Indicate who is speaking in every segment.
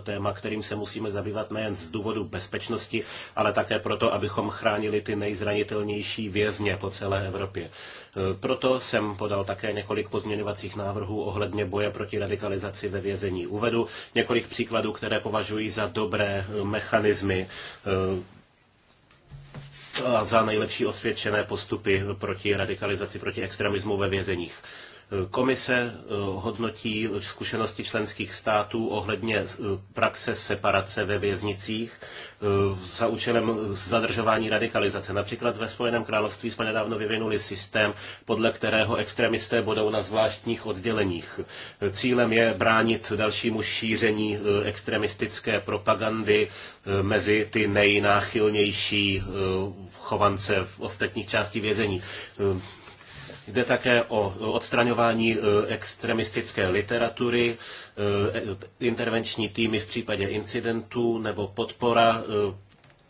Speaker 1: to téma, kterým se musíme zabývat nejen z důvodu bezpečnosti, ale také proto, abychom chránili ty nejzranitelnější vězně po celé Evropě. E, proto jsem podal také několik pozměňovacích návrhů ohledně boje proti radikalizaci ve vězení. Uvedu několik příkladů, které považuji za dobré e, mechanismy e, a za nejlepší osvědčené postupy proti radikalizaci, proti extremismu ve vězeních. Komise eh, hodnotí zkušenosti členských států ohledně eh, praxe separace ve věznicích eh, za účelem zadržování radikalizace. Například ve Spojeném království jsme nedávno vyvinuli systém, podle kterého extremisté budou na zvláštních odděleních. Cílem je bránit dalšímu šíření extremistické propagandy mezi ty nejnáchylnější chovance v ostatních částí vězení. Jde také o odstraňování e, extremistické literatury, e, e, intervenční týmy v případě incidentů nebo podpora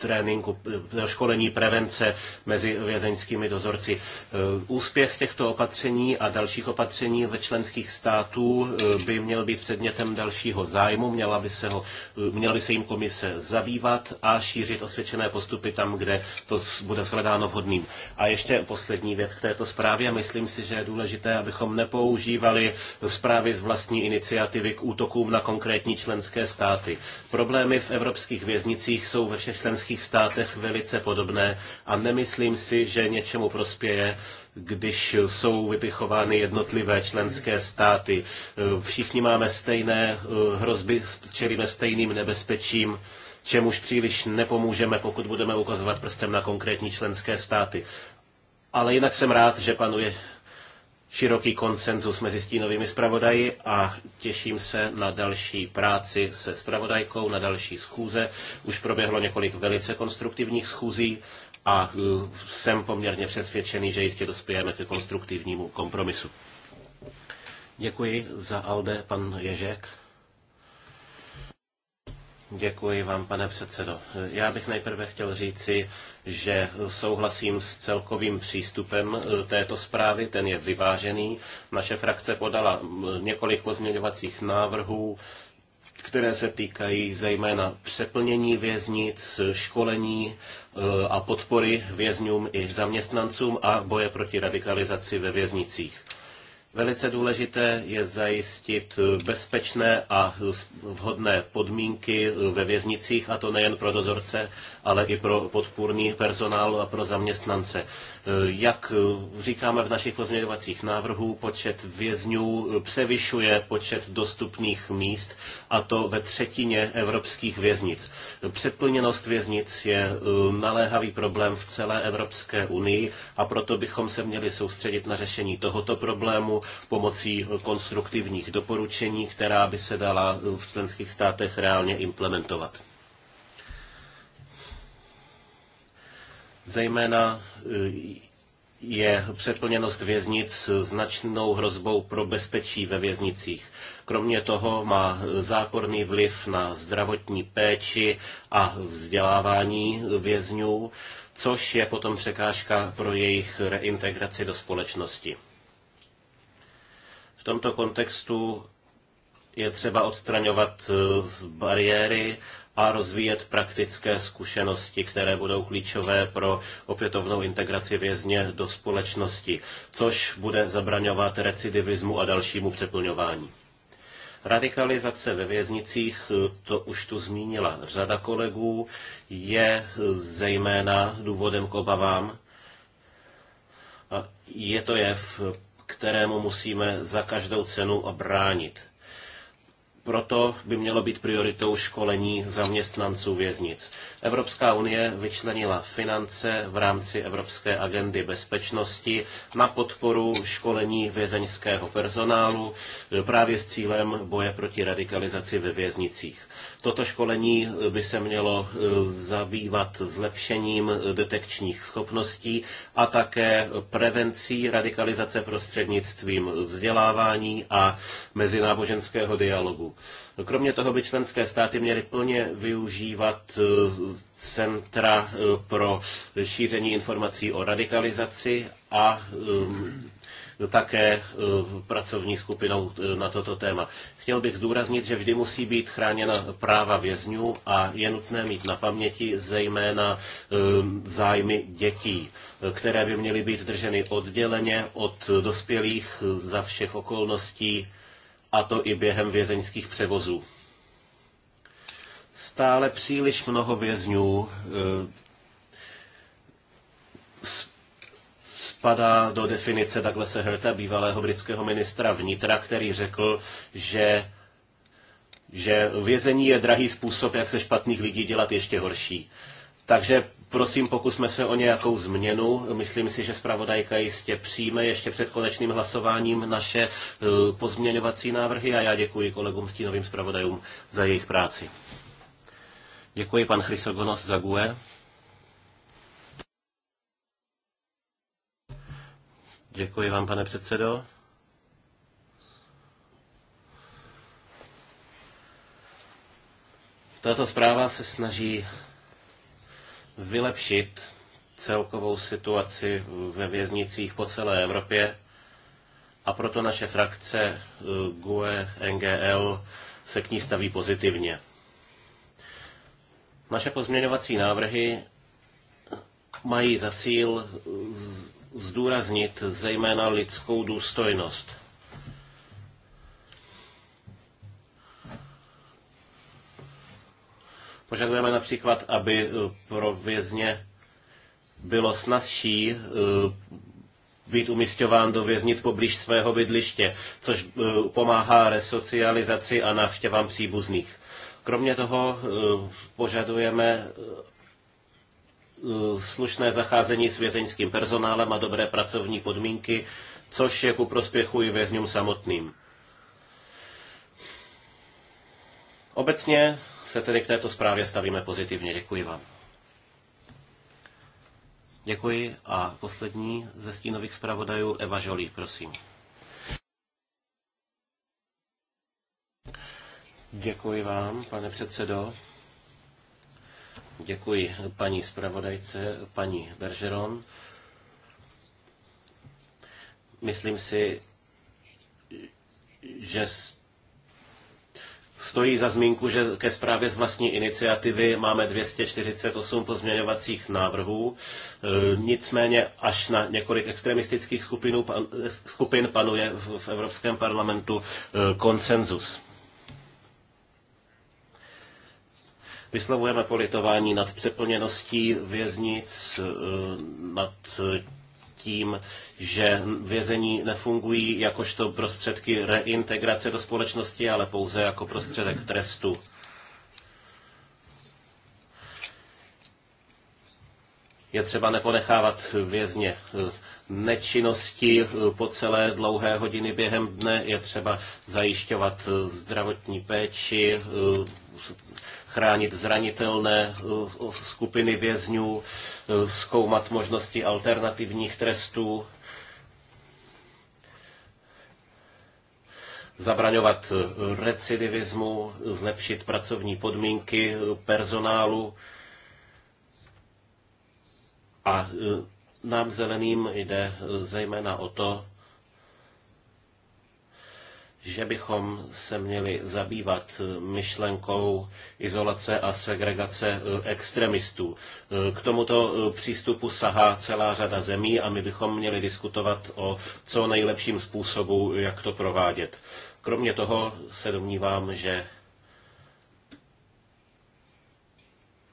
Speaker 1: tréninku, eh, školení prevence mezi vězeňskými dozorci. Eh, úspěch těchto opatření a dalších opatření ve členských států eh, by měl být předmětem dalšího zájmu, měla by se, ho, měla by se jim komise zabývat a šířit osvědčené postupy tam, kde to bude shledáno vhodným. A ještě poslední věc k této zprávě. Myslím si, že je důležité, abychom nepoužívali zprávy z vlastní iniciativy k útokům na konkrétní členské státy. Problémy v evropských věznicích jsou ve všech členských členských státech velice podobné a nemyslím si, že něčemu prospěje, když jsou vypichovány jednotlivé členské státy. Všichni máme stejné eh, hrozby, čelíme stejným nebezpečím, čemuž příliš nepomůžeme, pokud budeme ukazovat prstem na konkrétní členské státy. Ale jinak jsem rád, že panuje široký konsenzus mezi stínovými zpravodaji a těším se na další práci se zpravodajkou, na další schůze. Už proběhlo několik velice konstruktivních schůzí a e, jsem poměrně přesvědčený, že jistě dospějeme ke konstruktivnímu kompromisu. Děkuji za Alde, pan Ježek. Děkuji vám, pane předsedo. Já bych nejprve chtěl říci, že souhlasím s celkovým přístupem eh, této zprávy, ten je vyvážený. Naše frakce podala mm, několik pozměňovacích návrhů, které se týkají zejména přeplnění věznic, školení eh, a podpory vězňům i zaměstnancům a boje proti radikalizaci ve věznicích. Velice důležité je zajistit bezpečné a vhodné podmínky ve věznicích, a to nejen pro dozorce, ale i pro podpůrný personál a pro zaměstnance. Jak říkáme v našich pozměňovacích návrhů, počet vězňů převyšuje počet dostupných míst, a to ve třetině evropských věznic. Přeplněnost věznic je naléhavý problém v celé Evropské unii a proto bychom se měli soustředit na řešení tohoto problému pomocí konstruktivních doporučení, která by se dala v členských státech reálně implementovat. Zejména eh, je přeplněnost věznic značnou hrozbou pro bezpečí ve věznicích. Kromě toho má záporný vliv na zdravotní péči a vzdělávání vězňů, což je potom překážka pro jejich reintegraci do společnosti. V tomto kontextu je třeba odstraňovat eh, bariéry a rozvíjet praktické zkušenosti, které budou klíčové pro opětovnou integraci vězně do společnosti, což bude zabraňovat recidivismu a dalšímu přeplňování. Radikalizace ve věznicích, eh, to už tu zmínila řada kolegů, je eh, zejména důvodem k obavám. Je to jev, kterému musíme za každou cenu obránit. Proto by mělo být prioritou školení zaměstnanců věznic. Evropská unie vyčlenila finance v rámci Evropské agendy bezpečnosti na podporu školení vězeňského personálu právě s cílem boje proti radikalizaci ve věznicích. Toto školení by se mělo eh, zabývat zlepšením detekčních schopností a také prevencí radikalizace prostřednictvím vzdělávání a mezináboženského dialogu. Kromě toho by členské státy měly plně využívat eh, centra eh, pro šíření informací o radikalizaci a také eh, pracovní skupinou eh, na toto téma. Chtěl bych zdůraznit, že vždy musí být chráněna práva vězňů a je nutné mít na paměti zejména eh, zájmy dětí, které by měly být drženy odděleně od dospělých za všech okolností, a to i během vězeňských převozů. Stále příliš mnoho vězňů spadá do definice Douglasa Herta, bývalého britského ministra vnitra, který řekl, že že vězení je drahý způsob, jak se špatných lidí dělat ještě horší. Takže prosím, pokusme se o nějakou změnu. Myslím si, že zpravodajka jistě přijme ještě před konečným hlasováním naše eh, pozměňovací návrhy a já děkuji kolegům stínovým zpravodajům za jejich práci. Děkuji pan Chrysogonos gue. Děkuji vám, pane předsedo. Tato zpráva se snaží vylepšit celkovou situaci ve věznicích po celé Evropě a proto naše frakce eh, GUE NGL se k ní staví pozitivně. Naše pozměňovací návrhy mají za cíl zdůraznit zejména lidskou důstojnost. Požadujeme například, aby eh, pro vězně bylo snazší eh, být umistován do věznic poblíž svého bydliště, což eh, pomáhá resocializaci a návštěvám příbuzných. Kromě toho požadujeme, Eh, slušné zacházení s vězeňským personálem a dobré pracovní podmínky, což je ku prospěchu i vězňům samotným. Obecně se tedy k této zprávě stavíme pozitivně. Děkuji vám. Děkuji a poslední ze stínových zpravodajů Eva Žolí, prosím. Děkuji vám, pane předsedo. Děkuji paní zpravodajce, paní Bergeron. Myslím si, že stojí za zmínku, že ke zprávě z vlastní iniciativy máme 248 pozměňovacích návrhů. E, nicméně až na několik extremistických skupinů, skupin panuje v Evropském parlamentu e, konsenzus. Vyslovujeme politování nad přeplněností věznic, eh, nad tím, že vězení nefungují jakožto prostředky reintegrace do společnosti, ale pouze jako prostředek trestu. Je třeba neponechávat vězně eh, nečinnosti eh, po celé dlouhé hodiny během dne. Je třeba zajišťovat zdravotní péči, chránit zranitelné eh, eh, skupiny vězňů, eh, zkoumat možnosti alternativních trestů, zabraňovat recidivismu, zlepšit pracovní podmínky personálu a nám zeleným jde zejména o to, že bychom se měli zabývat myšlenkou izolace a segregace e, extremistů. E, k tomuto e, přístupu sahá celá řada zemí a my bychom měli diskutovat o co nejlepším způsobu, jak to provádět. Kromě toho se domnívám, že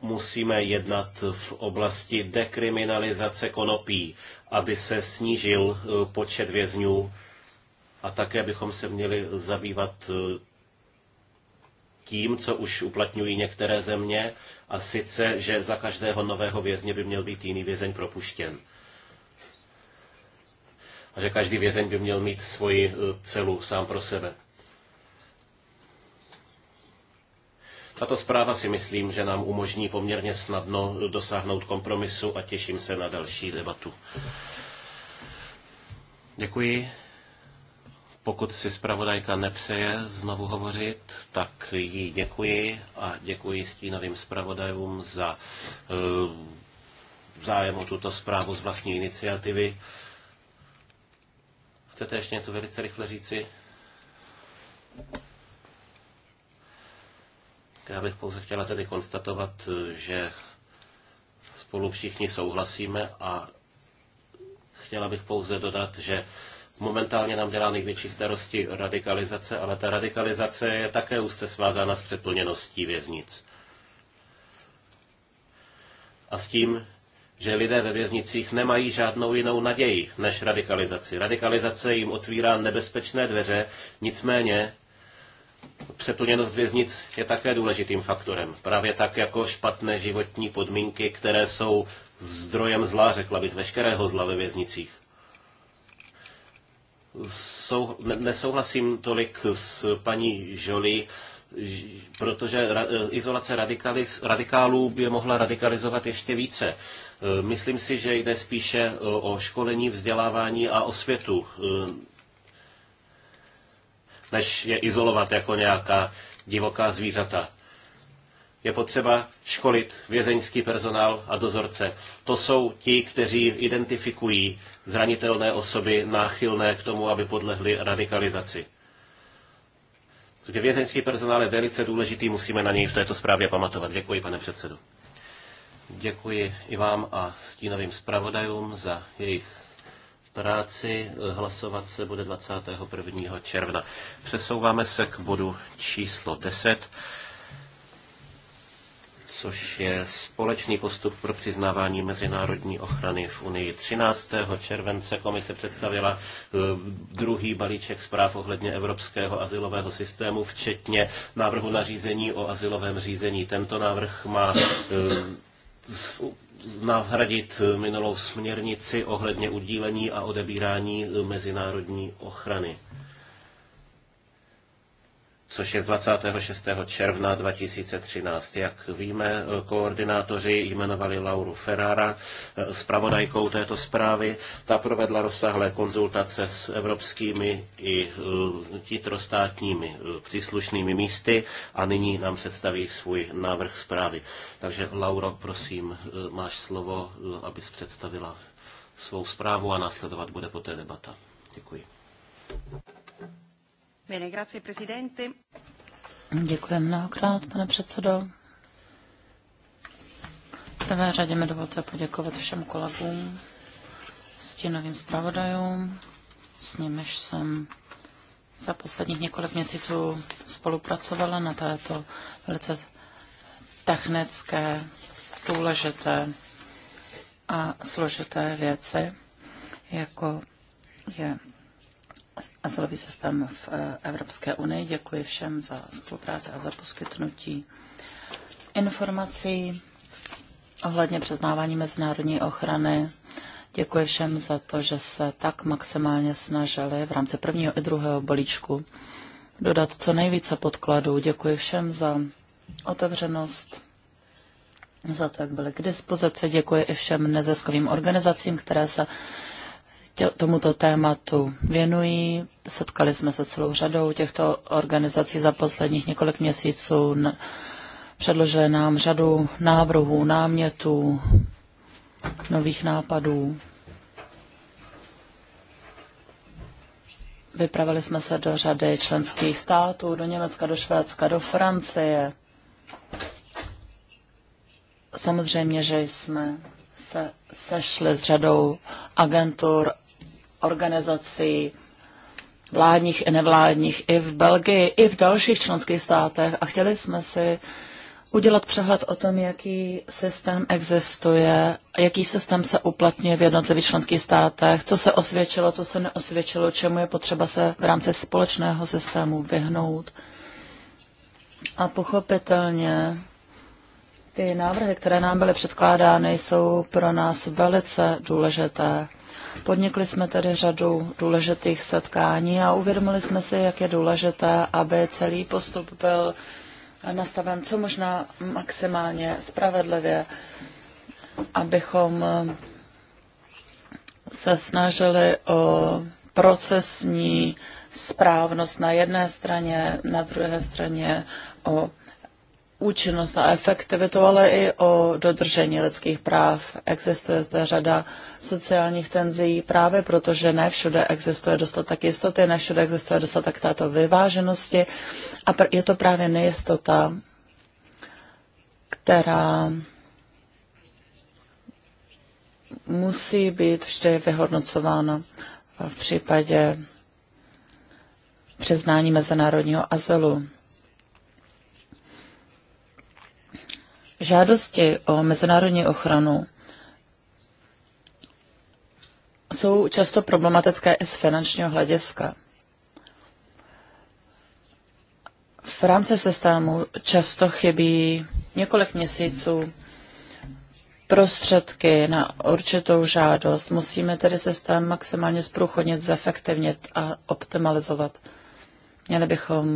Speaker 1: musíme jednat v oblasti dekriminalizace konopí, aby se snížil počet vězňů a také bychom se měli zabývat eh, tím, co už uplatňují některé země, a sice, že za každého nového vězně by měl být jiný vězeň propuštěn. A že každý vězeň by měl mít svoji eh, celu sám pro sebe. Tato zpráva si myslím, že nám umožní poměrně snadno eh, dosáhnout kompromisu a těším se na další debatu. Děkuji. Pokud si zpravodajka nepřeje znovu hovořit, tak jí děkuji a děkuji stínovým zpravodajům za eh, zájem o tuto zprávu z vlastní iniciativy. Chcete ještě něco velice rychle říci? Já bych pouze chtěla tedy konstatovat, že spolu všichni souhlasíme a chtěla bych pouze dodat, že Momentálně nám dělá největší starosti radikalizace, ale ta radikalizace je také úzce svázána s přeplněností věznic. A s tím, že lidé ve věznicích nemají žádnou jinou naději než radikalizaci. Radikalizace jim otvírá nebezpečné dveře, nicméně přeplněnost věznic je také důležitým faktorem. Právě tak jako špatné životní podmínky, které jsou zdrojem zla, řekla bych, veškerého zla ve věznicích sou, ne, nesouhlasím tolik s paní Žoli, protože ra, eh, izolace radikálů by je mohla radikalizovat ještě více. Eh, myslím si, že jde spíše eh, o školení, vzdělávání a osvětu, než je izolovat jako nějaká divoká zvířata. Je potřeba školit vězeňský personál a dozorce. To jsou ti, kteří identifikují zranitelné osoby náchylné k tomu, aby podlehly radikalizaci. Takže vězeňský personál je velice důležitý, musíme na něj v této zprávě pamatovat. Děkuji, pane předsedo. Děkuji i vám a stínovým zpravodajům za jejich práci. Hlasovat se bude 21. června. Přesouváme se k bodu číslo 10 což je společný postup pro přiznávání mezinárodní ochrany v Unii. 13. července komise představila eh, druhý balíček zpráv ohledně evropského asilového systému, včetně návrhu nařízení o asilovém řízení. Tento návrh má eh, nahradit eh, minulou směrnici ohledně udílení a odebírání mezinárodní ochrany což je 26. června 2013. Jak víme, koordinátoři jmenovali Lauru Ferrara eh, zpravodajkou této zprávy. Ta provedla rozsáhlé konzultace s evropskými i eh, vnitrostátními eh, příslušnými místy a nyní nám představí svůj návrh zprávy. Takže Lauro, prosím, máš slovo, abys představila svou zprávu a následovat bude poté debata. Děkuji.
Speaker 2: Děkuji mnohokrát, pane předsedo. V prvé řadě mi dovolte poděkovat všem kolegům, stínovým zpravodajům, s nimiž jsem za posledních několik měsíců spolupracovala na této velice technické, důležité a složité věci, jako je azylový systém v eh, Evropské unii. Děkuji všem za spolupráci a za poskytnutí informací ohledně přiznávání mezinárodní ochrany. Děkuji všem za to, že se tak maximálně snažili v rámci prvního i druhého balíčku dodat co nejvíce podkladů. Děkuji všem za otevřenost, za to, jak byly k dispozici. Děkuji i všem neziskovým organizacím, které se tomuto tématu věnují. Setkali jsme se celou řadou těchto organizací za posledních několik měsíců. Předložili nám řadu návrhů, námětů, nových nápadů. Vypravili jsme se do řady členských států, do Německa, do Švédska, do Francie. Samozřejmě, že jsme se sešli s řadou agentur organizací vládních i nevládních i v Belgii, i v dalších členských státech a chtěli jsme si udělat přehled o tom, jaký systém existuje, jaký systém se uplatňuje v jednotlivých členských státech, co se osvědčilo, co se neosvědčilo, čemu je potřeba se v rámci společného systému vyhnout. A pochopitelně ty návrhy, které nám byly předkládány, jsou pro nás velice důležité. Podnikli jsme tedy řadu důležitých setkání a uvědomili jsme si, jak je důležité, aby celý postup byl nastaven co možná maximálně spravedlivě, abychom se snažili o procesní správnost na jedné straně, na druhé straně o účinnost a efektivitu, ale i o dodržení lidských práv. Existuje zde řada sociálních tenzí právě proto, že ne všude existuje dostatek jistoty, ne všude existuje dostatek této vyváženosti a je to právě nejistota, která musí být vždy vyhodnocována v případě přiznání mezinárodního azylu. Žádosti o mezinárodní ochranu jsou často problematické i z finančního hlediska. V rámci systému často chybí několik měsíců prostředky na určitou žádost. Musíme tedy systém maximálně zprůchodnit, zefektivnit a optimalizovat. Měli bychom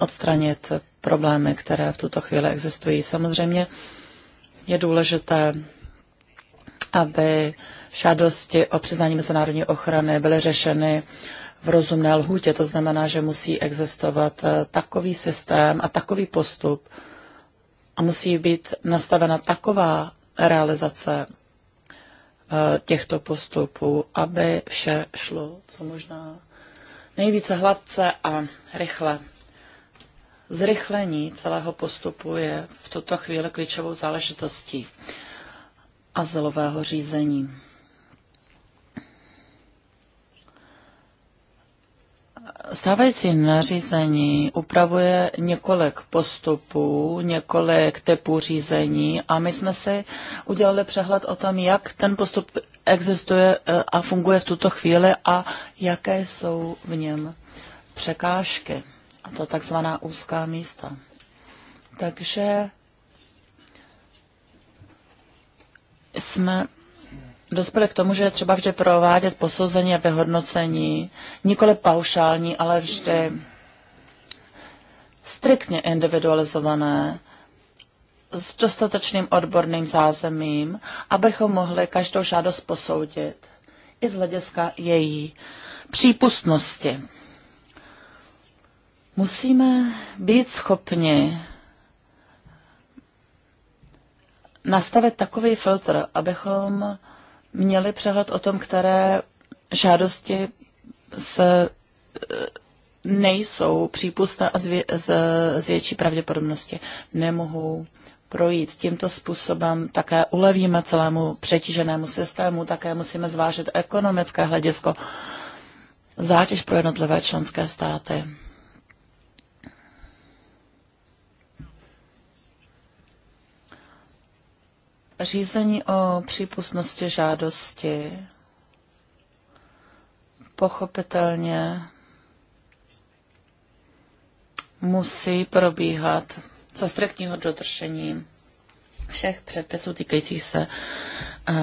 Speaker 2: odstranit problémy, které v tuto chvíli existují. Samozřejmě je důležité, aby žádosti o přiznání mezinárodní ochrany byly řešeny v rozumné lhůtě. To znamená, že musí existovat eh, takový systém a takový postup a musí být nastavena taková realizace eh, těchto postupů, aby vše šlo co možná nejvíce hladce a rychle zrychlení celého postupu je v tuto chvíli klíčovou záležitostí azylového řízení. Stávající nařízení upravuje několik postupů, několik typů řízení a my jsme si udělali přehled o tom, jak ten postup existuje e, a funguje v tuto chvíli a jaké jsou v něm překážky ta takzvaná úzká místa. Takže jsme dospěli k tomu, že je třeba vždy provádět posouzení a vyhodnocení, nikoli paušální, ale vždy striktně individualizované, s dostatečným odborným zázemím, abychom mohli každou žádost posoudit i z hlediska její přípustnosti. Musíme být schopni nastavit takový filtr, abychom měli přehled o tom, které žádosti se eh, nejsou přípustné a z větší pravděpodobnosti nemohou projít. Tímto způsobem také ulevíme celému přetíženému systému, také musíme zvážit ekonomické hledisko, zátěž pro jednotlivé členské státy. Řízení o přípustnosti žádosti pochopitelně musí probíhat za striktního dodržení všech předpisů týkajících se uh,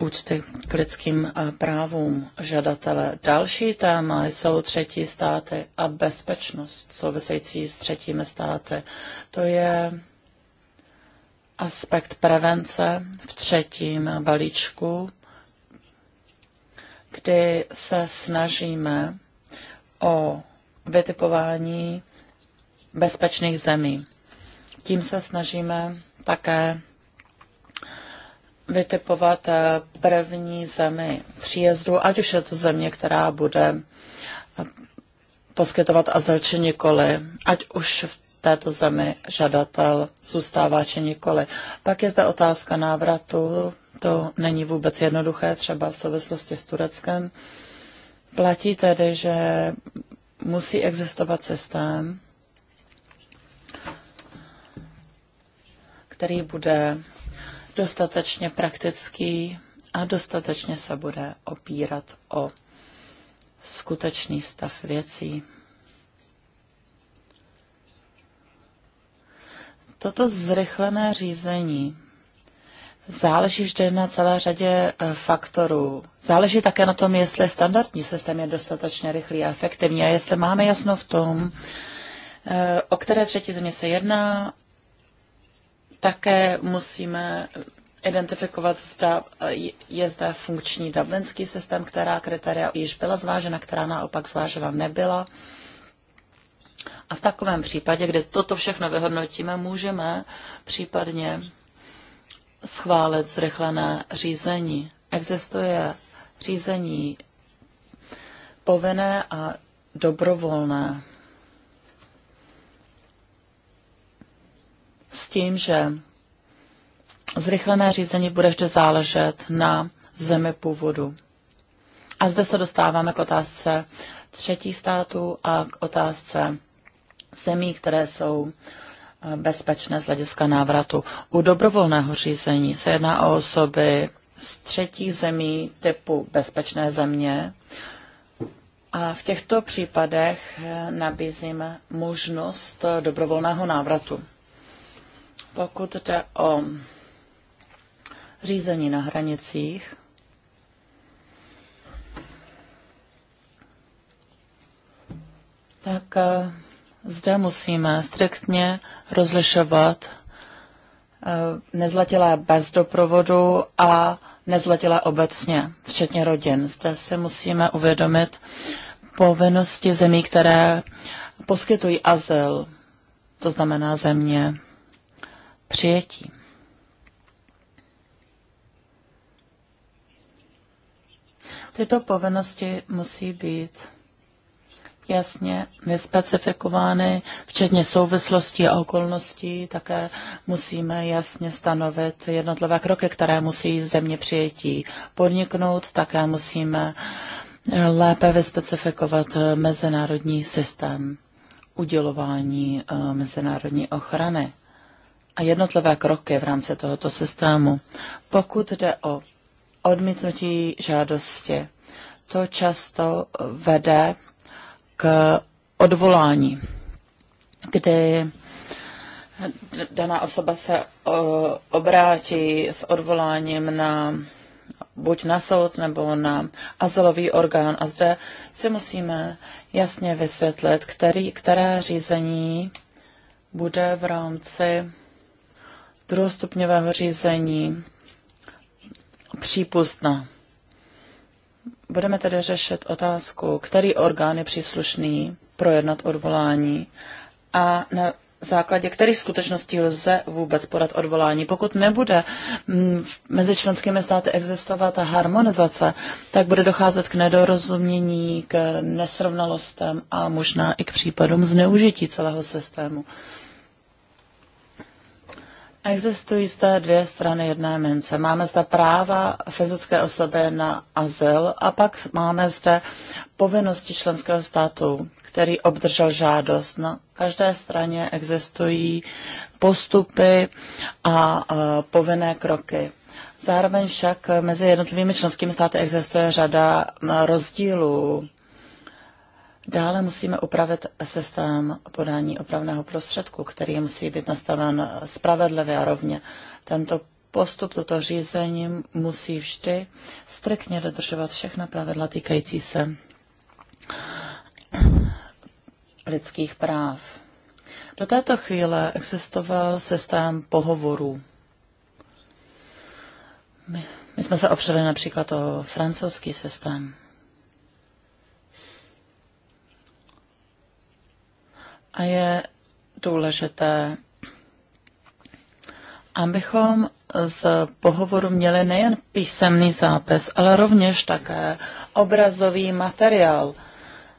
Speaker 2: úcty k lidským uh, právům žadatele. Další téma jsou třetí státy a bezpečnost související s třetími státy. To je aspekt prevence v třetím balíčku, kdy se snažíme o vytipování bezpečných zemí. Tím se snažíme také vytipovat první zemi příjezdu, ať už je to země, která bude poskytovat azyl či nikoli, ať už v této zemi žadatel zůstává či nikoli. Pak je zde otázka návratu. To není vůbec jednoduché, třeba v souvislosti s Tureckem. Platí tedy, že musí existovat systém, který bude dostatečně praktický a dostatečně se bude opírat o skutečný stav věcí. Toto zrychlené řízení záleží vždy na celé řadě eh, faktorů. Záleží také na tom, jestli standardní systém je dostatečně rychlý a efektivní a jestli máme jasno v tom, eh, o které třetí země se jedná, také musíme identifikovat, zda eh, je zde funkční dublinský systém, která kritéria již byla zvážena, která naopak zvážena nebyla. A v takovém případě, kde toto všechno vyhodnotíme, můžeme případně schválit zrychlené řízení. Existuje řízení povinné a dobrovolné. S tím, že zrychlené řízení bude vždy záležet na zemi původu. A zde se dostáváme k otázce třetí států a k otázce zemí, které jsou eh, bezpečné z hlediska návratu. U dobrovolného řízení se jedná o osoby z třetích zemí typu bezpečné země. A v těchto případech eh, nabízím možnost eh, dobrovolného návratu. Pokud jde o řízení na hranicích, tak zde musíme striktně rozlišovat eh, nezletilé bez doprovodu a nezletilé obecně, včetně rodin. Zde si musíme uvědomit povinnosti zemí, které poskytují azyl, to znamená země přijetí. Tyto povinnosti musí být jasně vyspecifikovány, včetně souvislosti a okolností. Také musíme jasně stanovit jednotlivé kroky, které musí země přijetí podniknout. Také musíme lépe vyspecifikovat eh, mezinárodní systém udělování eh, mezinárodní ochrany a jednotlivé kroky v rámci tohoto systému. Pokud jde o odmítnutí žádosti, to často vede k odvolání, kdy daná osoba se obrátí s odvoláním na buď na soud nebo na azylový orgán. A zde si musíme jasně vysvětlit, který, které řízení bude v rámci druhostupňového řízení přípustná. Budeme tedy řešit otázku, který orgán je příslušný projednat odvolání a na základě kterých skutečností lze vůbec podat odvolání. Pokud nebude mm, mezi členskými státy existovat harmonizace, tak bude docházet k nedorozumění, k nesrovnalostem a možná i k případům zneužití celého systému. Existují zde dvě strany jedné mince. Máme zde práva fyzické osoby na azyl a pak máme zde povinnosti členského státu, který obdržel žádost. Na každé straně existují postupy a povinné kroky. Zároveň však mezi jednotlivými členskými státy existuje řada rozdílů. Dále musíme upravit systém podání opravného prostředku, který musí být nastaven spravedlivě a rovně. Tento postup, toto řízení musí vždy striktně dodržovat všechna pravidla týkající se lidských práv. Do této chvíle existoval systém pohovorů. My, my jsme se opřeli například o francouzský systém. A je důležité, abychom z pohovoru měli nejen písemný zápis, ale rovněž také obrazový materiál,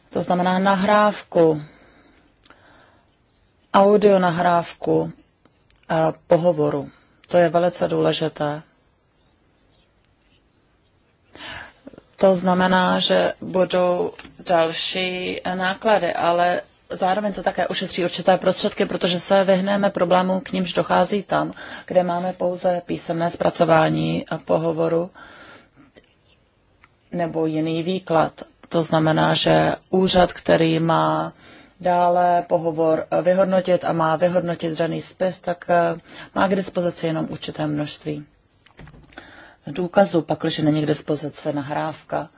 Speaker 2: to znamená nahrávku, audio nahrávku a pohovoru. To je velice důležité. To znamená, že budou další náklady, ale Zároveň to také ušetří určité prostředky, protože se vyhneme problému, k nímž dochází tam, kde máme pouze písemné zpracování a pohovoru nebo jiný výklad. To znamená, že úřad, který má dále pohovor vyhodnotit a má vyhodnotit daný spis, tak eh, má k dispozici jenom určité množství důkazů, pakliže není k dispozici nahrávka.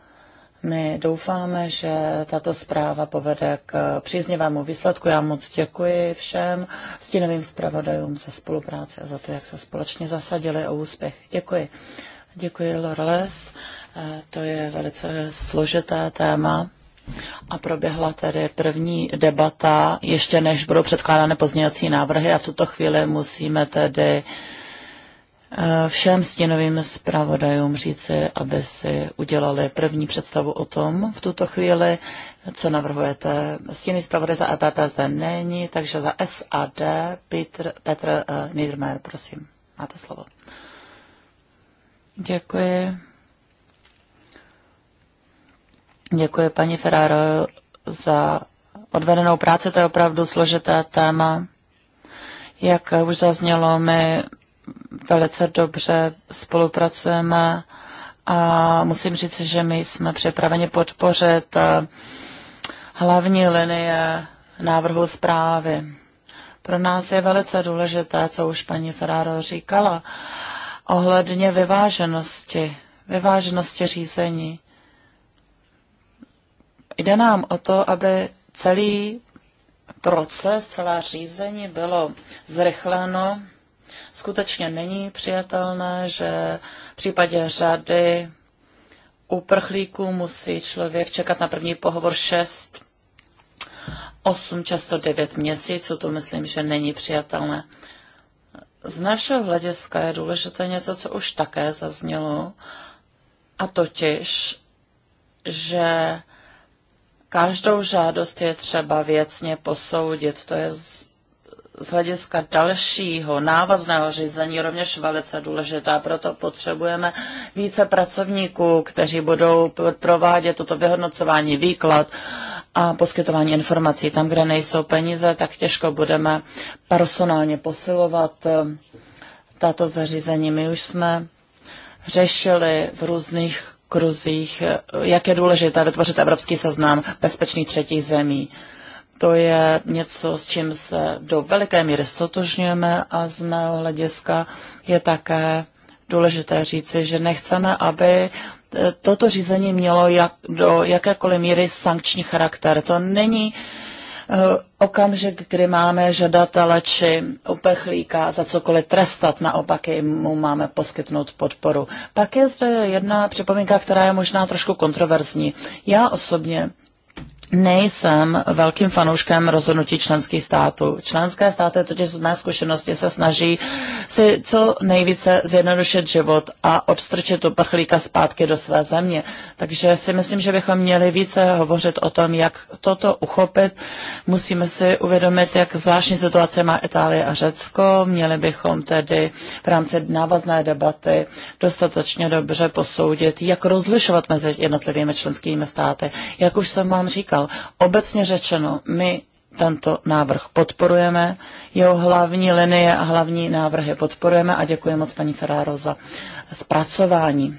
Speaker 2: My doufáme, že tato zpráva povede k příznivému výsledku. Já moc děkuji všem stínovým zpravodajům za spolupráci a za to, jak se společně zasadili o úspěch. Děkuji. Děkuji, Lorles. Eh, to je velice složité téma. A proběhla tedy první debata, ještě než budou předkládány pozměňovací návrhy a v tuto chvíli musíme tedy uh, Eh, všem stěnovým zpravodajům říci, aby si udělali první představu o tom v tuto chvíli, co navrhujete. Stěný zpravodaj za EPP zde není, takže za SAD Petr, Petr uh, Niedermayer, prosím, máte slovo. Děkuji. Děkuji paní Ferraro za odvedenou práci, to je opravdu složité téma. Jak už zaznělo, my velice dobře spolupracujeme a musím říct, že my jsme připraveni podpořit eh, hlavní linie návrhu zprávy. Pro nás je velice důležité, co už paní Ferraro říkala, ohledně vyváženosti, vyváženosti řízení. Jde nám o to, aby celý proces, celá řízení bylo zrychleno, Skutečně není přijatelné, že v případě řady uprchlíků musí člověk čekat na první pohovor 6, 8, často 9 měsíců. To myslím, že není přijatelné. Z našeho hlediska je důležité něco, co už také zaznělo, a totiž, že každou žádost je třeba věcně posoudit. To je z hlediska dalšího návazného řízení rovněž velice důležitá. Proto potřebujeme více pracovníků, kteří budou provádět toto vyhodnocování, výklad a poskytování informací. Tam, kde nejsou peníze, tak těžko budeme personálně posilovat eh, tato zařízení. My už jsme řešili v různých kruzích, eh, jak je důležité vytvořit evropský seznam bezpečných třetích zemí. To je něco, s čím se do veliké míry stotožňujeme a z mého hlediska je také důležité říci, že nechceme, aby eh, toto řízení mělo jak, do jakékoliv míry sankční charakter. To není eh, okamžik, kdy máme žadatele či uprchlíka za cokoliv trestat, naopak mu máme poskytnout podporu. Pak je zde jedna připomínka, která je možná trošku kontroverzní. Já osobně Nejsem velkým fanouškem rozhodnutí členských států. Členské státy totiž z mé zkušenosti se snaží si co nejvíce zjednodušit život a odstrčit prchlíka zpátky do své země. Takže si myslím, že bychom měli více hovořit o tom, jak toto uchopit. Musíme si uvědomit, jak zvláštní situace má Itálie a Řecko. Měli bychom tedy v rámci návazné debaty dostatečně dobře posoudit, jak rozlišovat mezi jednotlivými členskými státy. Jak už jsem vám říkal, říkal. Obecně řečeno, my tento návrh podporujeme, jeho hlavní linie a hlavní návrhy podporujeme a děkuji moc paní Ferraro za zpracování.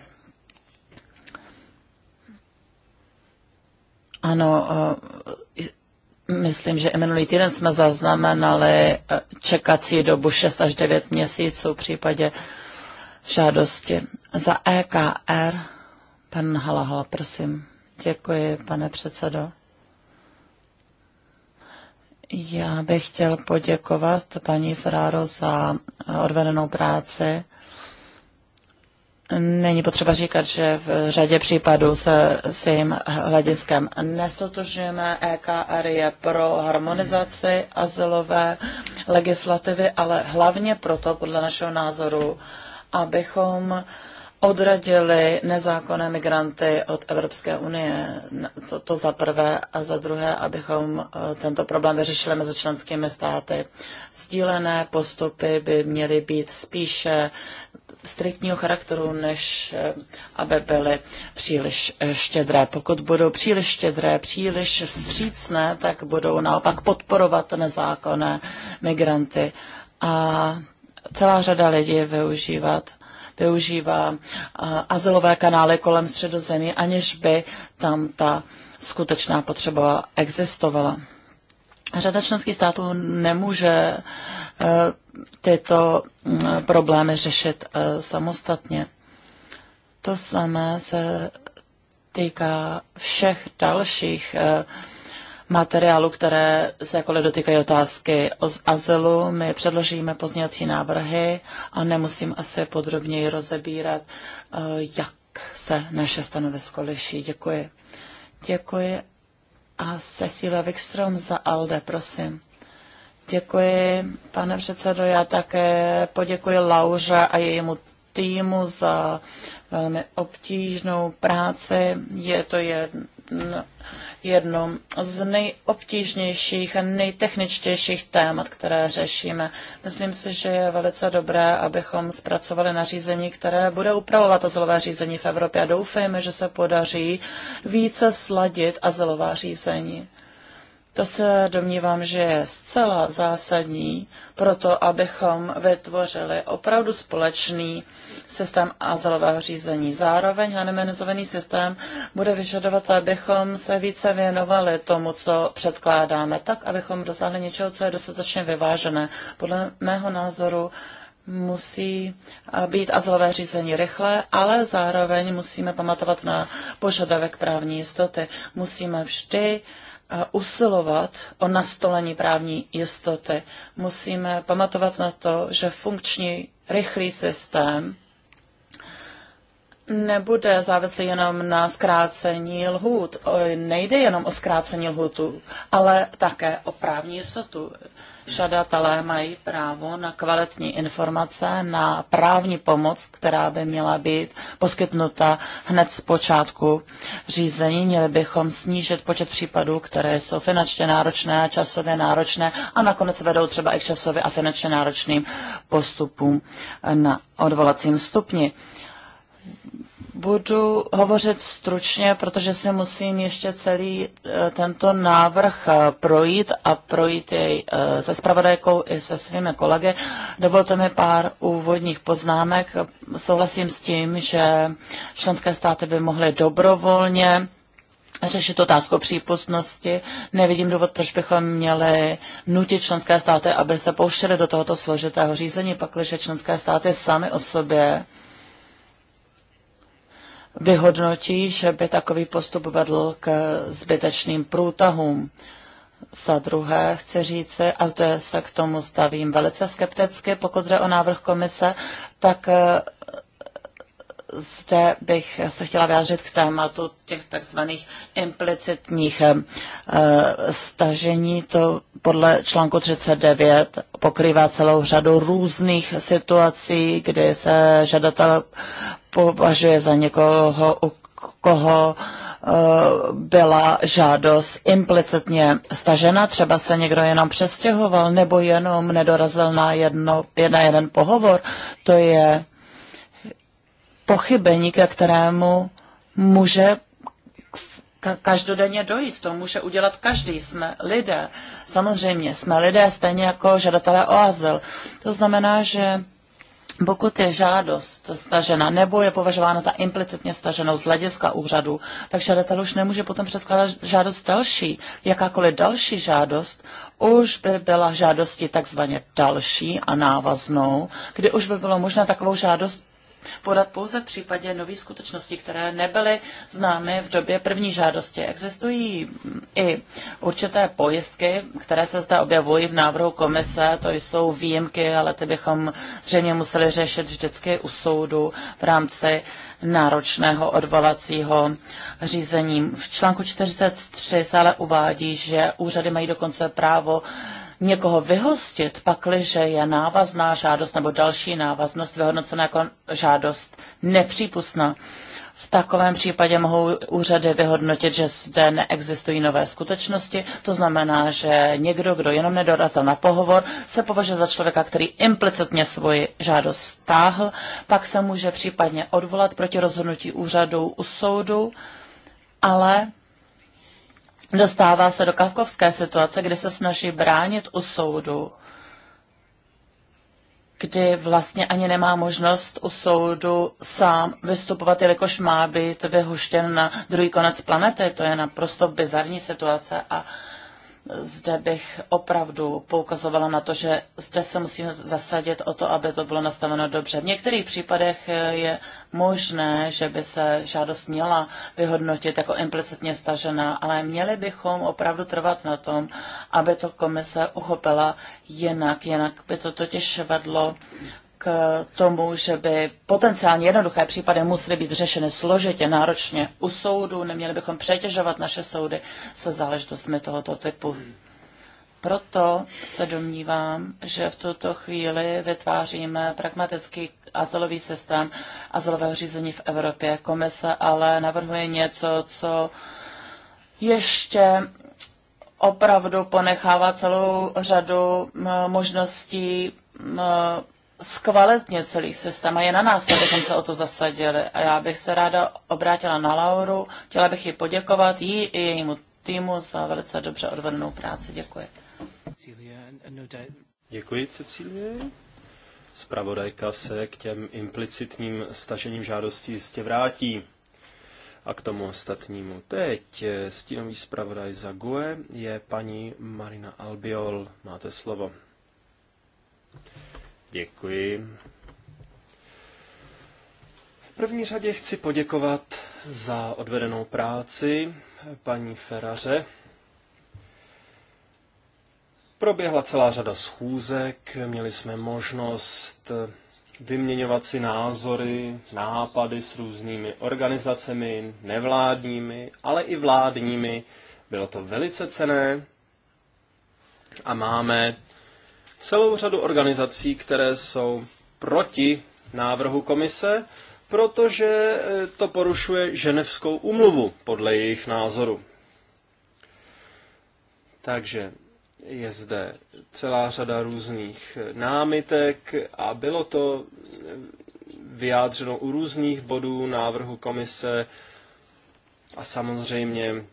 Speaker 2: Ano, eh, myslím, že i minulý týden jsme zaznamenali eh, čekací dobu 6 až 9 měsíců v případě žádosti. Za EKR, pan Halahala, prosím. Děkuji, pane předsedo. Já bych chtěl poděkovat paní Ferraro za odvedenou práci. Není potřeba říkat, že v řadě případů se s jejím hlediskem nesotožujeme. EKR je pro harmonizaci azylové legislativy, ale hlavně proto, podle našeho názoru, abychom uh, odradili nezákonné migranty od Evropské unie. To, to za prvé a za druhé, abychom eh, tento problém vyřešili mezi členskými státy. Sdílené postupy by měly být spíše striktního charakteru, než eh, aby byly příliš eh, štědré. Pokud budou příliš štědré, příliš vstřícné, tak budou naopak podporovat nezákonné migranty. A celá řada lidí využívat využívá azylové kanály kolem středozemí, aniž by tam ta skutečná potřeba existovala. Řada členských států nemůže e, tyto problémy řešit e, samostatně. To samé se týká všech dalších uh, materiálu, které se jakkoliv dotýkají otázky o azylu. My předložíme pozněcí návrhy a nemusím asi podrobněji rozebírat, eh, jak se naše stanovisko liší. Děkuji. Děkuji. A Cecilia Wikström za ALDE, prosím. Děkuji, pane předsedo. Já také poděkuji Lauře a jejímu týmu za velmi obtížnou práci. Je to jedno jedno z nejobtížnějších a nejtechničtějších témat, které řešíme. Myslím si, že je velice dobré, abychom zpracovali nařízení, které bude upravovat azylové řízení v Evropě a doufejme, že se podaří více sladit azylová řízení. To se domnívám, že je zcela zásadní pro to, abychom vytvořili opravdu společný systém azylového řízení. Zároveň anemenizovaný systém bude vyžadovat, abychom se více věnovali tomu, co předkládáme, tak, abychom dosáhli něčeho, co je dostatečně vyvážené. Podle mého názoru musí být azylové řízení rychle, ale zároveň musíme pamatovat na požadavek právní jistoty. Musíme vždy uh, usilovat o nastolení právní jistoty. Musíme pamatovat na to, že funkční rychlý systém nebude závislý jenom na zkrácení lhůt. Nejde jenom o zkrácení lhůtu, ale také o právní jistotu žadatelé mají právo na kvalitní informace, na právní pomoc, která by měla být poskytnuta hned z počátku řízení. Měli bychom snížit počet případů, které jsou finančně náročné časově náročné a nakonec vedou třeba i k časově a finančně náročným postupům na odvolacím stupni. Uh, Budu hovořit stručně, protože si musím ještě celý eh, tento návrh eh, projít a projít jej eh, se spravodajkou i se svými kolegy. Dovolte mi pár úvodních poznámek. Souhlasím s tím, že členské státy by mohly dobrovolně řešit otázku přípustnosti. Nevidím důvod, proč bychom měli nutit členské státy, aby se pouštěly do tohoto složitého řízení, pakliže členské státy sami o sobě vyhodnotí, že by takový postup vedl k zbytečným průtahům. Za druhé chci říci, a zde se k tomu stavím velice skepticky, pokud jde o návrh komise, tak eh, zde bych se chtěla vyjádřit k tématu těch takzvaných implicitních eh, stažení. To podle článku 39 pokrývá celou řadu různých situací, kdy se žadatel považuje za někoho, u koho eh, byla žádost implicitně stažena, třeba se někdo jenom přestěhoval nebo jenom nedorazil na, jedno, na jeden pohovor. To je pochybení, ke kterému může každodenně dojít. To může udělat každý. Jsme lidé. Samozřejmě jsme lidé stejně jako žadatelé o azyl. To znamená, že pokud je žádost stažena nebo je považována za implicitně staženou z hlediska úřadu, tak žadatel už nemůže potom předkládat žádost další. Jakákoliv další žádost už by byla žádosti takzvaně další a návaznou, kdy už by bylo možné takovou žádost podat pouze v případě nových skutečností, které nebyly známy v době první žádosti. Existují i určité pojistky, které se zde objevují v návrhu komise, to jsou výjimky, ale ty bychom zřejmě museli řešit vždycky u soudu v rámci náročného odvolacího řízení. V článku 43 se ale uvádí, že úřady mají dokonce právo někoho vyhostit, pakliže je návazná žádost nebo další návaznost vyhodnocena jako žádost nepřípustná. V takovém případě mohou úřady vyhodnotit, že zde neexistují nové skutečnosti. To znamená, že někdo, kdo jenom nedorazil na pohovor, se považuje za člověka, který implicitně svoji žádost stáhl. Pak se může případně odvolat proti rozhodnutí úřadu u soudu, ale Dostává se do kavkovské situace, kdy se snaží bránit u soudu, kdy vlastně ani nemá možnost u soudu sám vystupovat, jelikož má být vyhuštěn na druhý konec planety. To je naprosto bizarní situace a uh, zde bych opravdu poukazovala na to, že zde se musíme zasadit o to, aby to bylo nastaveno dobře. V některých případech je možné, že by se žádost měla vyhodnotit jako implicitně stažená, ale měli bychom opravdu trvat na tom, aby to komise uchopila jinak. Jinak by to totiž vedlo k tomu, že by potenciálně jednoduché případy musely být řešeny složitě, náročně u soudu, neměli bychom přetěžovat naše soudy se záležitostmi tohoto typu. Proto se domnívám, že v tuto chvíli vytváříme pragmatický azylový systém azylového řízení v Evropě. Komise ale navrhuje něco, co ještě opravdu ponechává celou řadu možností zkvalitnit celý systém a je na nás, abychom se o to zasadili. A já bych se ráda obrátila na Lauru, chtěla bych jí poděkovat, jí i jejímu týmu za velice dobře odvedenou práci. Děkuji.
Speaker 3: Děkuji, Cecílie. Spravodajka se k těm implicitním stažením žádostí jistě vrátí. A k tomu ostatnímu. Teď eh, stínový zpravodaj za GUE je paní Marina Albiol. Máte slovo. Děkuji. V první řadě chci poděkovat za odvedenou práci paní Feraře. Proběhla celá řada schůzek, měli jsme možnost vyměňovat si názory, nápady s různými organizacemi, nevládními, ale i vládními. Bylo to velice cené a máme celou řadu organizací, které jsou proti návrhu komise, protože e, to porušuje ženevskou umluvu podle jejich názoru. Takže je zde celá řada různých námitek a bylo to e, vyjádřeno u různých bodů návrhu komise a samozřejmě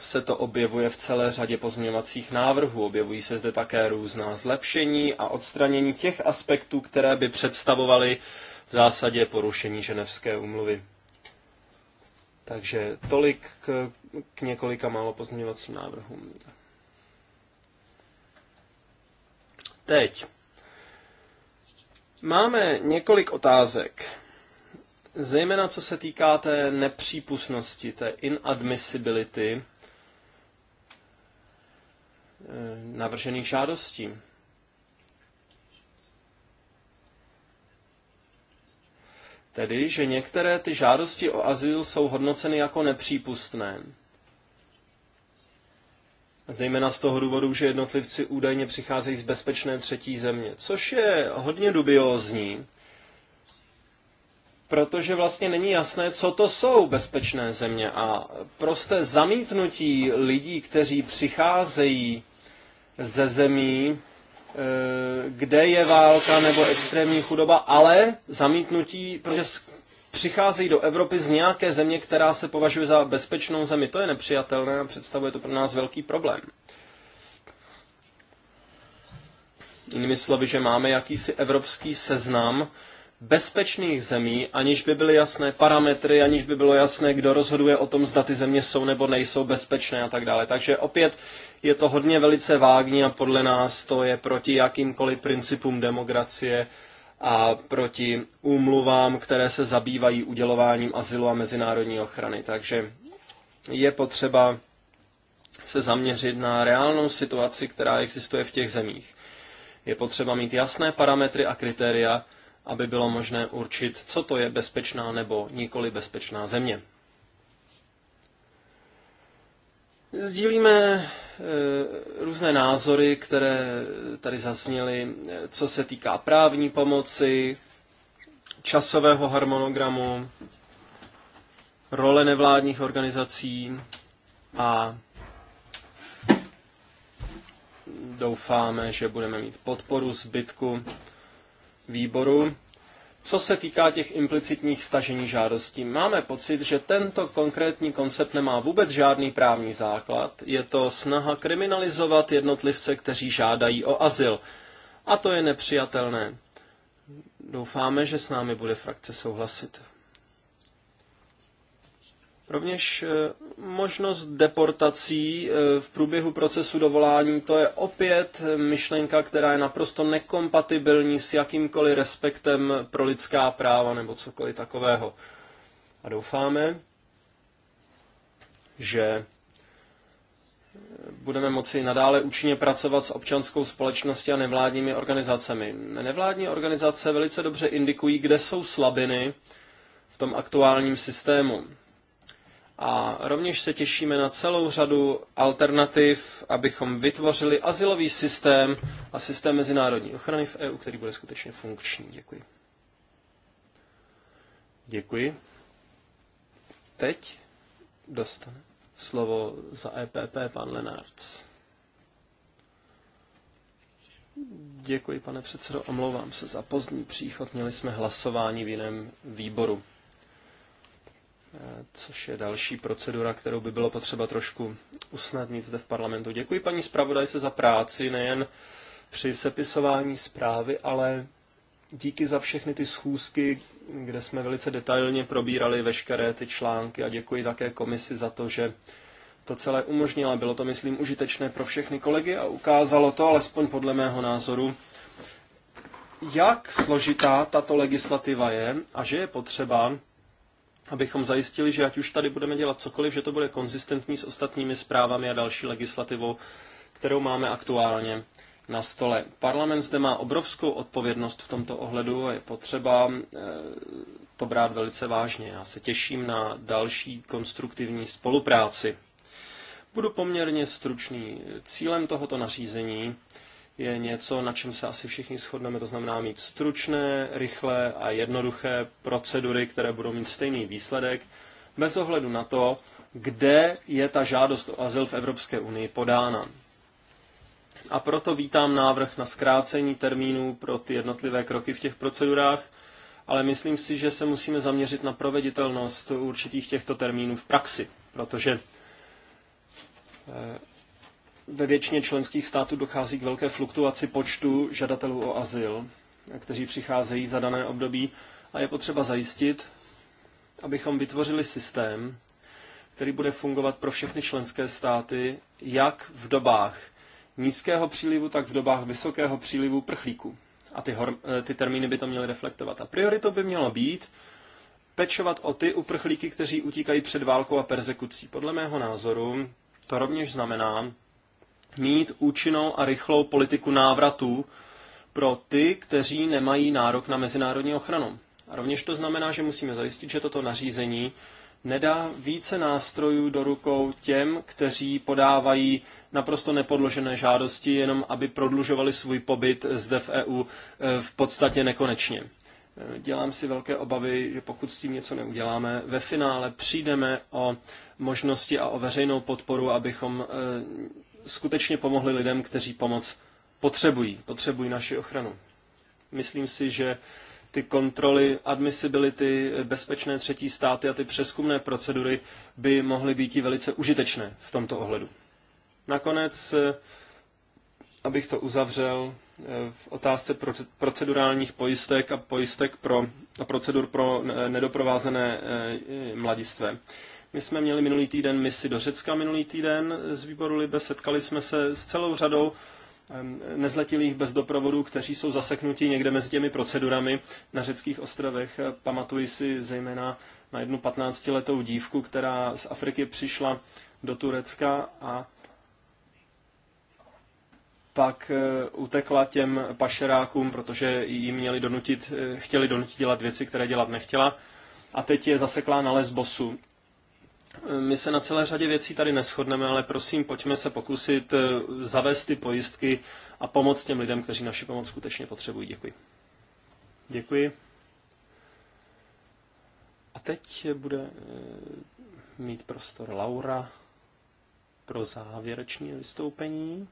Speaker 3: se to objevuje v celé řadě pozměňovacích návrhů. Objevují se zde také různá zlepšení a odstranění těch aspektů, které by představovaly v zásadě porušení ženevské umluvy. Takže tolik k, k několika málo pozměňovacím návrhům. Teď. Máme několik otázek, zejména co se týká té nepřípustnosti, té inadmissibility, Eh, navržených žádostí. Tedy, že některé ty žádosti o azyl jsou hodnoceny jako nepřípustné. Zejména z toho důvodu, že jednotlivci údajně přicházejí z bezpečné třetí země, což je hodně dubiózní, protože vlastně není jasné, co to jsou bezpečné země. A prosté zamítnutí lidí, kteří přicházejí ze zemí, eh, kde je válka nebo extrémní chudoba, ale zamítnutí, protože přicházejí do Evropy z nějaké země, která se považuje za bezpečnou zemi. To je nepřijatelné a představuje to pro nás velký problém. Jinými slovy, že máme jakýsi evropský seznam, bezpečných zemí, aniž by byly jasné parametry, aniž by bylo jasné, kdo rozhoduje o tom, zda ty země jsou nebo nejsou bezpečné a tak dále. Takže opět je to hodně velice vágní a podle nás to je proti jakýmkoliv principům demokracie a proti úmluvám, které se zabývají udělováním azylu a mezinárodní ochrany. Takže je potřeba se zaměřit na reálnou situaci, která existuje v těch zemích. Je potřeba mít jasné parametry a kritéria, aby bylo možné určit, co to je bezpečná nebo nikoli bezpečná země. Sdílíme e, různé názory, které tady zazněly, co se týká právní pomoci, časového harmonogramu, role nevládních organizací a doufáme, že budeme mít podporu zbytku výboru. Co se týká těch implicitních stažení žádostí, máme pocit, že tento konkrétní koncept nemá vůbec žádný právní základ. Je to snaha kriminalizovat jednotlivce, kteří žádají o azyl. A to je nepřijatelné. Doufáme, že s námi bude frakce souhlasit. Rovněž eh, možnost deportací eh, v průběhu procesu dovolání, to je opět eh, myšlenka, která je naprosto nekompatibilní s jakýmkoliv respektem pro lidská práva nebo cokoliv takového. A doufáme, že budeme moci nadále účinně pracovat s občanskou společností a nevládními organizacemi. Nevládní organizace velice dobře indikují, kde jsou slabiny v tom aktuálním systému. A rovněž se těšíme na celou řadu alternativ, abychom vytvořili asilový systém a systém mezinárodní ochrany v EU, který bude skutečně funkční. Děkuji. Děkuji. Teď dostane slovo za EPP pan Lenárc. Děkuji, pane předsedo. Omlouvám se za pozdní příchod. Měli jsme hlasování v jiném výboru což je další procedura, kterou by bylo potřeba trošku usnadnit zde v parlamentu. Děkuji paní zpravodajce za práci, nejen při sepisování zprávy, ale díky za všechny ty schůzky, kde jsme velice detailně probírali veškeré ty články a děkuji také komisi za to, že to celé umožnila. Bylo to, myslím, užitečné pro všechny kolegy a ukázalo to, alespoň podle mého názoru, jak složitá tato legislativa je a že je potřeba abychom zajistili, že ať už tady budeme dělat cokoliv, že to bude konzistentní s ostatními zprávami a další legislativou, kterou máme aktuálně na stole. Parlament zde má obrovskou odpovědnost v tomto ohledu a je potřeba eh, to brát velice vážně. Já se těším na další konstruktivní spolupráci. Budu poměrně stručný. Cílem tohoto nařízení je něco, na čem se asi všichni shodneme, to znamená mít stručné, rychlé a jednoduché procedury, které budou mít stejný výsledek, bez ohledu na to, kde je ta žádost o azyl v Evropské unii podána. A proto vítám návrh na zkrácení termínů pro ty jednotlivé kroky v těch procedurách, ale myslím si, že se musíme zaměřit na proveditelnost určitých těchto termínů v praxi, protože eh, ve většině členských států dochází k velké fluktuaci počtu žadatelů o azyl, kteří přicházejí za dané období a je potřeba zajistit, abychom vytvořili systém, který bude fungovat pro všechny členské státy, jak v dobách nízkého přílivu, tak v dobách vysokého přílivu prchlíků. A ty, horm, eh, ty termíny by to měly reflektovat. A prioritou by mělo být pečovat o ty uprchlíky, kteří utíkají před válkou a persekucí. Podle mého názoru to rovněž znamená mít účinnou a rychlou politiku návratu pro ty, kteří nemají nárok na mezinárodní ochranu. A rovněž to znamená, že musíme zajistit, že toto nařízení nedá více nástrojů do rukou těm, kteří podávají naprosto nepodložené žádosti, jenom aby prodlužovali svůj pobyt zde v EU eh, v podstatě nekonečně. Eh, dělám si velké obavy, že pokud s tím něco neuděláme, ve finále přijdeme o možnosti a o veřejnou podporu, abychom eh, skutečně pomohli lidem, kteří pomoc potřebují, potřebují naši ochranu. Myslím si, že ty kontroly admissibility, bezpečné třetí státy a ty přeskumné procedury by mohly být i velice užitečné v tomto ohledu. Nakonec, abych to uzavřel, v otázce procedurálních pojistek a pojistek pro, a procedur pro nedoprovázené eh, mladistvé. My jsme měli minulý týden misi do Řecka minulý týden z výboru Libe. Setkali jsme se s celou řadou nezletilých bez doprovodu, kteří jsou zaseknutí někde mezi těmi procedurami na řeckých ostrovech. Pamatuji si zejména na jednu 15-letou dívku, která z Afriky přišla do Turecka a pak eh, utekla těm pašerákům, protože jí měli donutit, eh, chtěli donutit dělat věci, které dělat nechtěla. A teď je zaseklá na Lesbosu my se na celé řadě věcí tady neschodneme, ale prosím, pojďme se pokusit eh, zavést ty pojistky a pomoct těm lidem, kteří naši pomoc skutečně potřebují. Děkuji. Děkuji. A teď bude eh, mít prostor Laura pro závěrečné vystoupení.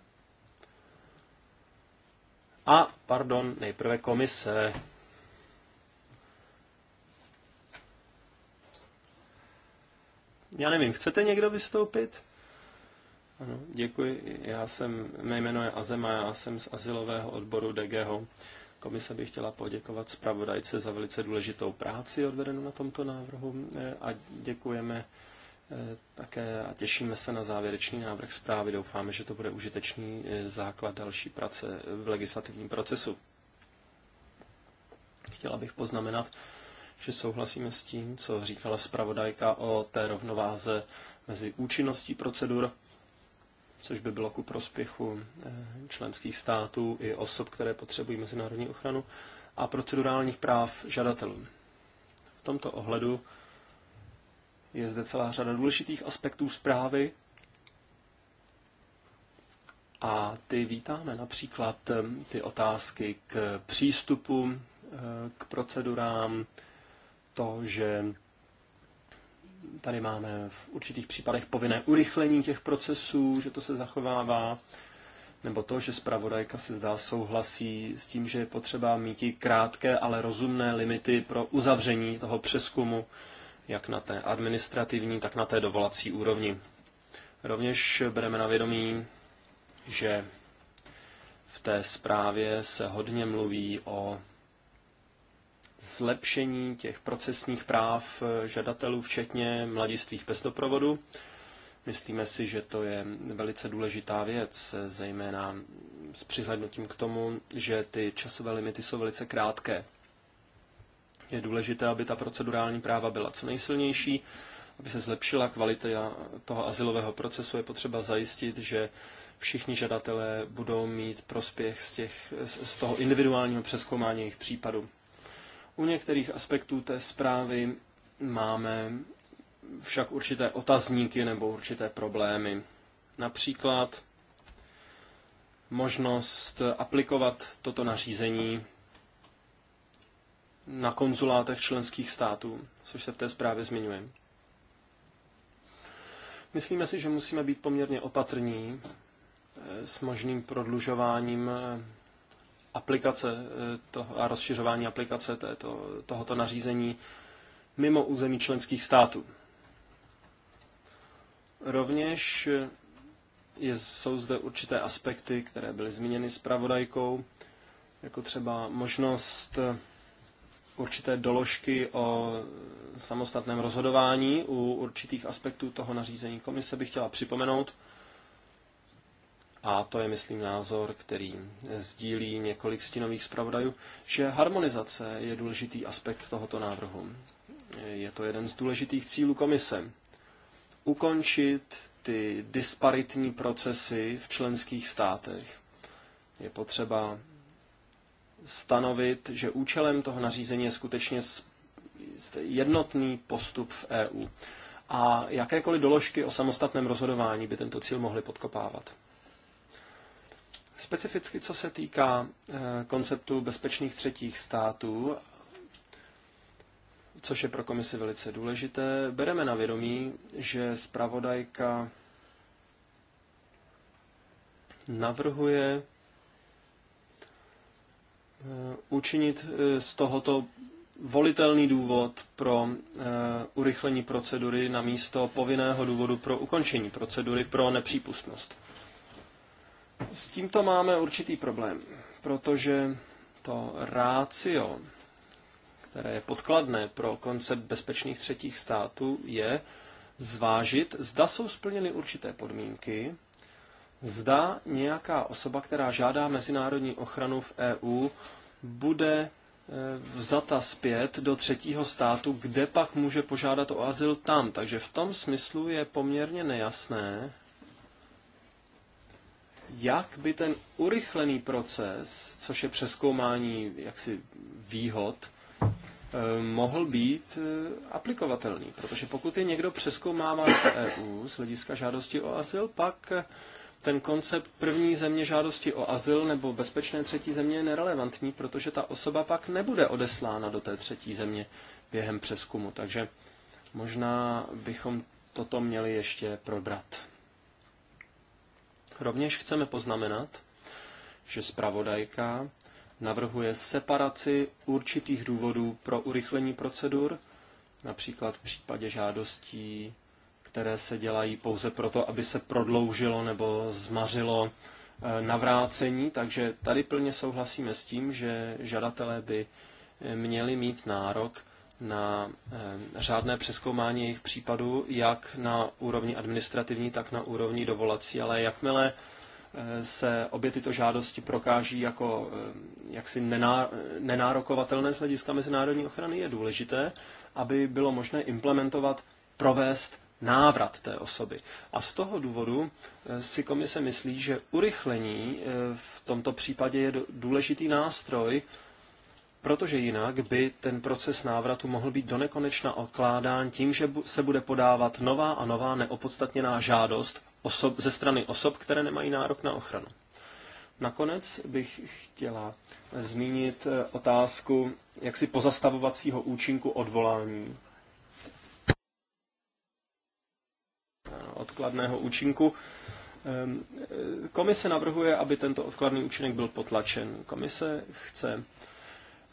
Speaker 3: A, pardon, nejprve komise. Já nevím, chcete někdo vystoupit? Ano, děkuji. Já jsem, mé jméno je Azema, já jsem z asilového odboru DGHO. Komise bych chtěla poděkovat zpravodajce za velice důležitou práci odvedenou na tomto návrhu eh, a děkujeme eh, také a těšíme se na závěrečný návrh zprávy. Doufáme, že to bude užitečný eh, základ další práce v legislativním procesu. Chtěla bych poznamenat, že souhlasíme s tím, co říkala zpravodajka o té rovnováze mezi účinností procedur, což by bylo ku prospěchu eh, členských států i osob, které potřebují mezinárodní ochranu, a procedurálních práv žadatelů. V tomto ohledu je zde celá řada důležitých aspektů zprávy a ty vítáme například eh, ty otázky k přístupu, eh, k procedurám, to, že tady máme v určitých případech povinné urychlení těch procesů, že to se zachovává, nebo to, že zpravodajka se zdá souhlasí s tím, že je potřeba mít i krátké, ale rozumné limity pro uzavření toho přeskumu, jak na té administrativní, tak na té dovolací úrovni. Rovněž bereme na vědomí, že v té zprávě se hodně mluví o zlepšení těch procesních práv eh, žadatelů, včetně mladistvých bez doprovodu. Myslíme si, že to je velice důležitá věc, eh, zejména s přihlednutím k tomu, že ty časové limity jsou velice krátké. Je důležité, aby ta procedurální práva byla co nejsilnější, aby se zlepšila kvalita toho asilového procesu, je potřeba zajistit, že všichni žadatelé budou mít prospěch z, těch, z toho individuálního přeskoumání jejich případů. U některých aspektů té zprávy máme však určité otazníky nebo určité problémy. Například možnost aplikovat toto nařízení na konzulátech členských států, což se v té zprávě zmiňuje. Myslíme si, že musíme být poměrně opatrní eh, s možným prodlužováním eh, aplikace eh, toho, a rozšiřování aplikace této, tohoto nařízení mimo území členských států. Rovněž eh, je, jsou zde určité aspekty, které byly zmíněny zpravodajkou, jako třeba možnost eh, určité doložky o samostatném rozhodování u určitých aspektů toho nařízení komise bych chtěla připomenout, a to je, myslím, názor, který sdílí několik stínových zpravodajů, že harmonizace je důležitý aspekt tohoto návrhu. Je to jeden z důležitých cílů komise. Ukončit ty disparitní procesy v členských státech. Je potřeba stanovit, že účelem toho nařízení je skutečně jednotný postup v EU. A jakékoliv doložky o samostatném rozhodování by tento cíl mohly podkopávat. Specificky, co se týká eh, konceptu bezpečných třetích států, což je pro komisi velice důležité, bereme na vědomí, že zpravodajka navrhuje eh, učinit eh, z tohoto volitelný důvod pro urychlení procedury na místo povinného důvodu pro ukončení procedury pro nepřípustnost. S tímto máme určitý problém, protože to rácio, které je podkladné pro koncept bezpečných třetích států, je zvážit, zda jsou splněny určité podmínky, zda nějaká osoba, která žádá mezinárodní ochranu v EU, bude eh, vzata zpět do třetího státu, kde pak může požádat o azyl tam. Takže v tom smyslu je poměrně nejasné, jak by ten urychlený proces, což je přeskoumání jaksi výhod, eh, mohl být eh, aplikovatelný. Protože pokud je někdo přeskoumáván v EU z hlediska žádosti o azyl, pak eh, ten koncept první země žádosti o azyl nebo bezpečné třetí země je nerelevantní, protože ta osoba pak nebude odeslána do té třetí země během přeskumu. Takže možná bychom toto měli ještě probrat. Rovněž chceme poznamenat, že zpravodajka navrhuje separaci určitých důvodů pro urychlení procedur, například v případě žádostí, které se dělají pouze proto, aby se prodloužilo nebo zmařilo eh, navrácení. Takže tady plně souhlasíme s tím, že žadatelé by eh, měli mít nárok na eh, řádné přeskoumání jejich případů, jak na úrovni administrativní, tak na úrovni dovolací, ale jakmile eh, se obě tyto žádosti prokáží jako eh, jaksi nená, nenárokovatelné z hlediska mezinárodní ochrany, je důležité, aby bylo možné implementovat, provést návrat té osoby. A z toho důvodu si komise myslí, že urychlení v tomto případě je důležitý nástroj, protože jinak by ten proces návratu mohl být donekonečna odkládán tím, že se bude podávat nová a nová neopodstatněná žádost osob, ze strany osob, které nemají nárok na ochranu. Nakonec bych chtěla zmínit eh, otázku jaksi pozastavovacího účinku odvolání. Eh, odkladného účinku. Ehm, eh, komise navrhuje, aby tento odkladný účinek byl potlačen. Komise chce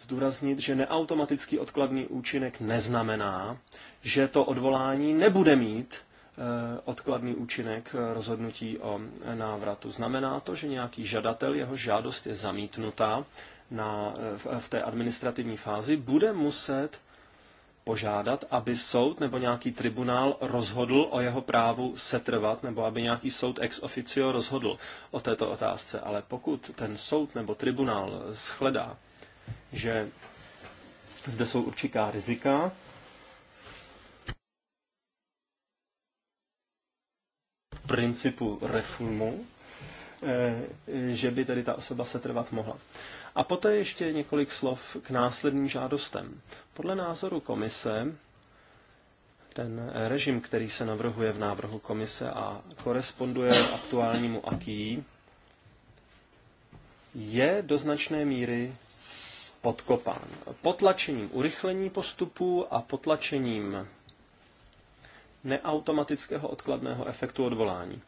Speaker 3: zdůraznit, že neautomatický odkladný účinek neznamená, že to odvolání nebude mít eh, odkladný účinek eh, rozhodnutí o eh, návratu. Znamená to, že nějaký žadatel, jeho žádost je zamítnutá na, v, v té administrativní fázi, bude muset požádat, aby soud nebo nějaký tribunál rozhodl o jeho právu setrvat, nebo aby nějaký soud ex officio rozhodl o této otázce. Ale pokud ten soud nebo tribunál shledá, že zde jsou určitá rizika. principu reformu, eh, že by tedy ta osoba se trvat mohla. A poté ještě několik slov k následným žádostem. Podle názoru komise ten režim, který se navrhuje v návrhu komise a koresponduje aktuálnímu AKI, je do značné míry podkopán. Potlačením urychlení postupů a potlačením neautomatického odkladného efektu odvolání.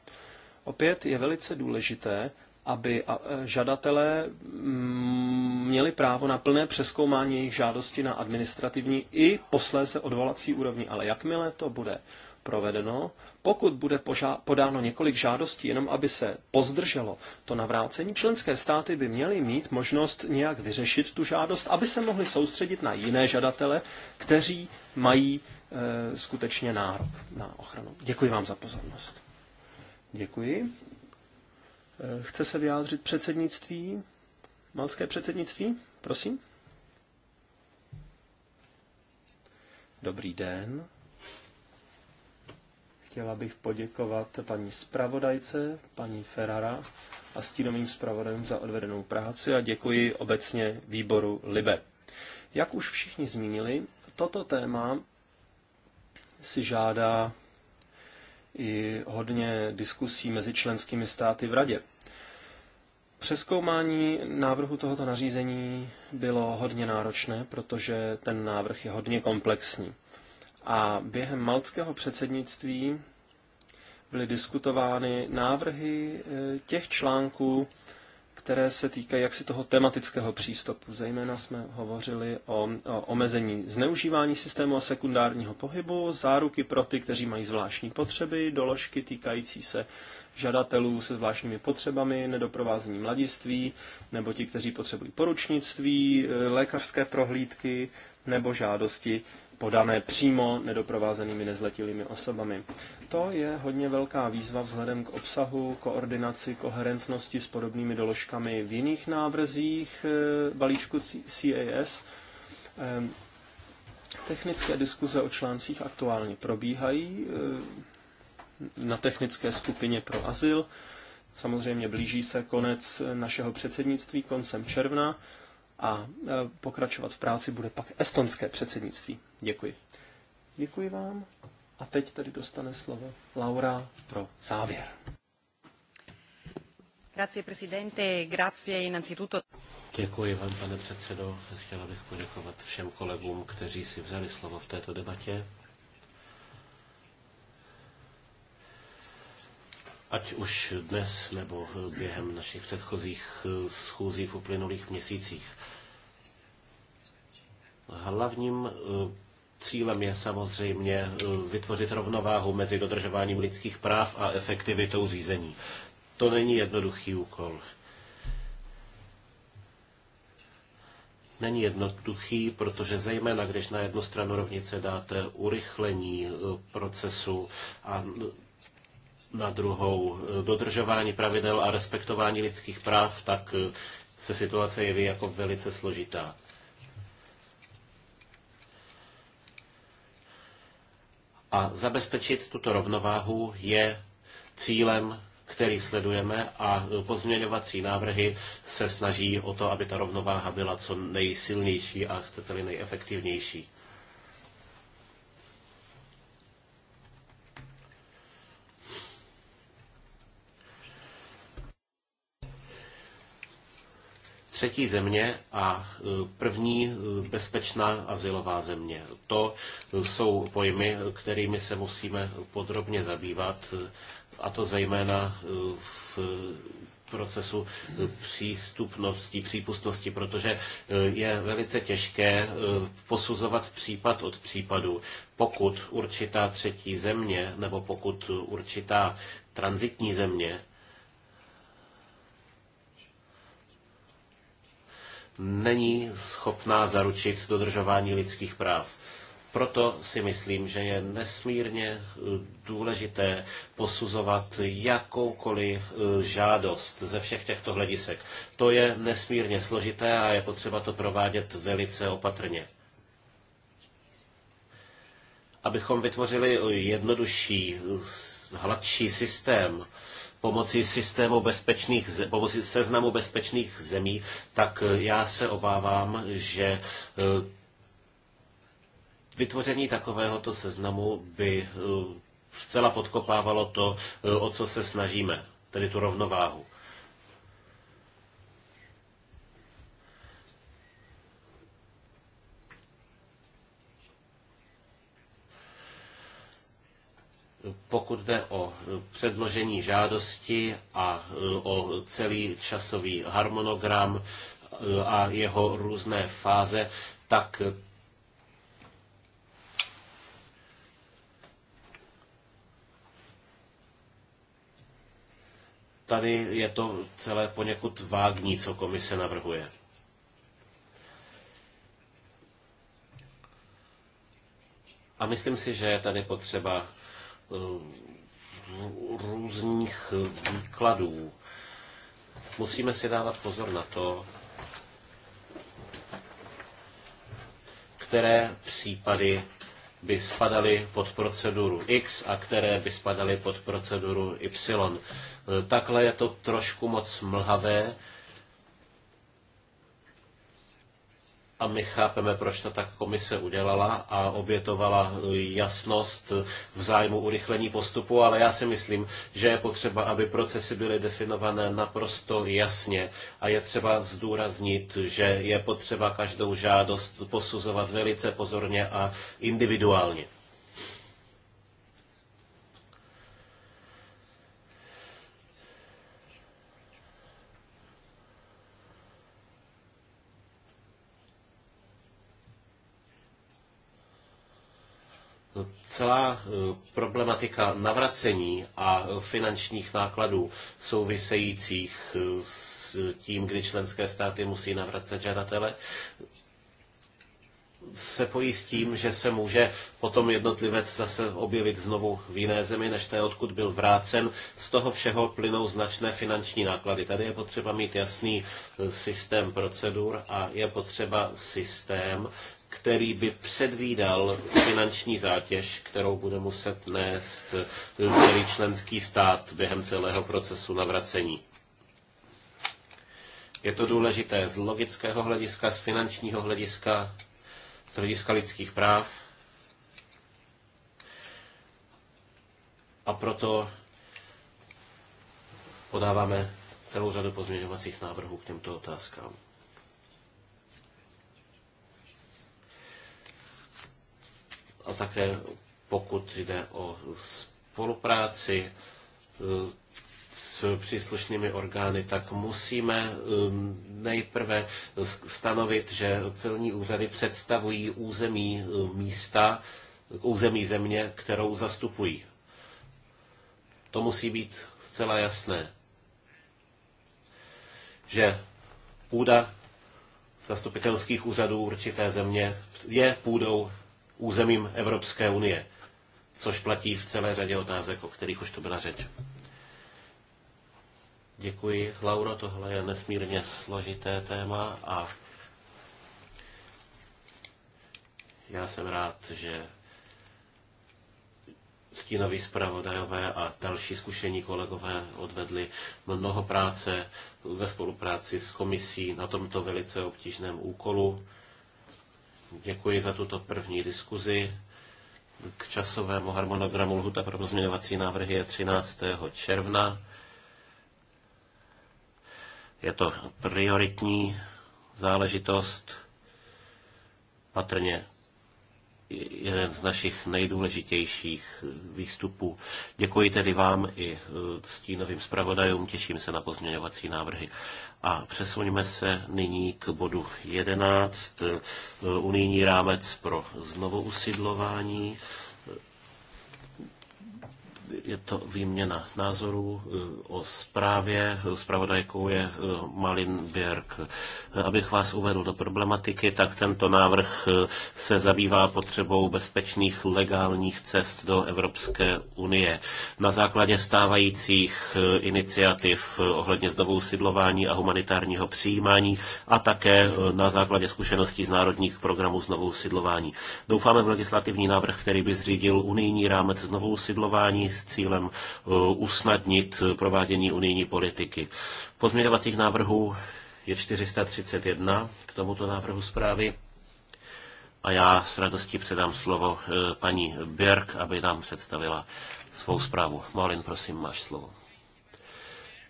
Speaker 3: Opět je velice důležité, aby e, žadatelé mm, měli právo na plné přeskoumání jejich žádosti na administrativní i posléze odvolací úrovni. Ale jakmile to bude provedeno. Pokud bude podáno několik žádostí, jenom aby se pozdrželo to navrácení, členské státy by měly mít možnost nějak vyřešit tu žádost, aby se mohly soustředit na jiné žadatele, kteří mají e, skutečně nárok na ochranu. Děkuji vám za pozornost. Děkuji. E, chce se vyjádřit předsednictví? Malské předsednictví? Prosím. Dobrý den. Chtěla bych poděkovat paní zpravodajce, paní Ferrara a stínovým zpravodajům za odvedenou práci a děkuji obecně výboru LIBE. Jak už všichni zmínili, toto téma si žádá i hodně diskusí mezi členskými státy v Radě. Přeskoumání návrhu tohoto nařízení bylo hodně náročné, protože ten návrh je hodně komplexní. A během maltského předsednictví byly diskutovány návrhy e, těch článků, které se týkají jaksi toho tematického přístupu. Zejména jsme hovořili o, o omezení zneužívání systému a sekundárního pohybu, záruky pro ty, kteří mají zvláštní potřeby, doložky týkající se žadatelů se zvláštními potřebami, nedoprovázení mladiství, nebo ti, kteří potřebují poručnictví, e, lékařské prohlídky nebo žádosti podané přímo nedoprovázenými nezletilými osobami. To je hodně velká výzva vzhledem k obsahu, koordinaci, koherentnosti s podobnými doložkami v jiných návrzích eh, balíčku CAS. Ehm, technické diskuze o článcích aktuálně probíhají eh, na technické skupině pro azyl. Samozřejmě blíží se konec našeho předsednictví koncem června a e, pokračovat v práci bude pak estonské předsednictví. Děkuji. Děkuji vám. A teď tady dostane slovo
Speaker 1: Laura pro závěr.
Speaker 2: Grazie presidente, grazie innanzitutto.
Speaker 1: Děkuji vám, pane předsedo. Chtěla bych poděkovat všem kolegům, kteří si vzali slovo v této debatě. ať už dnes nebo během našich předchozích eh, schůzí v uplynulých měsících. Hlavním eh, cílem je samozřejmě eh, vytvořit rovnováhu mezi dodržováním lidských práv a efektivitou řízení. To není jednoduchý úkol. není jednoduchý, protože zejména když na jednu stranu rovnice dáte urychlení procesu a na druhou dodržování pravidel a respektování lidských práv, tak eh, se situace jeví jako velice složitá. A zabezpečit tuto rovnováhu je cílem, který sledujeme a eh, pozměňovací návrhy se snaží o to, aby ta rovnováha byla co nejsilnější a chcete-li nejefektivnější. Třetí země a e, první e, bezpečná asilová země. To e, jsou pojmy, kterými se musíme podrobně zabývat, a to zejména v procesu přístupnosti, přípustnosti, protože je velice těžké posuzovat případ od případu. Pokud určitá třetí země nebo pokud určitá transitní země není schopná zaručit dodržování lidských práv. Proto si myslím, že je nesmírně eh, důležité posuzovat jakoukoliv eh, žádost ze všech těchto hledisek. To je nesmírně složité a je potřeba to provádět velice opatrně. Abychom vytvořili eh, jednodušší, hladší systém, pomocí systému bezpečných, pomocí seznamu bezpečných zemí, tak eh, já se obávám, že eh, vytvoření takovéhoto seznamu by eh, zcela podkopávalo to, o co se snažíme, tedy tu rovnováhu. pokud jde o předložení žádosti a e, o celý časový harmonogram e, a jeho různé fáze, tak e, tady je to celé poněkud vágní, co komise navrhuje. A myslím si, že je tady potřeba Eh, různých výkladů. Musíme si dávat pozor na to, které případy by spadaly pod proceduru X a které by spadaly pod proceduru Y. Eh, takhle je to trošku moc mlhavé a my chápeme, proč to tak komise udělala a obětovala jasnost v zájmu urychlení postupu, ale já si myslím, že je potřeba, aby procesy byly definované naprosto jasně a je třeba zdůraznit, že je potřeba každou žádost posuzovat velice pozorně a individuálně. Celá eh, problematika navracení a finančních nákladů souvisejících eh, s tím, kdy členské státy musí navracet žadatele, se pojí s tím, že se může potom jednotlivec zase objevit znovu v jiné zemi, než té, odkud byl vrácen. Z toho všeho plynou značné finanční náklady. Tady je potřeba mít jasný eh, systém procedur a je potřeba systém, který by předvídal finanční zátěž, kterou bude muset nést který členský stát během celého procesu navracení. Je to důležité z logického hlediska, z finančního hlediska, z hlediska lidských práv. A proto podáváme celou řadu pozměňovacích návrhů k těmto otázkám. a také pokud jde o spolupráci eh, s příslušnými orgány, tak musíme eh, nejprve stanovit, že celní úřady představují území eh, místa, území země, kterou zastupují. To musí být zcela jasné, že půda zastupitelských úřadů určité země je půdou územím Evropské unie, což platí v celé řadě otázek, o kterých už to byla řeč. Děkuji, Lauro, tohle je nesmírně složité téma a já jsem rád, že stínoví zpravodajové a další zkušení kolegové odvedli mnoho práce ve spolupráci s komisí na tomto velice obtížném úkolu Děkuji za tuto první diskuzi. K časovému harmonogramu lhuta pro pozměňovací návrhy je 13. června. Je to prioritní záležitost. Patrně jeden z našich nejdůležitějších výstupů. Děkuji tedy vám i eh, stínovým zpravodajům, těším se na pozměňovací návrhy. A přesuňme se nyní k bodu 11, eh, unijní rámec pro znovu usidlování. Je to výměna názorů eh, o zprávě. Zpravodajkou je eh, Malin Birk. Abych vás uvedl do problematiky, tak tento návrh eh, se zabývá potřebou bezpečných legálních cest do Evropské unie. Na základě stávajících iniciativ ohledně znovu usidlování a humanitárního přijímání a také na základě zkušeností z národních programů znovu usidlování. Doufáme v legislativní návrh, který by zřídil unijní rámec znovu usidlování s cílem cílem uh, usnadnit uh, provádění unijní politiky. Pozměňovacích návrhů je 431 k tomuto návrhu zprávy. A já s radostí předám slovo uh, paní Birk, aby nám představila svou zprávu. Malin, prosím, máš slovo.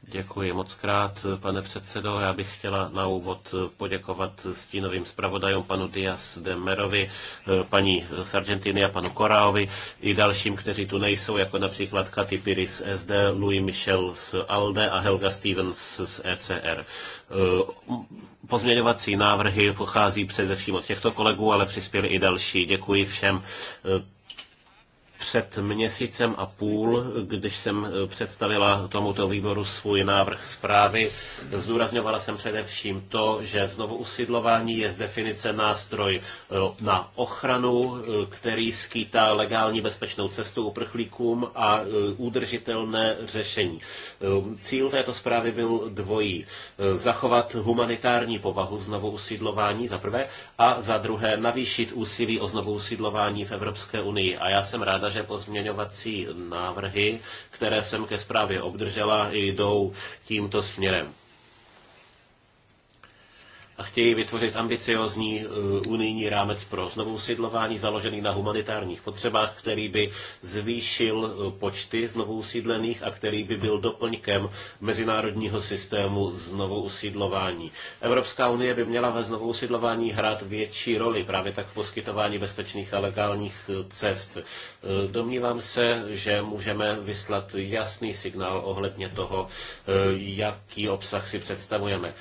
Speaker 1: Děkuji moc krát, pane předsedo. Já bych chtěla na úvod poděkovat stínovým zpravodajům panu Dias de Merovi, paní Sargentini a panu Koráovi i dalším, kteří tu nejsou, jako například Katy Piri z SD, Louis Michel z ALDE a Helga Stevens z ECR. Pozměňovací návrhy pochází především od těchto kolegů, ale přispěli i další. Děkuji všem před měsícem a půl, když jsem eh, představila tomuto výboru svůj návrh zprávy, zdůrazňovala jsem především to, že znovu usidlování je z definice nástroj eh, na ochranu, eh, který skýtá legální bezpečnou cestu uprchlíkům a udržitelné řešení. Cíl této zprávy byl dvojí. Zachovat humanitární povahu znovu usidlování za prvé a za druhé navýšit úsilí o znovu usidlování v Evropské unii. A já jsem ráda, že pozměňovací návrhy, které jsem ke zprávě obdržela, jdou tímto směrem a chtějí vytvořit ambiciozní eh, unijní rámec pro znovu usídlování založený na humanitárních potřebách, který by zvýšil eh, počty znovu usídlených a který by byl doplňkem mezinárodního systému znovu usídlování. Evropská unie by měla ve znovu usídlování hrát větší roli, právě tak v poskytování bezpečných a legálních eh, cest. Domnívám se, že můžeme vyslat jasný signál ohledně toho, jaký obsah si představujeme.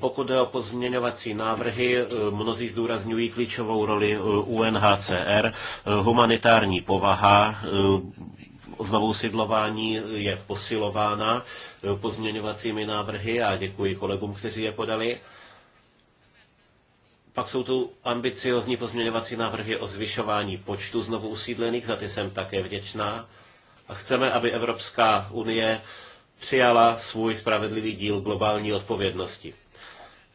Speaker 1: Pokud je o pozměn pozměňovací návrhy. Eh, mnozí zdůrazňují klíčovou roli eh, UNHCR, eh, humanitární povaha, znovu sídlování je posilována pozměňovacími návrhy a děkuji kolegům, kteří je podali. Pak jsou tu ambiciozní pozměňovací návrhy o zvyšování počtu znovu usídlených, za ty jsem také vděčná. A chceme, aby Evropská unie přijala svůj spravedlivý díl globální odpovědnosti.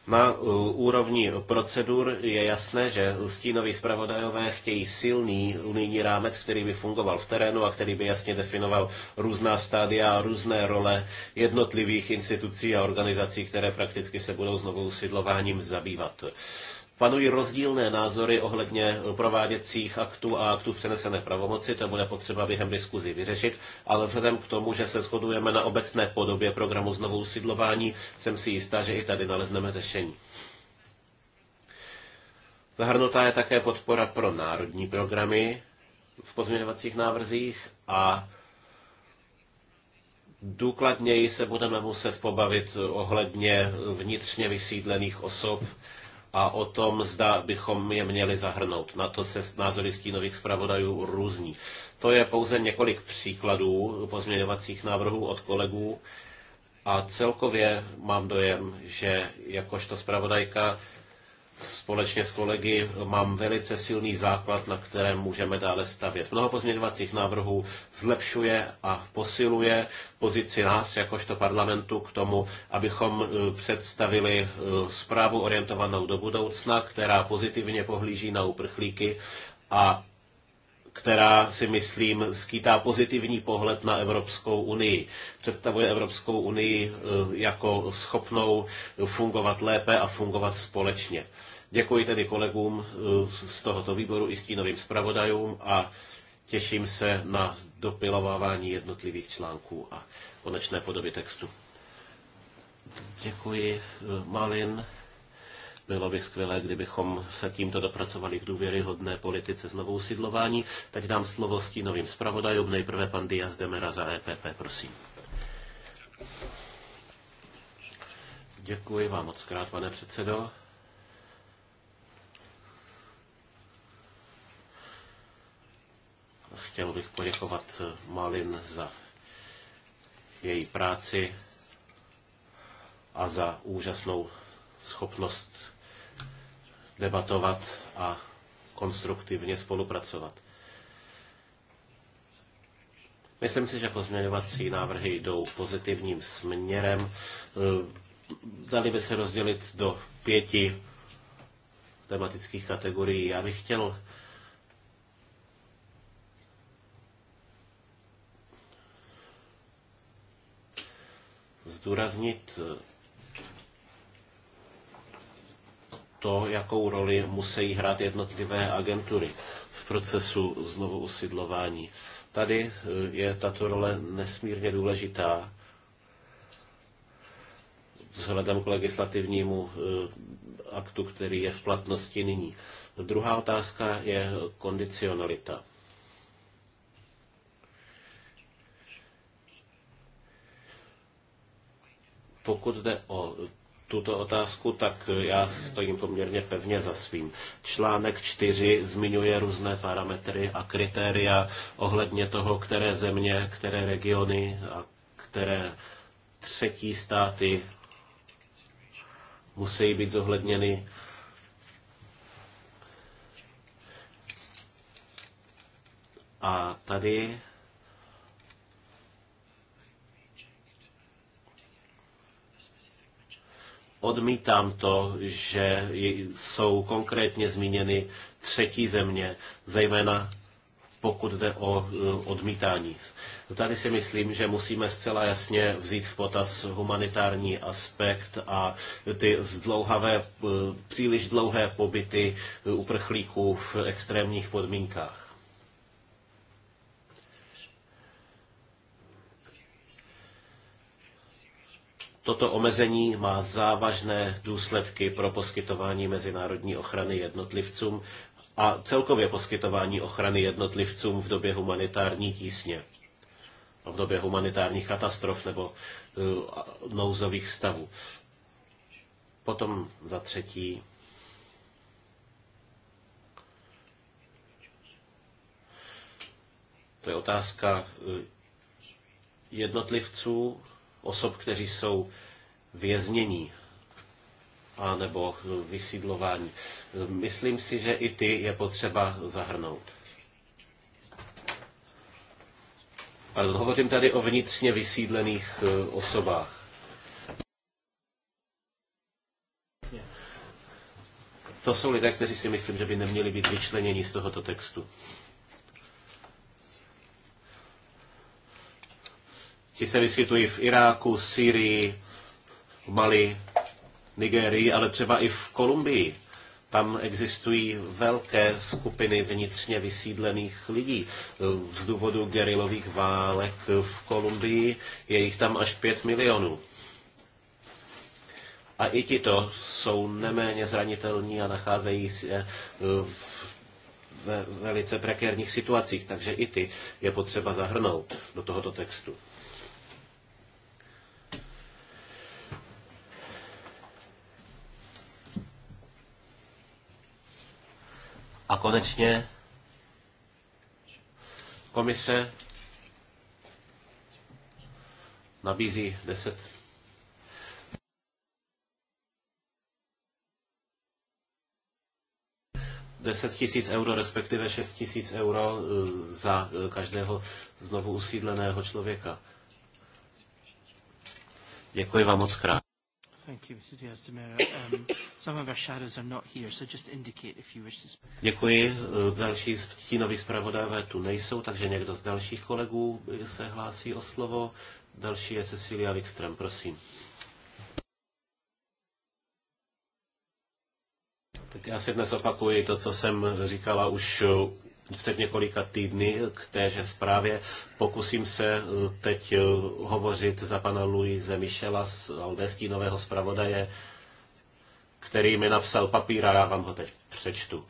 Speaker 1: Na eh, úrovni procedur je jasné, že stínoví zpravodajové chtějí silný unijní rámec, který by fungoval v terénu a který by jasně definoval různá stádia a různé role jednotlivých institucí a organizací, které prakticky se budou znovu usidlováním zabývat. Panují rozdílné názory ohledně prováděcích aktů a aktů v přenesené pravomoci, to bude potřeba během diskuzi vyřešit, ale vzhledem k tomu, že se shodujeme na obecné podobě programu znovu usídlování, jsem si jistá, že i tady nalezneme řešení. Zahrnutá je také podpora pro národní programy v pozměňovacích návrzích a důkladněji se budeme muset pobavit ohledně vnitřně vysídlených osob, a o tom, zda bychom je měli zahrnout. Na to se názory stínových zpravodajů různí. To je pouze několik příkladů pozměňovacích návrhů od kolegů a celkově mám dojem, že jakožto zpravodajka společně s kolegy mám velice silný základ, na kterém můžeme dále stavět. Mnoho pozměňovacích návrhů zlepšuje a posiluje pozici nás, jakožto parlamentu, k tomu, abychom e, představili e, zprávu orientovanou do budoucna, která pozitivně pohlíží na uprchlíky a která si myslím skýtá pozitivní pohled na Evropskou unii. Představuje Evropskou unii eh, jako schopnou fungovat lépe a fungovat společně. Děkuji tedy kolegům eh, z tohoto výboru i stínovým zpravodajům a těším se na dopilovávání jednotlivých článků a konečné podoby textu. Děkuji, eh, Malin. Bylo by skvělé, kdybychom se tímto dopracovali k důvěryhodné politice znovu usídlování. Teď dám slovo stínovým zpravodajům. Nejprve pan Diaz Demera za EPP, prosím. Děkuji vám moc krát, pane předsedo. Chtěl bych poděkovat Malin za její práci a za úžasnou schopnost debatovat a konstruktivně spolupracovat. Myslím si, že pozměňovací návrhy jdou pozitivním směrem. Eh, dali by se rozdělit do pěti tematických kategorií. Já bych chtěl zdůraznit eh, to, jakou roli musí hrát jednotlivé agentury v procesu znovu usidlování. Tady eh, je tato role nesmírně důležitá vzhledem k legislativnímu eh, aktu, který je v platnosti nyní. Druhá otázka je kondicionalita. Pokud jde o tuto otázku, tak já stojím poměrně pevně za svým. Článek 4 zmiňuje různé parametry a kritéria ohledně toho, které země, které regiony a které třetí státy musí být zohledněny A tady Odmítám to, že jsou konkrétně zmíněny třetí země, zejména pokud jde o e, odmítání. Tady si myslím, že musíme zcela jasně vzít v potaz humanitární aspekt a ty zdlouhavé, e, příliš dlouhé pobyty e, uprchlíků v extrémních podmínkách. Toto omezení má závažné důsledky pro poskytování mezinárodní ochrany jednotlivcům a celkově poskytování ochrany jednotlivcům v době humanitární tísně, v době humanitárních katastrof nebo eh, nouzových stavů. Potom za třetí To je otázka eh, jednotlivců osob, kteří jsou věznění a nebo vysídlování. Myslím si, že i ty je potřeba zahrnout. A hovořím tady o vnitřně vysídlených e, osobách. To jsou lidé, kteří si myslím, že by neměli být vyčleněni z tohoto textu. Ti se vyskytují v Iráku, Sýrii, Mali, Nigérii, ale třeba i v Kolumbii. Tam existují velké skupiny vnitřně vysídlených lidí. Z důvodu gerilových válek v Kolumbii je jich tam až 5 milionů. A i tito jsou neméně zranitelní a nacházejí se eh, v velice prekérních situacích, takže i ty je potřeba zahrnout do tohoto textu. A konečně komise nabízí 10 10 tisíc euro, respektive 6 tisíc euro e, za e, každého znovu usídleného člověka. Děkuji vám moc krát. Děkuji. Další stínoví zpravodajové tu nejsou, takže někdo z dalších kolegů se hlásí o slovo. Další je Cecilia Wikström, prosím. Tak já si dnes opakuji to, co jsem říkala už před několika týdny k téže zprávě. Pokusím se eh, teď eh, hovořit za pana Luise Michela z Aldestí, nového zpravodaje, který mi napsal papír a já vám ho teď přečtu.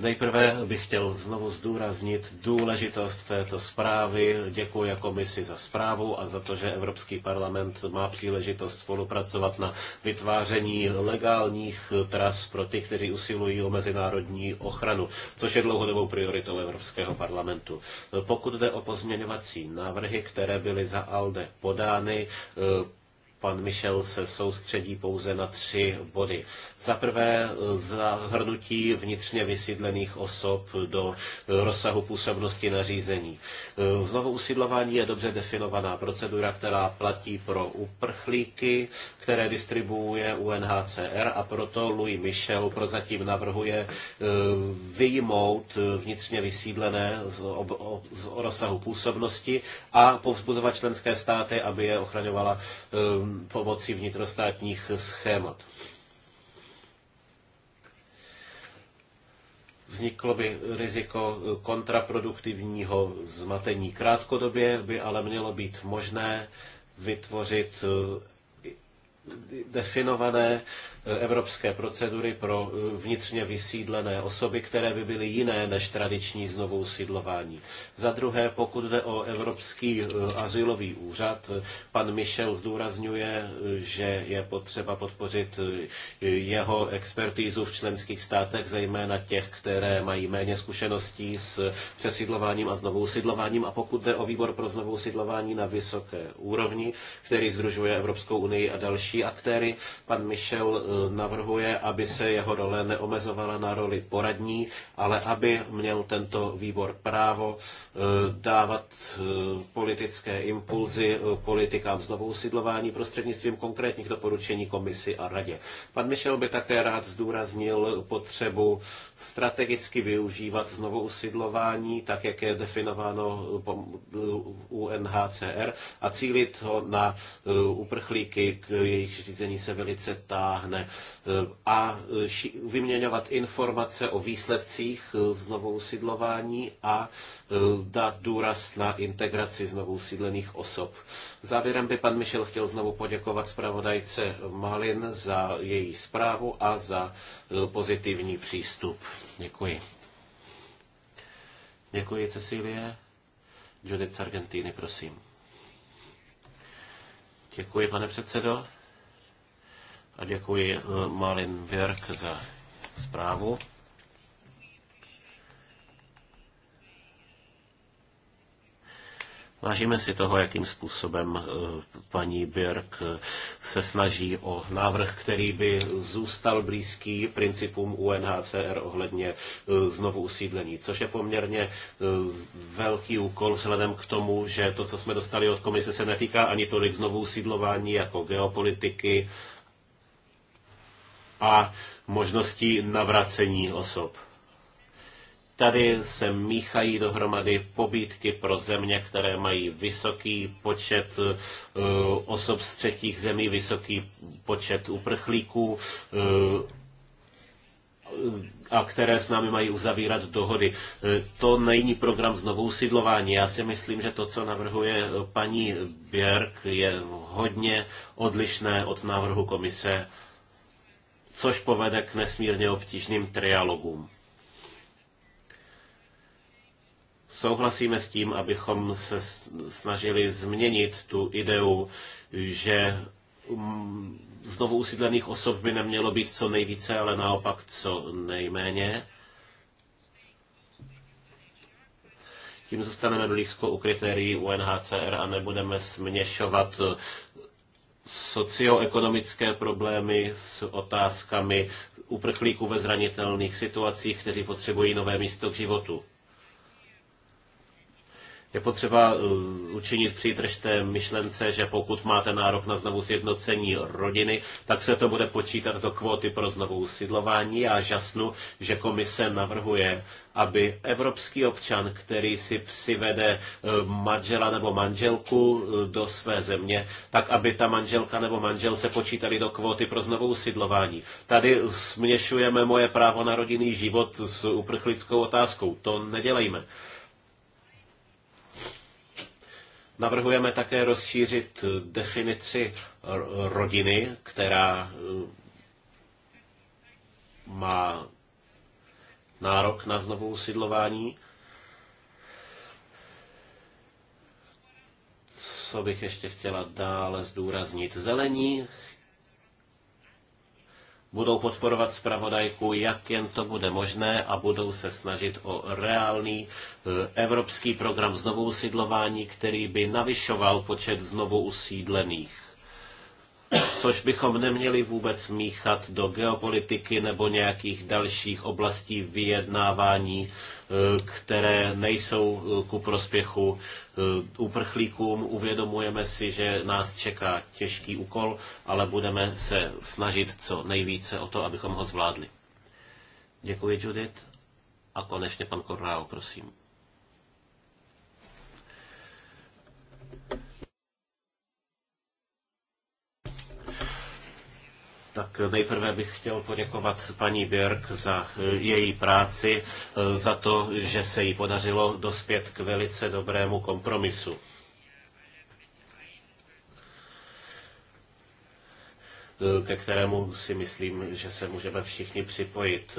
Speaker 1: Nejprve bych chtěl znovu zdůraznit důležitost této zprávy. Děkuji komisi za zprávu a za to, že Evropský parlament má příležitost spolupracovat na vytváření legálních tras pro ty, kteří usilují o mezinárodní ochranu, což je dlouhodobou prioritou Evropského parlamentu. Pokud jde o pozměňovací návrhy, které byly za ALDE podány, pan Michel se soustředí pouze na tři body. Za prvé zahrnutí vnitřně vysídlených osob do rozsahu působnosti nařízení. Znovu usídlování je dobře definovaná procedura, která platí pro uprchlíky, které distribuuje UNHCR a proto Louis Michel prozatím navrhuje eh, vyjmout vnitřně vysídlené z, ob, ob, z rozsahu působnosti a povzbuzovat členské státy, aby je ochraňovala ehm, pomocí vnitrostátních schémat. Vzniklo by riziko kontraproduktivního zmatení. Krátkodobě by ale mělo být možné vytvořit eh, definované evropské procedury pro eh, vnitřně vysídlené osoby, které by byly jiné než tradiční znovu usídlování. Za druhé, pokud jde o Evropský eh, azylový úřad, eh, pan Michel zdůrazňuje, že je potřeba podpořit jeho expertízu v členských státech, zejména těch, které mají méně zkušeností s přesídlováním a znovu usídlováním. A pokud jde o výbor pro znovu usídlování na vysoké úrovni, který združuje Evropskou unii a další aktéry, pan Michel navrhuje, aby se jeho role neomezovala na roli poradní, ale aby měl tento výbor právo eh, dávat eh, politické impulzy eh, politikám znovu usidlování prostřednictvím konkrétních doporučení komisi a radě. Pan Michel by také rád zdůraznil potřebu strategicky využívat znovu usidlování, tak jak je definováno UNHCR, a cílit ho na uprchlíky, k jejich řízení se velice táhne Eh, a eh, vyměňovat informace o výsledcích eh, znovu usidlování a dát důraz na integraci znovu usídlených osob. Závěrem by pan Michel chtěl znovu poděkovat zpravodajce Malin za její zprávu a za pozitivní přístup. Děkuji. Děkuji, Cecilie. Judith z Argentíny, prosím. Děkuji, pane předsedo. A děkuji eh, Malin Björk za zprávu. Vážíme si toho, jakým způsobem eh, paní Birk eh, se snaží o návrh, který by zůstal blízký principům UNHCR ohledně znovu usídlení, což je poměrně velký úkol vzhledem k tomu, že to, co jsme dostali od komise, se netýká ani tolik znovu usídlování jako geopolitiky, a možností navracení osob. Tady se míchají dohromady pobídky pro země, které mají vysoký počet eh, osob z třetích zemí, vysoký počet uprchlíků eh, a které s námi mají uzavírat dohody. Eh, to není program znovu usidlování. Já si myslím, že to, co navrhuje paní Björk, je hodně odlišné od návrhu komise což povede k nesmírně obtížným trialogům. Souhlasíme s tím, abychom se snažili změnit tu ideu, že um, znovu usídlených osob by nemělo být co nejvíce, ale naopak co nejméně. Tím zůstaneme blízko u kritérií UNHCR a nebudeme směšovat socioekonomické problémy s otázkami uprchlíků ve zranitelných situacích, kteří potřebují nové místo k životu. Je potřeba eh, učinit přítržte myšlence, že pokud máte nárok na znovu sjednocení rodiny, tak se to bude počítat do kvóty pro znovu usidlování. Já žasnu, že komise navrhuje, aby evropský občan, který si přivede eh, manžela nebo manželku eh, do své země, tak aby ta manželka nebo manžel se počítali do kvóty pro znovu usidlování. Tady směšujeme moje právo na rodinný život s uprchlickou otázkou. To nedělejme. Navrhujeme také rozšířit definici rodiny, která eh, má nárok na znovu usidlování. Co bych ještě chtěla dále zdůraznit? Zelení budou podporovat zpravodajku, jak jen to bude možné a budou se snažit o reálný e, evropský program znovu usídlování, který by navyšoval počet znovu usídlených což bychom neměli vůbec míchat do geopolitiky nebo nějakých dalších oblastí vyjednávání, eh, které nejsou eh, ku prospěchu eh, uprchlíkům. Uvědomujeme si, že nás čeká těžký úkol, ale budeme se snažit co nejvíce o to, abychom ho zvládli. Děkuji, Judith. A konečně pan Korrao, prosím. Tak nejprve bych chtěl poděkovat paní Björk za eh, její práci, eh, za to, že se jí podařilo dospět k velice dobrému kompromisu. ke kterému si myslím, že se můžeme všichni připojit.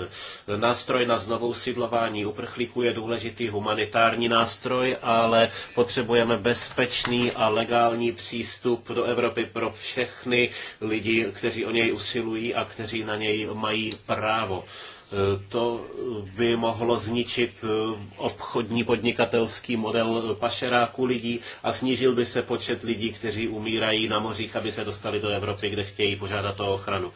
Speaker 1: Nástroj na znovu sídlování uprchlíků je důležitý humanitární nástroj, ale potřebujeme bezpečný a legální přístup do Evropy pro všechny lidi, kteří o něj usilují a kteří na něj mají právo. To by mohlo zničit eh, obchodní podnikatelský model pašeráků lidí a snížil by se počet lidí, kteří umírají na mořích, aby se dostali do Evropy, kde chtějí požádat o ochranu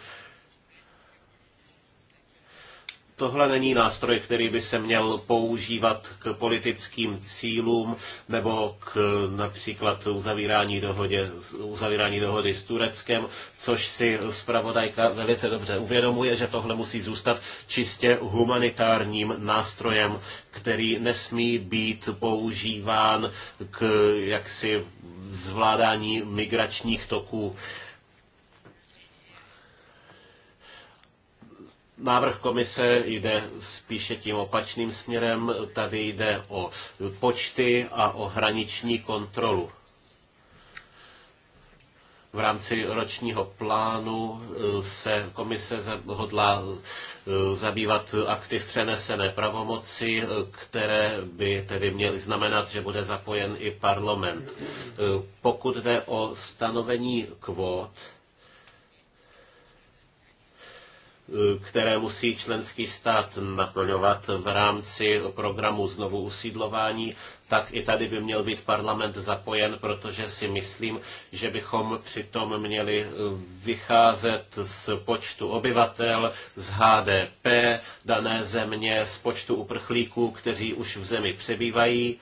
Speaker 1: tohle není nástroj, který by se měl používat k politickým cílům nebo k například uzavírání, dohodě, uzavírání dohody s Tureckem, což si zpravodajka velice dobře uvědomuje, že tohle musí zůstat čistě humanitárním nástrojem, který nesmí být používán k jaksi zvládání migračních toků Návrh komise jde spíše tím opačným směrem. Tady jde o počty a o hraniční kontrolu. V rámci ročního plánu eh, se komise hodlá eh, zabývat aktiv přenesené pravomoci, eh, které by tedy měly znamenat, že bude zapojen i parlament. Pokud jde o stanovení kvót, které musí členský stát naplňovat v rámci programu znovu usídlování, tak i tady by měl být parlament zapojen, protože si myslím, že bychom přitom měli eh, vycházet z počtu obyvatel, z HDP dané země, z počtu uprchlíků, kteří už v zemi přebývají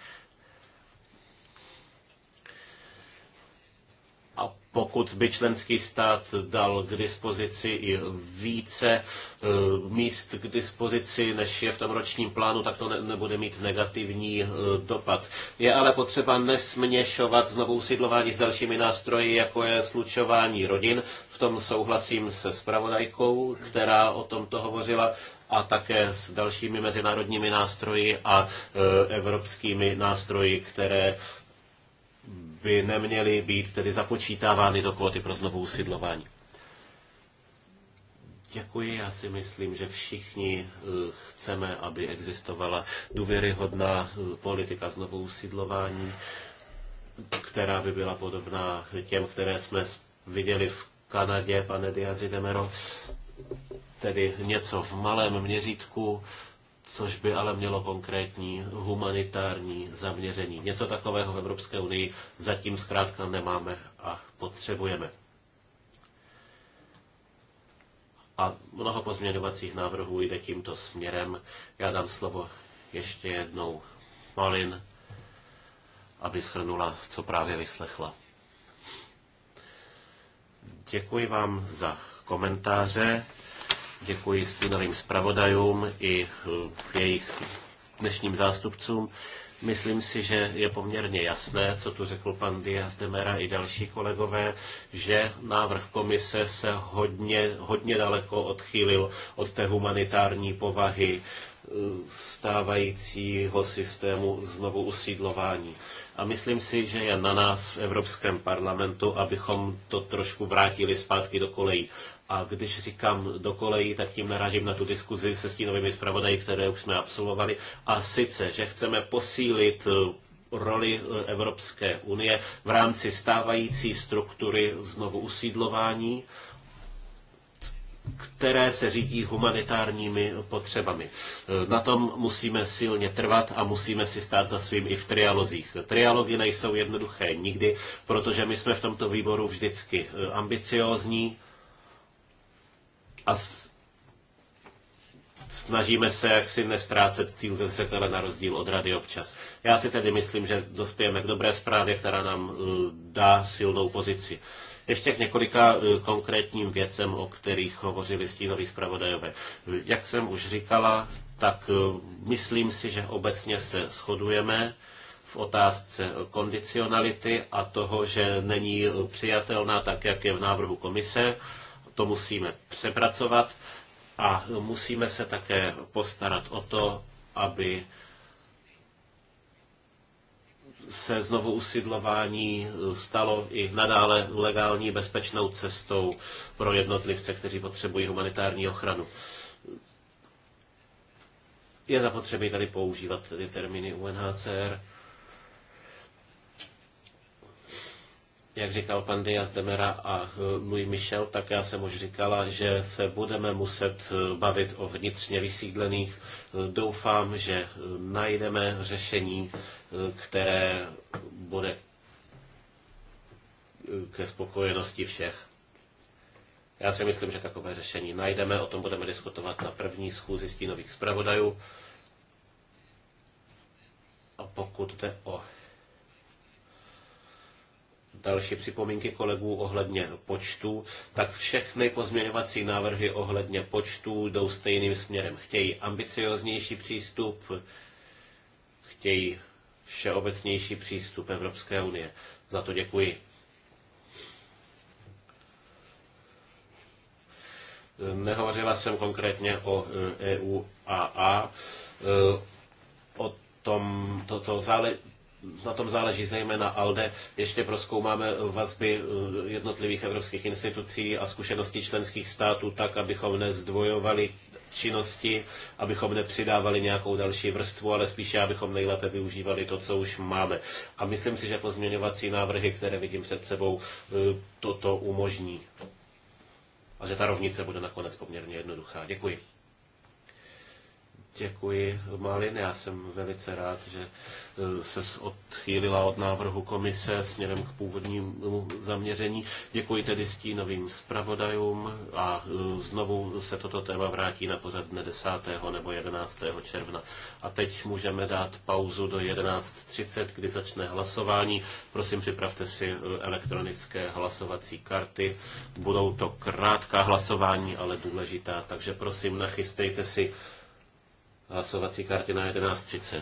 Speaker 1: pokud by členský stát dal k dispozici i více eh, míst k dispozici, než je v tom ročním plánu, tak to ne, nebude mít negativní eh, dopad. Je ale potřeba nesměšovat znovu usidlování s dalšími nástroji, jako je slučování rodin. V tom souhlasím se spravodajkou, která o tomto hovořila a také s dalšími mezinárodními nástroji a eh, evropskými nástroji, které by neměly být tedy započítávány do kvóty pro znovu usídlování. Děkuji, já si myslím, že všichni eh, chceme, aby existovala důvěryhodná eh, politika znovu usídlování, která by byla podobná těm, které jsme viděli v Kanadě, pane Diazidemero, tedy něco v malém měřítku, což by ale mělo konkrétní humanitární zaměření. Něco takového v Evropské unii zatím zkrátka nemáme a potřebujeme. A mnoho pozměňovacích návrhů jde tímto směrem. Já dám slovo ještě jednou Malin, aby shrnula, co právě vyslechla. Děkuji vám za komentáře. Děkuji stínovým zpravodajům i eh, jejich dnešním zástupcům. Myslím si, že je poměrně jasné, co tu řekl pan Diaz de Mera i další kolegové, že návrh komise se hodně, hodně daleko odchýlil od té humanitární povahy eh, stávajícího systému znovu usídlování. A myslím si, že je na nás v Evropském parlamentu, abychom to trošku vrátili zpátky do kolejí. A když říkám do kolejí, tak tím narážím na tu diskuzi se stínovými zpravodaji, které už jsme absolvovali. A sice, že chceme posílit eh, roli eh, Evropské unie v rámci stávající struktury znovu usídlování, které se řídí humanitárními potřebami. Eh, na tom musíme silně trvat a musíme si stát za svým i v trialozích. Trialogy nejsou jednoduché nikdy, protože my jsme v tomto výboru vždycky ambiciózní, a snažíme se jaksi nestrácet cíl ze zřetele na rozdíl od rady občas. Já si tedy myslím, že dospějeme k dobré zprávě, která nám uh, dá silnou pozici. Ještě k několika uh, konkrétním věcem, o kterých hovořili stínoví zpravodajové. Jak jsem už říkala, tak uh, myslím si, že obecně se shodujeme v otázce kondicionality a toho, že není přijatelná tak, jak je v návrhu komise to musíme přepracovat a musíme se také postarat o to, aby se znovu usidlování stalo i nadále legální bezpečnou cestou pro jednotlivce, kteří potřebují humanitární ochranu. Je zapotřebí tady používat ty termíny UNHCR. jak říkal pan Diaz Demera a Louis eh, Michel, tak já jsem už říkala, že se budeme muset eh, bavit o vnitřně vysídlených. Eh, doufám, že najdeme řešení, které bude ke spokojenosti všech. Já si myslím, že takové řešení najdeme, o tom budeme diskutovat na první schůzi stínových zpravodajů. A pokud jde o další připomínky kolegů ohledně počtu, tak všechny pozměňovací návrhy ohledně počtu jdou stejným směrem. Chtějí ambicioznější přístup, chtějí všeobecnější přístup Evropské unie. Za to děkuji. Nehovořila jsem konkrétně o EU e a e, O tom, toto zále, na tom záleží zejména ALDE. Ještě proskoumáme vazby eh, jednotlivých evropských institucí a zkušeností členských států tak, abychom nezdvojovali činnosti, abychom nepřidávali nějakou další vrstvu, ale spíše, abychom nejlépe využívali to, co už máme. A myslím si, že pozměňovací návrhy, které vidím před sebou, eh, toto umožní. A že ta rovnice bude nakonec poměrně jednoduchá. Děkuji. Děkuji, Malin. Já jsem velice rád, že eh, se odchýlila od návrhu komise směrem k původnímu zaměření. Děkuji tedy stínovým zpravodajům a eh, znovu se toto téma vrátí na pořad dne 10. nebo 11. června. A teď můžeme dát pauzu do 11.30, kdy začne hlasování. Prosím, připravte si eh, elektronické hlasovací karty. Budou to krátká hlasování, ale důležitá, takže prosím, nachystejte si hlasovací kartě na 11.30.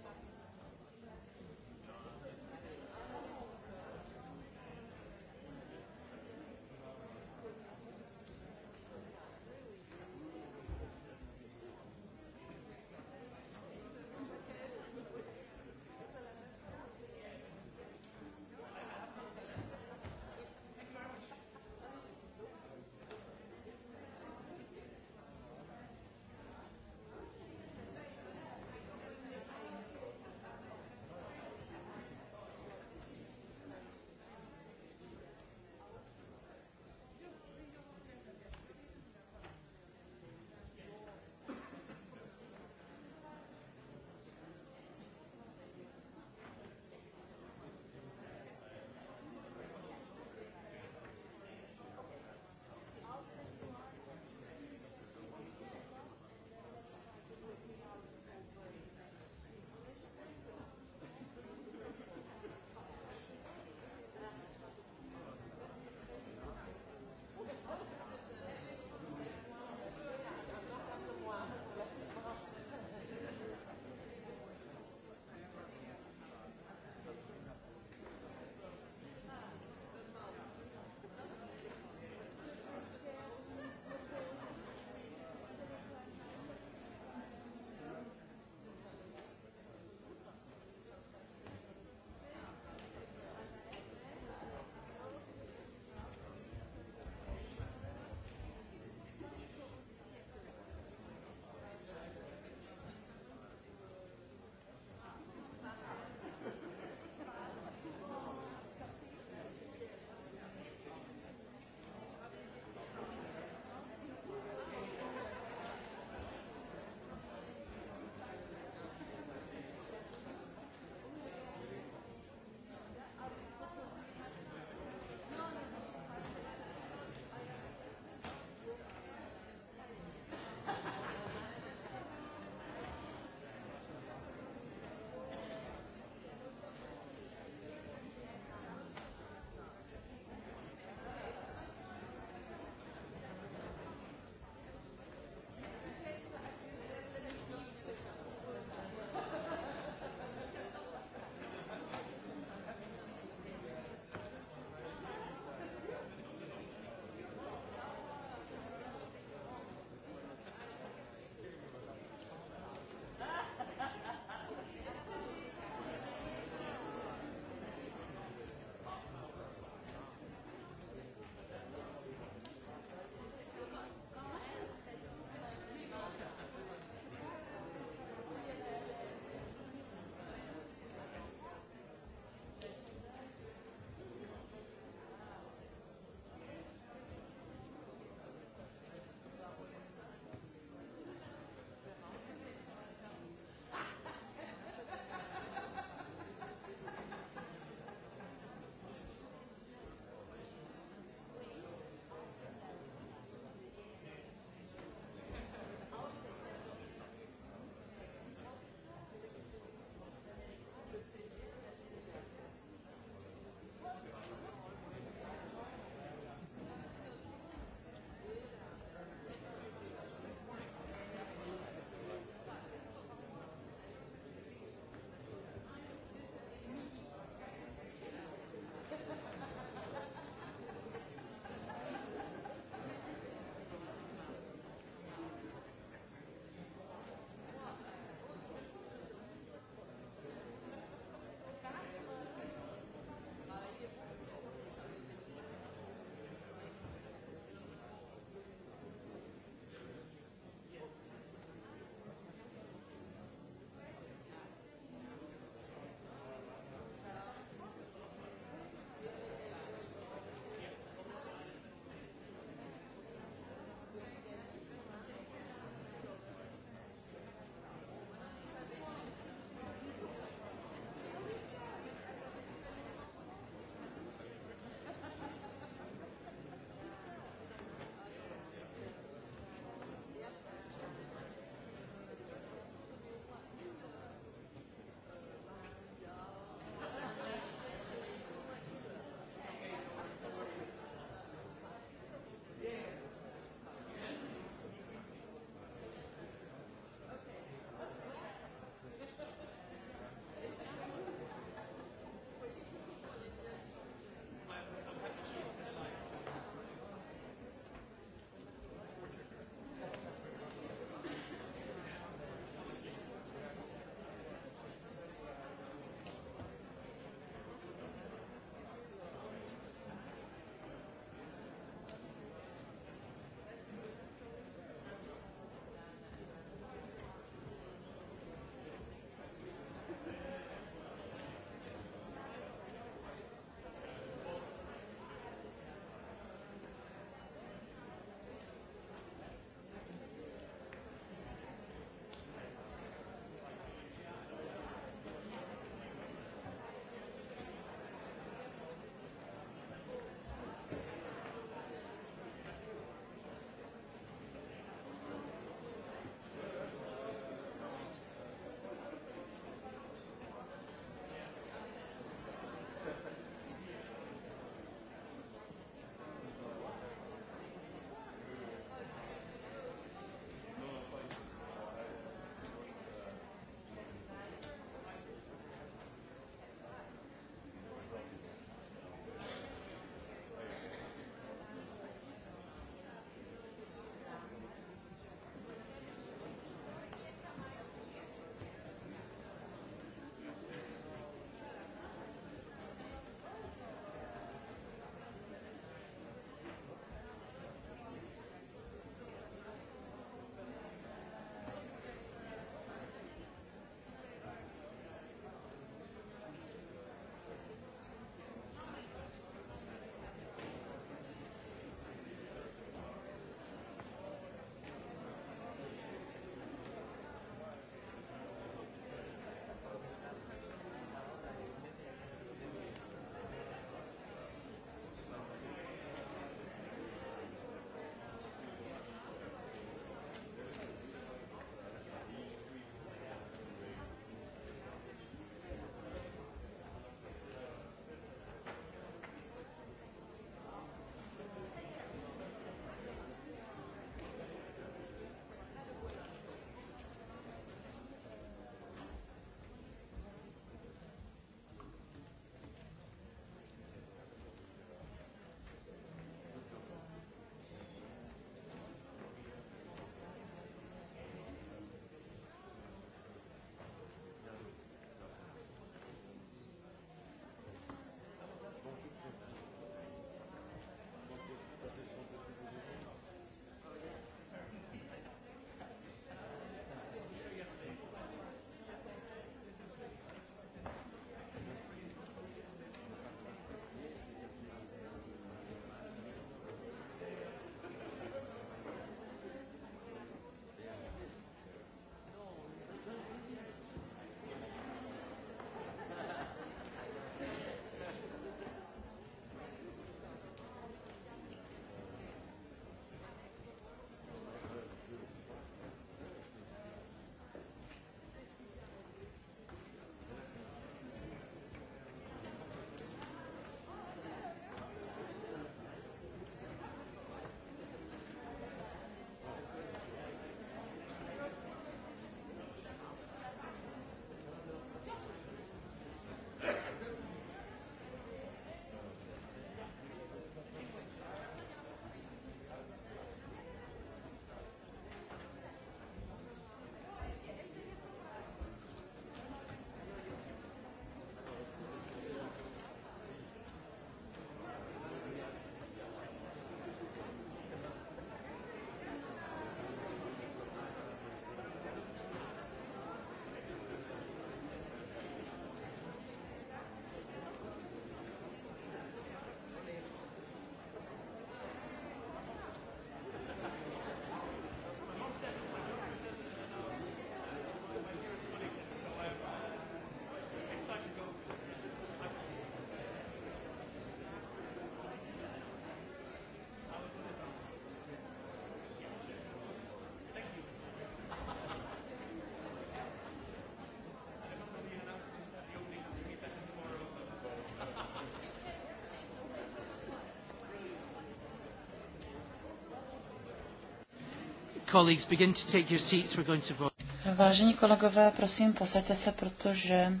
Speaker 4: colleagues, begin to take your seats. We're going to vote.
Speaker 2: Vážení kolegové, prosím, posaďte se, protože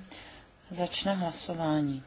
Speaker 2: začne hlasování.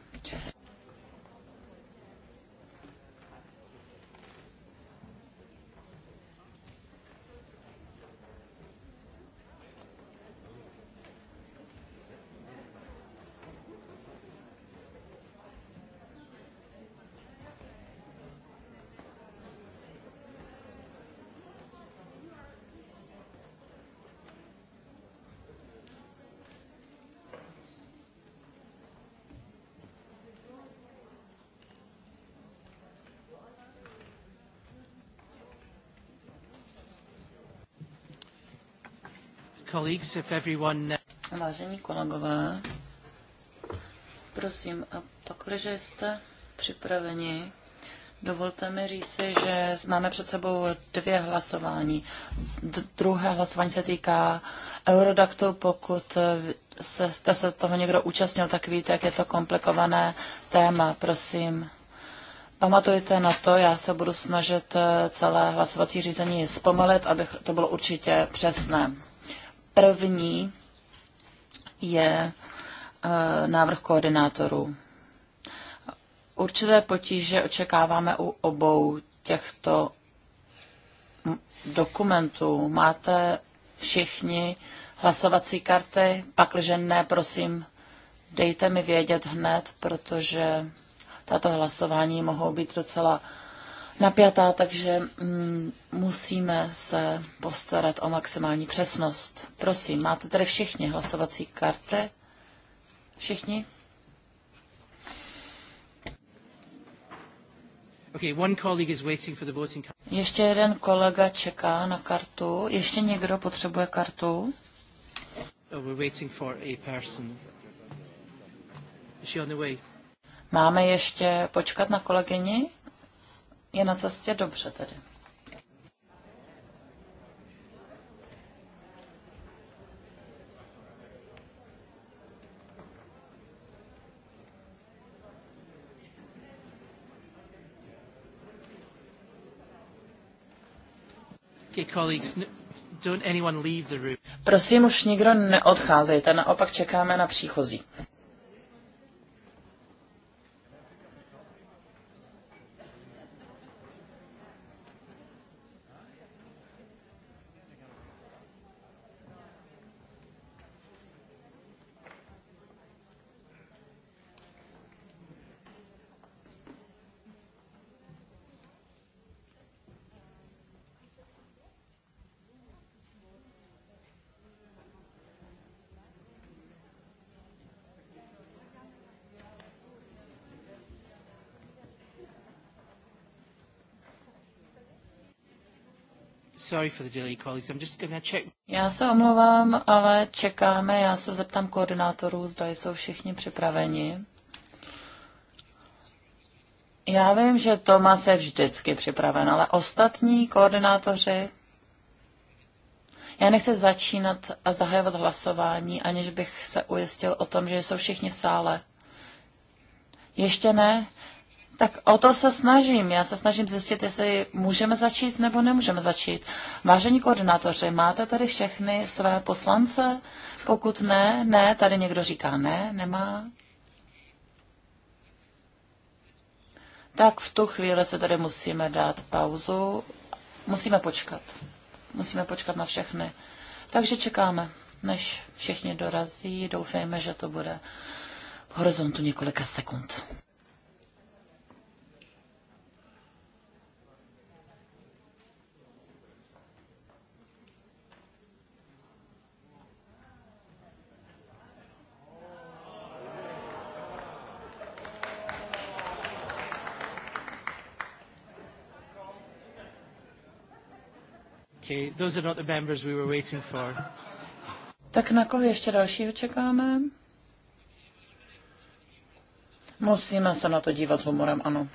Speaker 4: colleagues, if everyone...
Speaker 2: Uh, Vážení kolegové, prosím, a pokud jste připraveni, dovolte mi říci, že máme před sebou dvě hlasování. D- druhé hlasování se týká Eurodaktu. Pokud se, jste se toho někdo účastnil, tak víte, jak je to komplikované téma. Prosím, Pamatujte na to, já se budu snažit eh, celé hlasovací řízení zpomalit, aby to bylo určitě přesné. První je eh, návrh koordinátorů. Určité potíže očekáváme u obou těchto dokumentů. Máte všichni hlasovací karty? Pakliže ne, prosím, dejte mi vědět hned, protože tato hlasování mohou být docela napjatá, takže mm, musíme se postarat o maximální přesnost. Prosím, máte tady všichni hlasovací karty? Všichni?
Speaker 4: Okay, one colleague is waiting for the voting card.
Speaker 2: Ještě jeden kolega čeká na kartu. Ještě někdo potřebuje kartu?
Speaker 4: Oh, we're waiting for a person. Is she on the way?
Speaker 2: Máme ještě počkat na kolegyni? je na cestě dobře tedy. Prosím, už nikdo neodcházejte, naopak čekáme na příchozí.
Speaker 4: sorry for the delay, colleagues. I'm just check.
Speaker 2: Já se omlouvám, ale čekáme. Já se zeptám koordinátorů, zda jsou všichni připraveni. Já vím, že Tomas je vždycky připraven, ale ostatní koordinátoři... Já nechci začínat a zahajovat hlasování, aniž bych se ujistil o tom, že jsou všichni v sále. Ještě ne? Tak o to se snažím. Já se snažím zjistit, jestli můžeme začít nebo nemůžeme začít. Vážení koordinátoři, máte tady všechny své poslance? Pokud ne, ne, tady někdo říká ne, nemá. Tak v tu chvíli se tady musíme dát pauzu. Musíme počkat. Musíme počkat na všechny. Takže čekáme, než všichni dorazí. Doufejme, že to bude v horizontu několika sekund.
Speaker 4: Okay, those are not the
Speaker 2: members we were waiting for. Tak na koho ještě dalšího čekáme? Musíme se na to dívat s humorem, ano.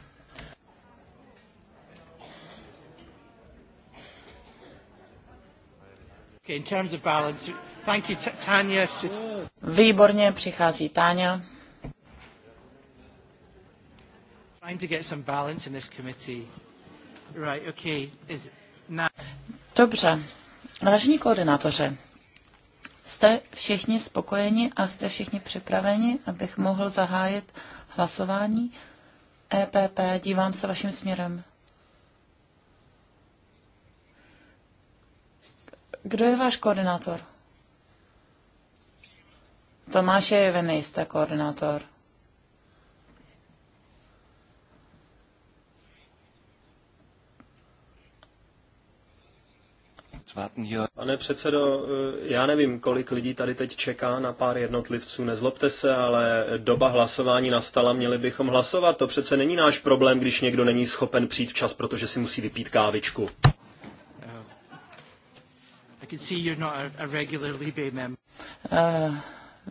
Speaker 4: Okay, in terms of balance, thank you, Tanya.
Speaker 2: Výborně, přichází Táňa.
Speaker 4: Trying to get some balance in this committee. Right, okay, is
Speaker 2: now... Dobře. Vážení koordinátoře, jste všichni spokojeni a jste všichni připraveni, abych mohl zahájit hlasování? EPP, dívám se vaším směrem. Kdo je váš koordinátor? je vy nejste koordinátor.
Speaker 3: Pane předsedo, já nevím, kolik lidí tady teď čeká na pár jednotlivců. Nezlobte se, ale doba hlasování nastala, měli bychom hlasovat. To přece není náš problém, když někdo není schopen přijít včas, protože si musí vypít kávičku.
Speaker 2: Uh, uh,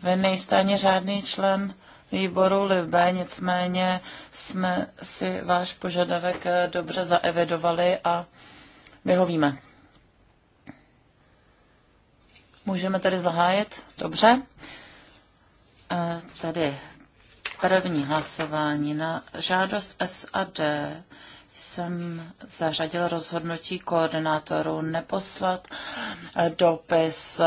Speaker 2: vy nejste ani řádný člen výboru Libé, nicméně jsme si váš požadavek eh, dobře zaevidovali a vyhovíme. Můžeme tedy zahájit? Dobře. E, Tady první hlasování na žádost SAD jsem zařadil rozhodnutí koordinátorů neposlat e, dopis e,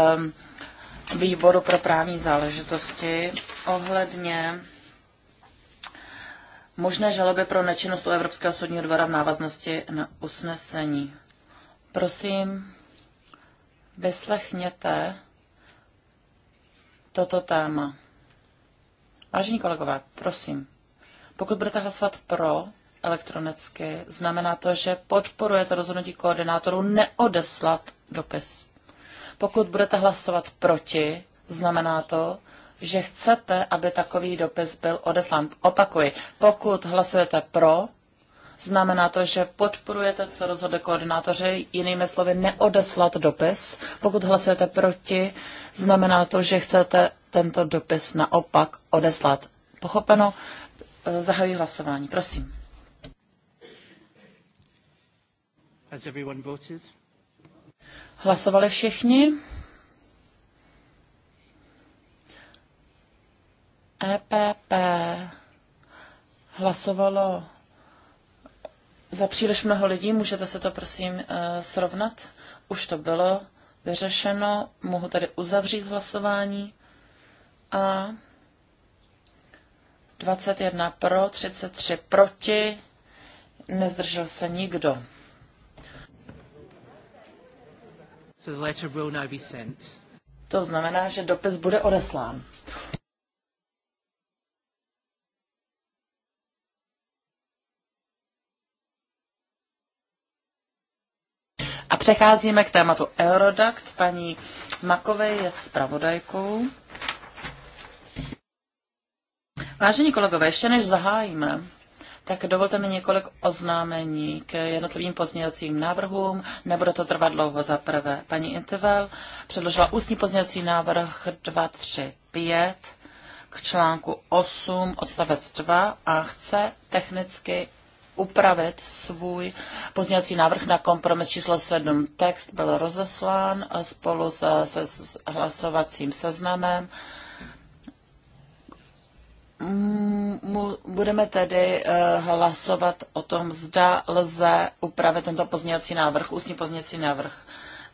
Speaker 2: výboru pro právní záležitosti ohledně možné žaloby pro nečinnost u Evropského soudního dvora v návaznosti na usnesení. Prosím, vyslechněte toto téma. Vážení kolegové, prosím, pokud budete hlasovat pro elektronicky, znamená to, že podporujete rozhodnutí koordinátorů neodeslat dopis. Pokud budete hlasovat proti, znamená to, že chcete, aby takový dopis byl odeslán. Opakuji, pokud hlasujete pro, Znamená to, že podporujete, co rozhodne koordinátoři, jinými slovy neodeslat dopis. Pokud hlasujete proti, znamená to, že chcete tento dopis naopak odeslat. Pochopeno? Eh, zahajuji hlasování. Prosím. Hlasovali všichni? EPP hlasovalo za příliš mnoho lidí. Můžete se to prosím eh, srovnat? Už to bylo vyřešeno. Mohu tady uzavřít hlasování. A 21 pro, 33 proti. Nezdržel se nikdo. To znamená, že dopis bude odeslán. Přecházíme k tématu Eurodact. Paní Makovej je zpravodajkou. Vážení kolegové, ještě než zahájíme, tak dovolte mi několik oznámení k jednotlivým pozměňovacím návrhům. Nebude to trvat dlouho. Za prvé, paní Interval předložila ústní pozměňovací návrh 235 k článku 8 odstavec 2 a chce technicky upravit svůj pozněcí návrh na kompromis číslo 7. Text byl rozeslán eh, spolu se, se s hlasovacím seznamem. Budeme tedy eh, hlasovat o tom, zda lze upravit tento pozměňovací návrh, ústní pozměňovací návrh.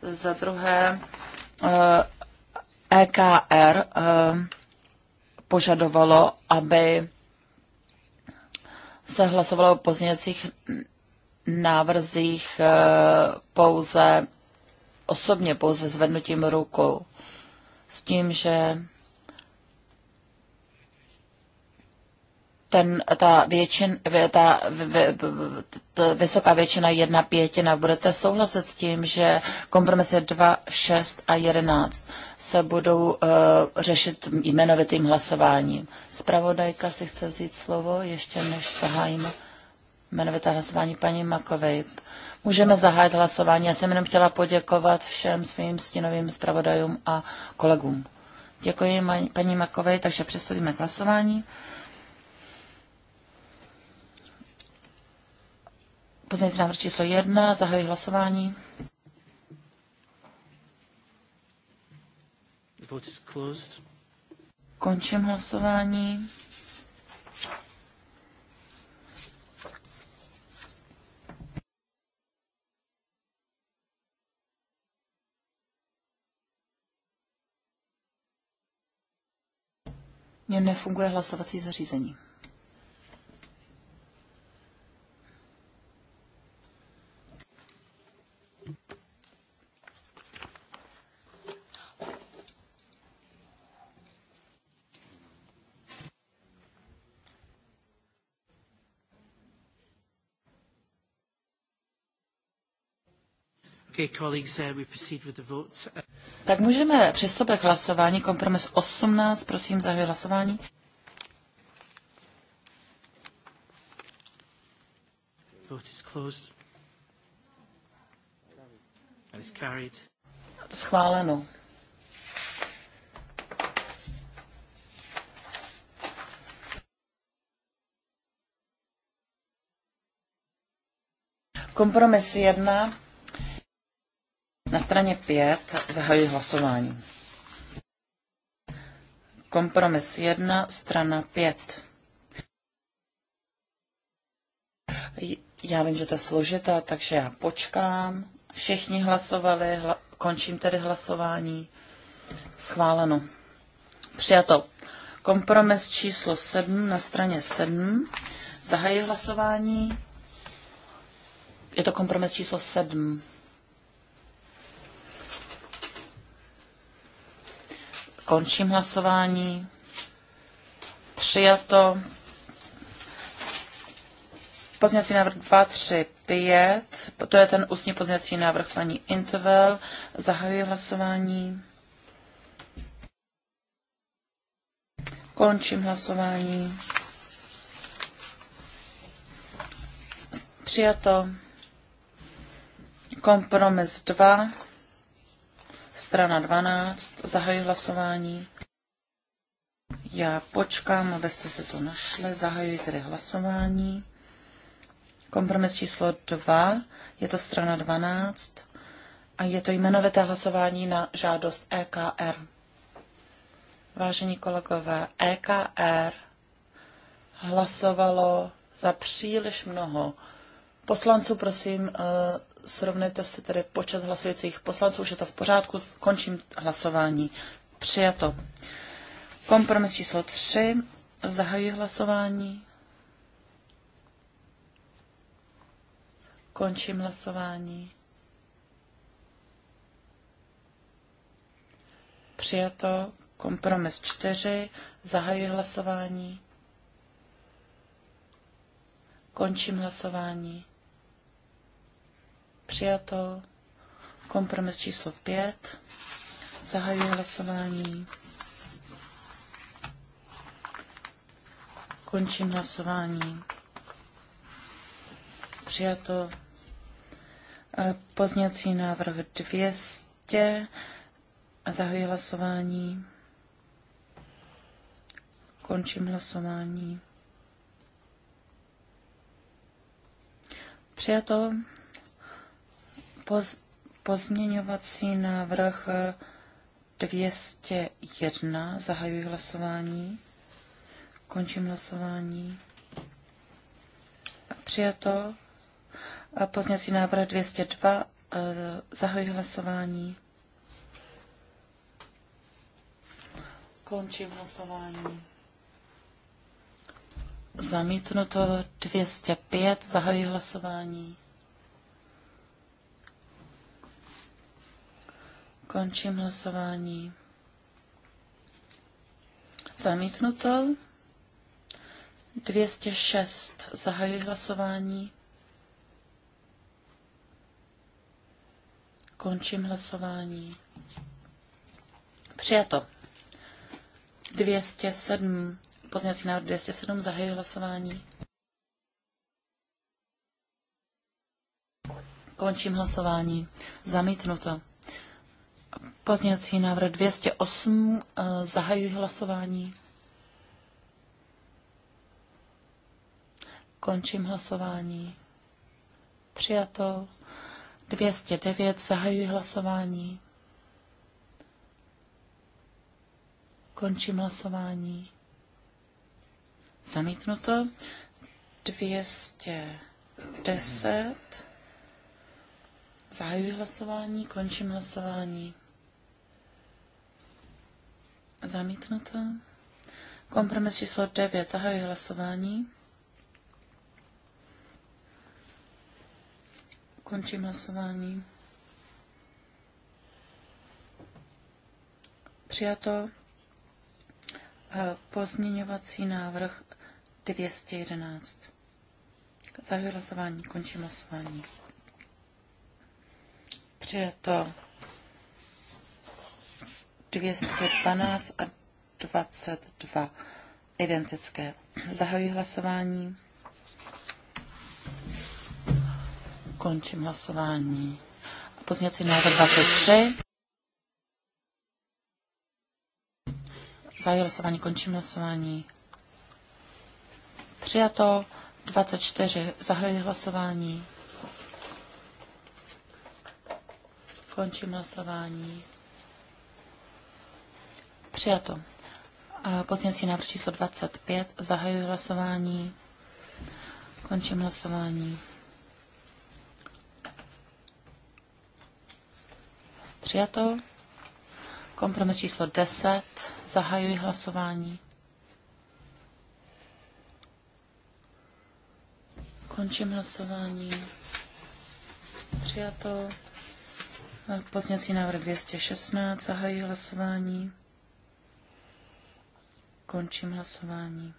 Speaker 2: Za druhé, EKR eh, e požadovalo, aby se hlasovalo o pozměňovacích návrzích eh, pouze osobně, pouze zvednutím rukou. S tím, že ten, ta, většin, ta, v, v, ta vysoká většina jedna pětina. Budete souhlasit s tím, že kompromisy 2, 6 a 11 se budou uh, řešit jmenovitým hlasováním. Spravodajka si chce vzít slovo, ještě než zahájíme jmenovité hlasování paní Makovej. Můžeme zahájit hlasování. Já jsem jenom chtěla poděkovat všem svým stínovým zpravodajům a kolegům. Děkuji paní Makovej, takže přistoupíme k hlasování. Pozměňující návrh číslo 1, zahajuji hlasování. Končím hlasování. Mně nefunguje hlasovací zařízení. Uh, tak můžeme přistoupit k hlasování. Kompromis 18, prosím, zahajuji hlasování. Schváleno. Kompromis 1. Na straně 5 zahajuji hlasování. Kompromis 1, strana 5. Já vím, že to je složité, takže já počkám. Všichni hlasovali, hla, končím tedy hlasování. Schváleno. Přijato. Kompromis číslo 7 na straně 7. Zahajuji hlasování. Je to kompromis číslo 7. Končím hlasování. Přijato. Pozněcí návrh 2, 3, 5. To je ten ústní pozněcí návrh paní Intervel. Zahajuji hlasování. Končím hlasování. Přijato. Kompromis 2 strana 12, zahajuji hlasování. Já počkám, abyste se to našli, zahajuji tedy hlasování. Kompromis číslo 2, je to strana 12 a je to jmenovité hlasování na žádost EKR. Vážení kolegové, EKR hlasovalo za příliš mnoho. Poslanců prosím, eh, srovnejte si tedy počet hlasujících poslanců, už je to v pořádku, končím hlasování. Přijato. Kompromis číslo 3, Zahají hlasování. Končím hlasování. Přijato. Kompromis 4. Zahají hlasování. Končím hlasování. Přijato. Kompromis číslo 5. Zahajuji hlasování. Končím hlasování. Přijato. E, pozněcí návrh 200. Zahajuji hlasování. Končím hlasování. Přijato Poz, pozměňovací návrh 201. Zahajuji hlasování. Končím hlasování. Přijato. Pozměňovací návrh 202. Eh, zahajuji hlasování. Končím hlasování. Zamítnuto 205. Zahajuji hlasování. Končím hlasování. Zamítnuto. 206. Zahajuji hlasování. Končím hlasování. Přijato. 207. Pozněcí návrh 207. Zahajuji hlasování. Končím hlasování. Zamítnuto. Pozněcí návrh 208. Eh, zahajuji hlasování. Končím hlasování. Přijato. 209. Zahajuji hlasování. Končím hlasování. Zamítnuto. 210. Zahajuji hlasování, končím hlasování. Zamítnuto. Kompromis číslo 9. Zahajuji hlasování. Končím hlasování. Přijato eh, pozměňovací návrh 211. Zahajuji hlasování, končím hlasování. Přijato 212 a 22 identické. Zahajuji hlasování. Končím hlasování. Pozněcí návrh 23. Zahajuji hlasování, končím hlasování. Přijato 24. Zahajuji hlasování. Končím hlasování. Přijato. Pozněcí návrh číslo 25. Zahajuji hlasování. Končím hlasování. Přijato. Kompromis číslo 10. Zahajuji hlasování. Končím hlasování. Přijato. Pozněcí návrh 216. Zahajuji hlasování. Končím hlasování.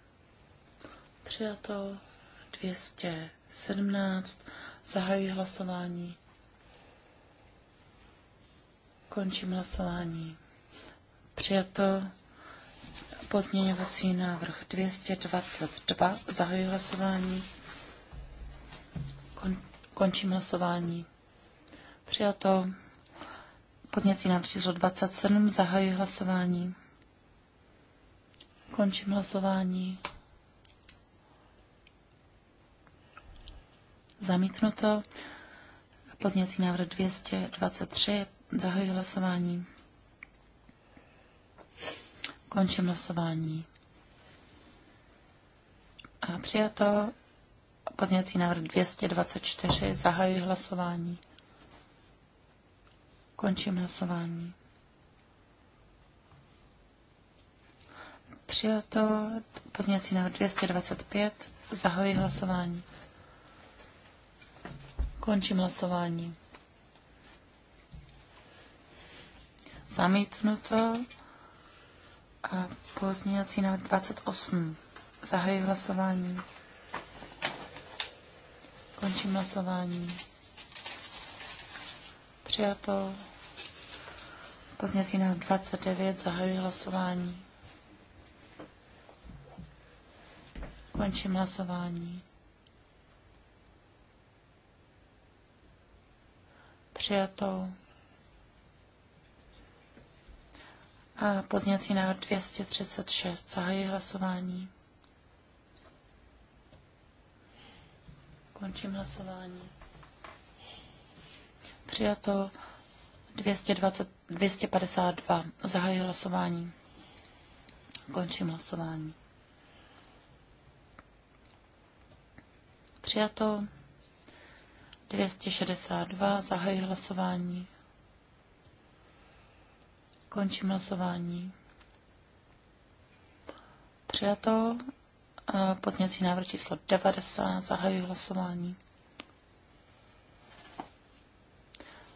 Speaker 2: Přijato 217. Zahajuji hlasování. Končím hlasování. Přijato pozměňovací návrh 222. Zahajuji hlasování. Kon, končím hlasování. Přijato pozměňovací návrh číslo 27. Zahajuji hlasování. Končím hlasování. Zamítnuto. Pozněcí návrh 223. Zahajuji hlasování. Končím hlasování. A přijato Pozněcí návrh 224. Zahajuji hlasování. Končím hlasování. Přijato. Pozněcí návrh 225. Zahoji hlasování. Končím hlasování. Zamítnuto. A pozměňovací návrh 28. Zahajuji hlasování. Končím hlasování. Přijato. Pozměňovací návrh 29. Zahajuji hlasování. Končím hlasování. Přijato. A pozněcí návrh 236. Zahají hlasování. Končím hlasování. Přijato 220, 252. Zahají hlasování. Končím hlasování. Přijato. 262. Zahajuji hlasování. Končím hlasování. Přijato. Pozněcí návrh číslo 90. Zahajuji hlasování.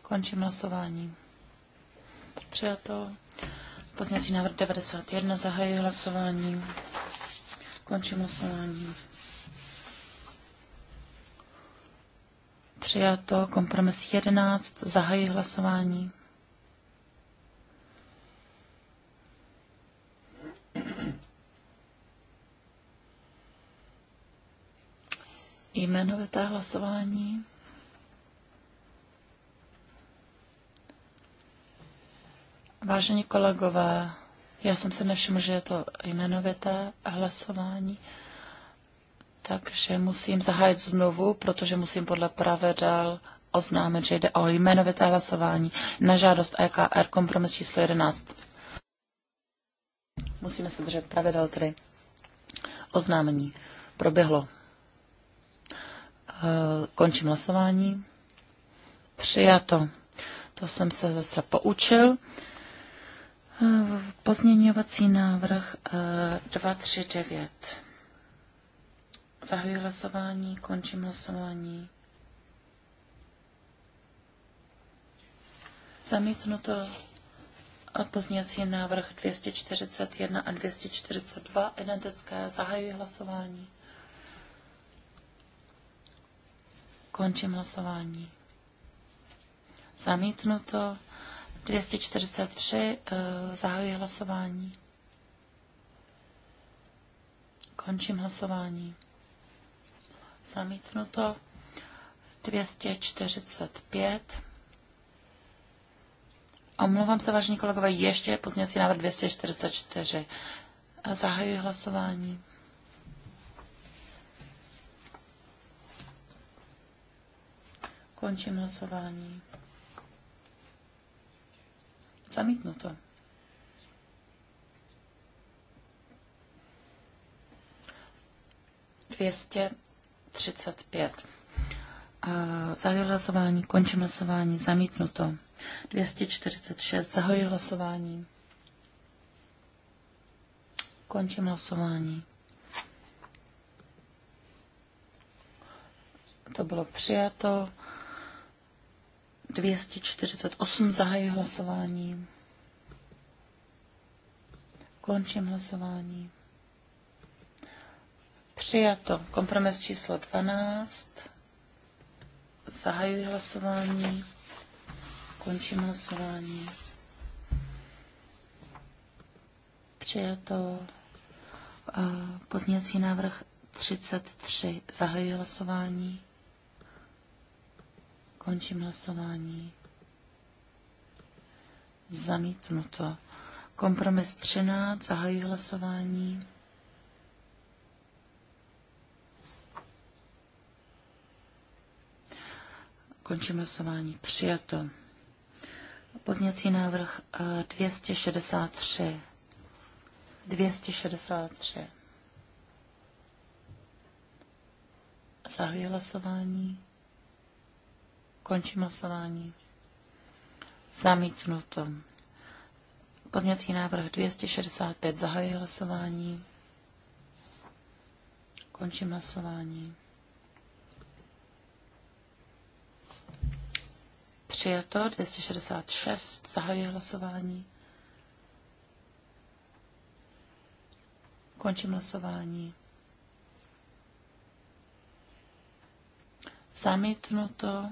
Speaker 2: Končím hlasování. Přijato. Pozněcí návrh 91. Zahajuji hlasování. Končím hlasování. Přijato. Kompromis 11. Zahají hlasování. Jmenovité hlasování. Vážení kolegové, já jsem se nevšiml, že je to jmenovité hlasování takže musím zahájit znovu, protože musím podle pravidel oznámit, že jde o jmenovité hlasování na žádost EKR kompromis číslo 11. Musíme se držet pravidel tedy. Oznámení proběhlo. Eh, končím hlasování. Přijato. To jsem se zase poučil. Eh, pozměňovací návrh 239. Eh, Zahajuji hlasování, končím hlasování. Zamítnuto pozněcí návrh 241 a 242 identické. Zahajuji hlasování. Končím hlasování. Zamítnuto 243. Eh, zahajuji hlasování. Končím hlasování. Zamítnuto. 245. Omlouvám se, vážení kolegové, ještě pozněcí návrh 244. Zahajuji hlasování. Končím hlasování. Zamítnuto. Dvěstě 35. Eh, zahajuji hlasování, končím hlasování, zamítnuto. 246, zahajuji hlasování. Končím hlasování. To bylo přijato. 248 zahajuji hlasování. Končím hlasování. Přijato. Kompromis číslo 12. Zahajuji hlasování. Končím hlasování. Přijato. pozněcí návrh 33. Zahajuji hlasování. Končím hlasování. Zamítnuto. Kompromis 13. Zahajuji hlasování. Končím hlasování. Přijato. Pozněcí návrh 263. Eh, 263. Zahajuji hlasování. Končím hlasování. Zamítnuto. Pozněcí návrh 265. Zahajuji hlasování. Končím hlasování. Přijato 266. Zahajuji hlasování. Končím hlasování. Zamítnuto.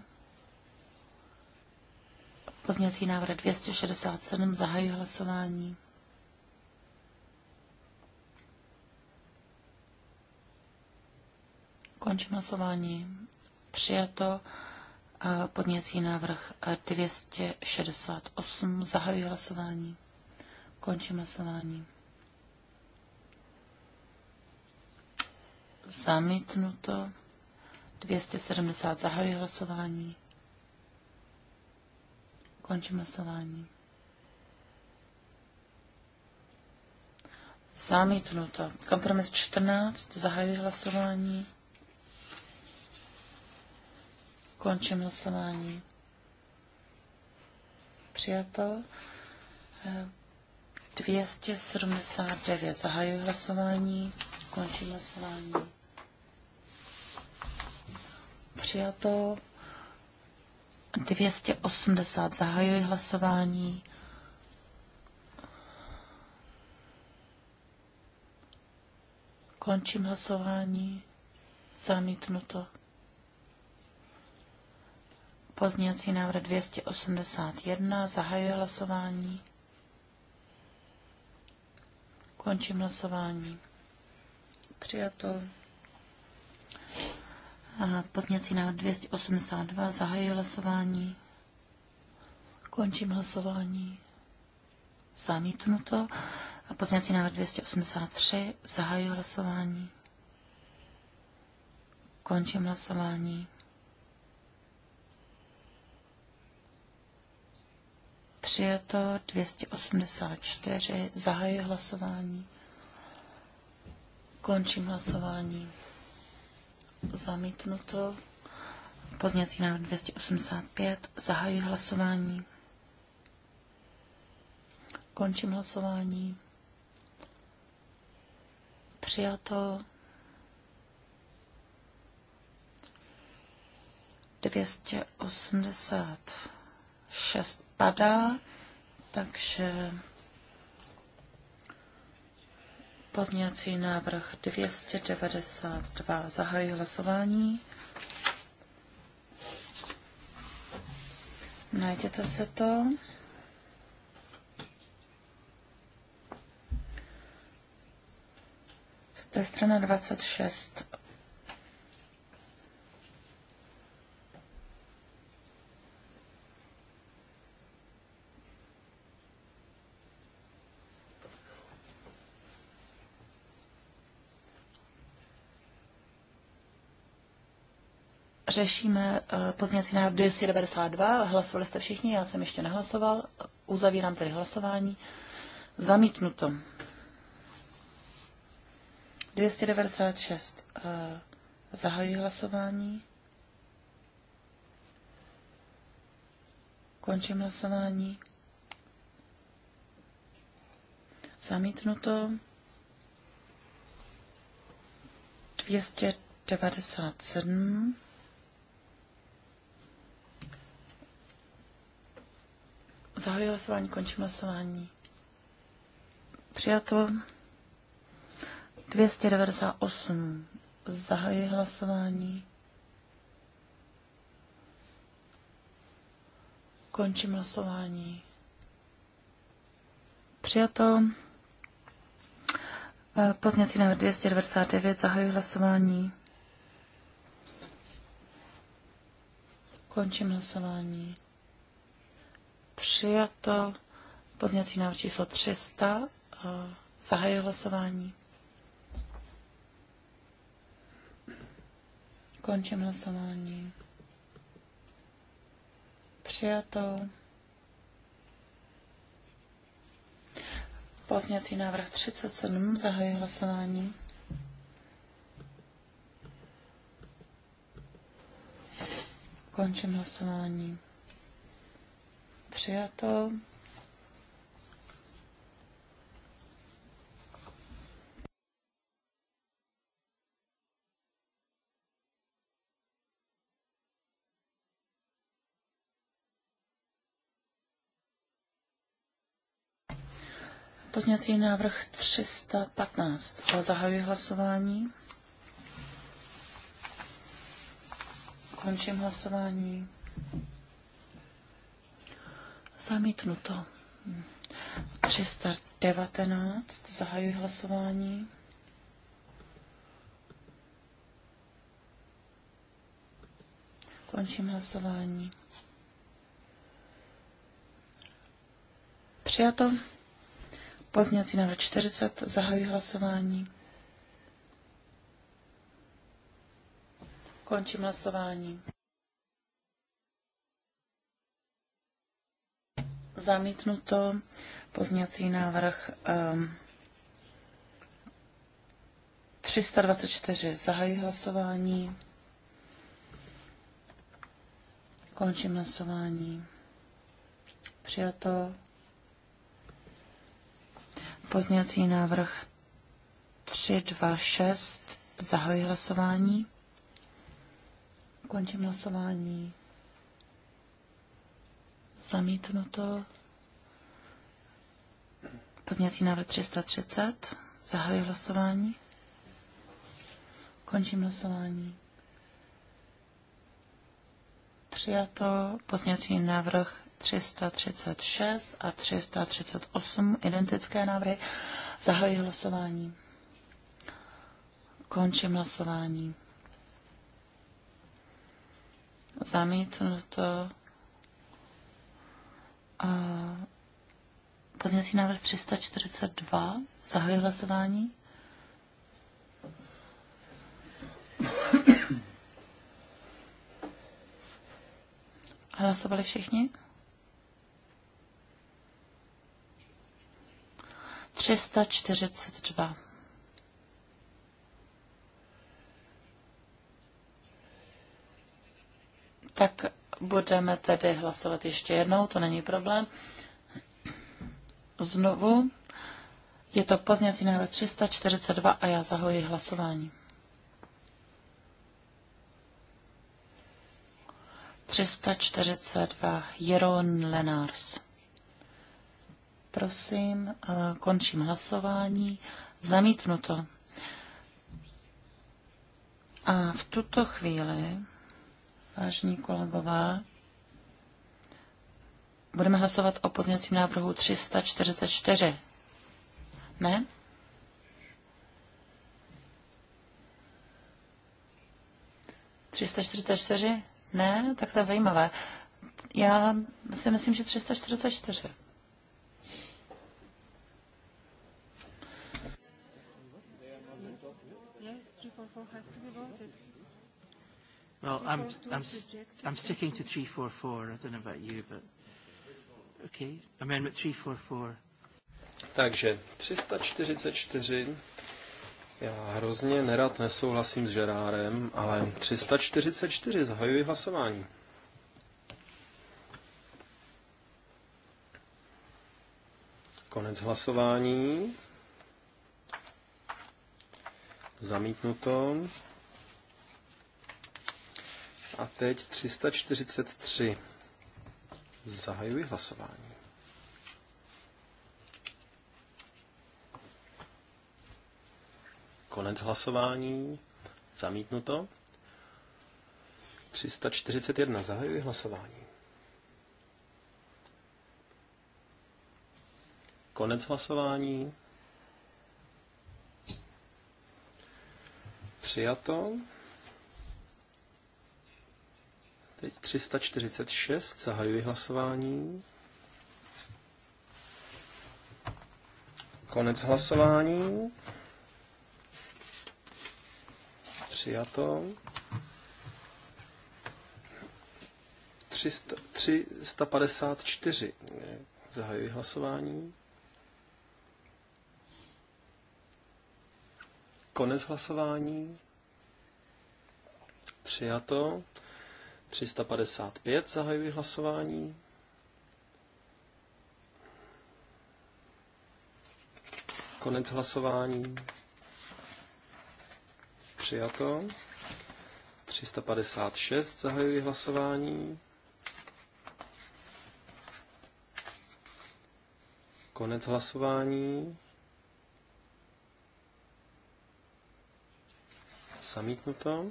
Speaker 2: Pozměcí návrh 267. Zahajuji hlasování. Končím hlasování. Přijato. Podněcí návrh 268. Zahajuji hlasování. Končím hlasování. Zamítnuto. 270. Zahajuji hlasování. Končím hlasování.
Speaker 1: Zamítnuto.
Speaker 2: Kompromis 14. Zahajuji hlasování. Končím hlasování. Přijato. 279. Zahajuji hlasování. Končím hlasování. Přijato. 280. Zahajuji hlasování. Končím hlasování. Zamítnuto. Pozněcí návrh 281. Zahajuji hlasování. Končím hlasování. Přijato. Pozněcí návrh 282. Zahajuji hlasování. Končím hlasování. Zamítnuto. A pozněcí návrh 283. Zahajuji hlasování. Končím hlasování. Přijeto 284. Zahajuji hlasování. Končím hlasování. Zamítnuto. Pozněcí návrh 285. Zahajuji hlasování. Končím hlasování. Přijato. 286 padá, takže pozněcí návrh 292. zahají hlasování. Najděte se to. To je strana 26. řešíme eh, pozměnací návrh 292. Hlasovali jste všichni, já jsem ještě nehlasoval. Uzavírám tedy hlasování. Zamítnuto. 296. Eh, Zahají hlasování. Končím hlasování. Zamítnuto. 297. Zahajuji hlasování, končím hlasování. Přijato 298. Zahajuji hlasování. Končím hlasování. Přijato. E, Pozněcí návrh 299. Zahajuji hlasování. Končím hlasování. Přijato. Pozněcí návrh číslo 300. Eh, Zahajuji hlasování. Končím hlasování. Přijato. Pozněcí návrh 37. Zahajuji hlasování. Končím hlasování přijato. Pozněcí návrh 315. Zahajuji hlasování. Končím hlasování. Zamítnuto. 319. Zahajuji hlasování. Končím hlasování. Přijato. Pozněcí návrh 40. Zahajuji hlasování. Končím hlasování. Zamítnuto pozněcí návrh um, 324. Zahají hlasování. Končím hlasování. Přijato. Pozněcí návrh 326. Zahají hlasování. Končím hlasování. Zamítnuto. Pozněcí návrh 330. Zahajuji hlasování. Končím hlasování. Přijato pozněcí návrh 336 a 338, identické návrhy. Zahajuji hlasování. Končím hlasování. Zamítnuto Pozměňovací návrh 342. Zahajuji hlasování. Hlasovali všichni? 342. Tak Budeme tedy hlasovat ještě jednou, to není problém. Znovu. Je to pozněcí návrh 342 a já zahoji hlasování. 342 Jeroen Lenars. Prosím, končím hlasování. Zamítnuto. A v tuto chvíli Vážení kolegové, budeme hlasovat o pozněcím návrhu 344. Ne? ...344? Ne? Tak to je zajímavé. Já si myslím, že 344.
Speaker 1: Well, I'm, I'm, st I'm sticking to
Speaker 4: 344. I don't know about you, but... OK, Amendment 344.
Speaker 3: Takže 344. Já hrozně nerad nesouhlasím s Žerárem, ale 344 zahajuji hlasování. Konec hlasování. Zamítnuto. A teď 343. Zahajuji hlasování. Konec hlasování. Zamítnuto. 341. Zahajuji hlasování. Konec hlasování. Přijato. Teď 346, zahajuji hlasování. Konec hlasování. Přijato. 354. Zahajuji hlasování. Konec hlasování. Přijato. 355 zahajuji hlasování. Konec hlasování. Přijato. 356 zahajuji hlasování. Konec hlasování. Zamítnuto.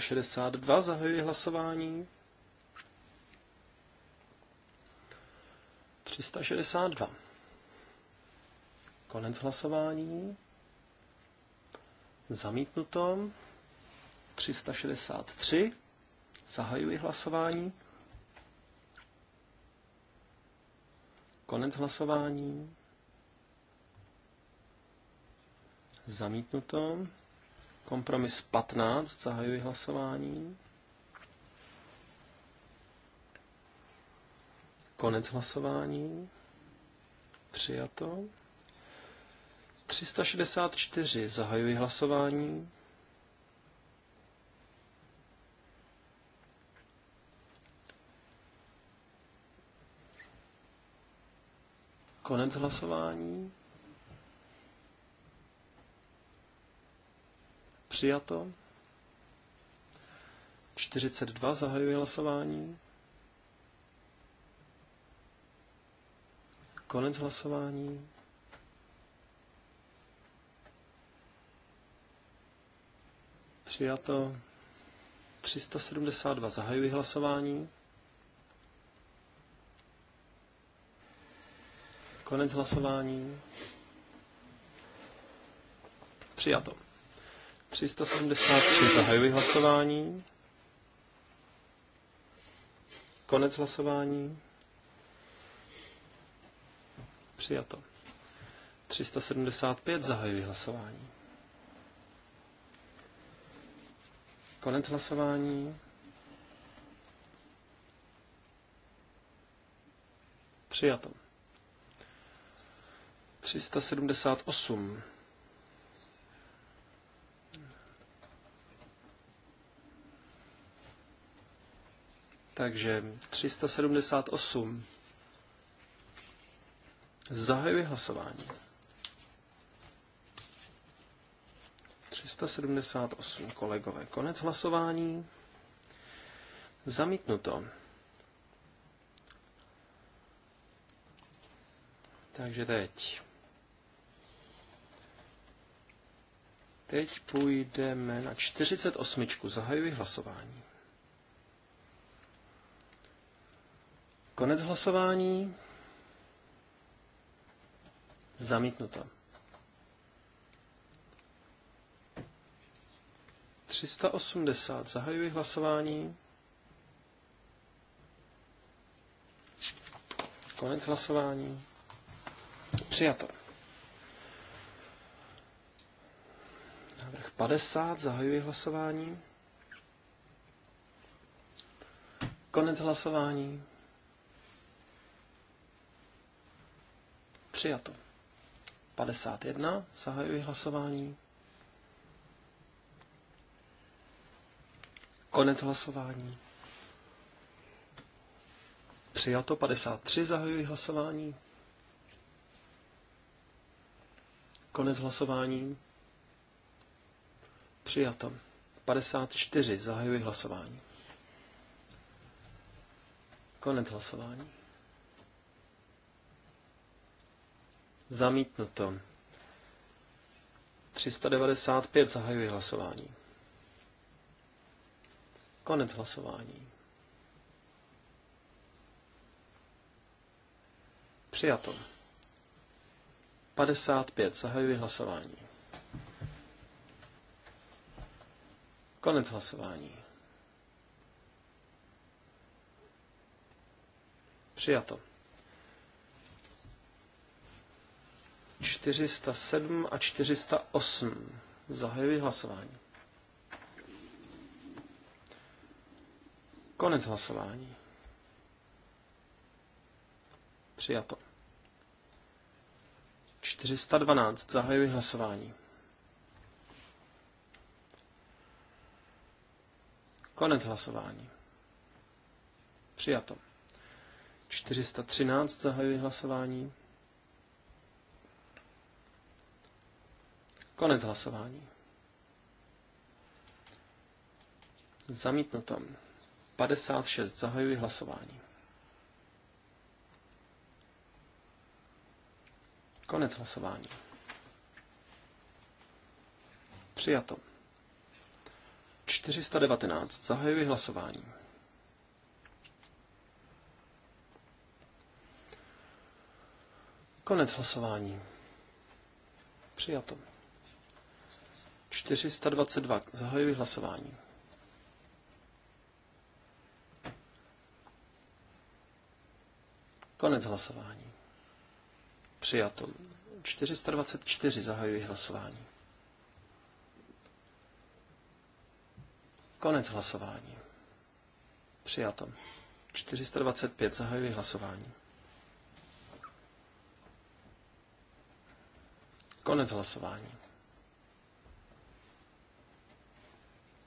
Speaker 3: 362 zahajuji hlasování. 362. Konec hlasování. Zamítnuto. 363. Zahajuji hlasování. Konec hlasování. Zamítnuto. Kompromis 15, zahajuji hlasování. Konec hlasování. Přijato. 364, zahajuji hlasování. Konec hlasování. Přijato. 42 zahajuji hlasování. Konec hlasování. Přijato. 372 zahajuji hlasování. Konec hlasování. Přijato. 373. Zahajuji hlasování. Konec hlasování. Přijato. 375. Zahajuji hlasování. Konec hlasování. Přijato. 378. Takže 378. Zahajuji hlasování. 378 kolegové. Konec hlasování. Zamítnuto. Takže teď. Teď půjdeme na 48. Zahajuji hlasování. Konec hlasování. Zamítnuto. 380. Zahajuji hlasování. Konec hlasování. Přijato. Návrh 50. Zahajuji hlasování. Konec hlasování. Přijato. 51. Zahajuji hlasování. Konec hlasování. Přijato 53, zahajuji hlasování. Konec hlasování. Přijato 54, zahajuji hlasování. Konec hlasování. Zamítnuto. 395 zahajuje hlasování. Konec hlasování. Přijato. 55 zahajuje hlasování. Konec hlasování. Přijato. 407 a 408. Zahajuji hlasování. Konec hlasování. Přijato. 412. Zahajuji hlasování. Konec hlasování. Přijato. 413. Zahajuji hlasování. Konec hlasování. Zamítnuto. 56. Zahajuji hlasování. Konec hlasování. Přijato. 419. Zahajuji hlasování. Konec hlasování. Přijato. 422. Zahajuji hlasování. Konec hlasování. Přijato. 424. Zahajuji hlasování. Konec hlasování. Přijato. 425. Zahajuji hlasování. Konec hlasování.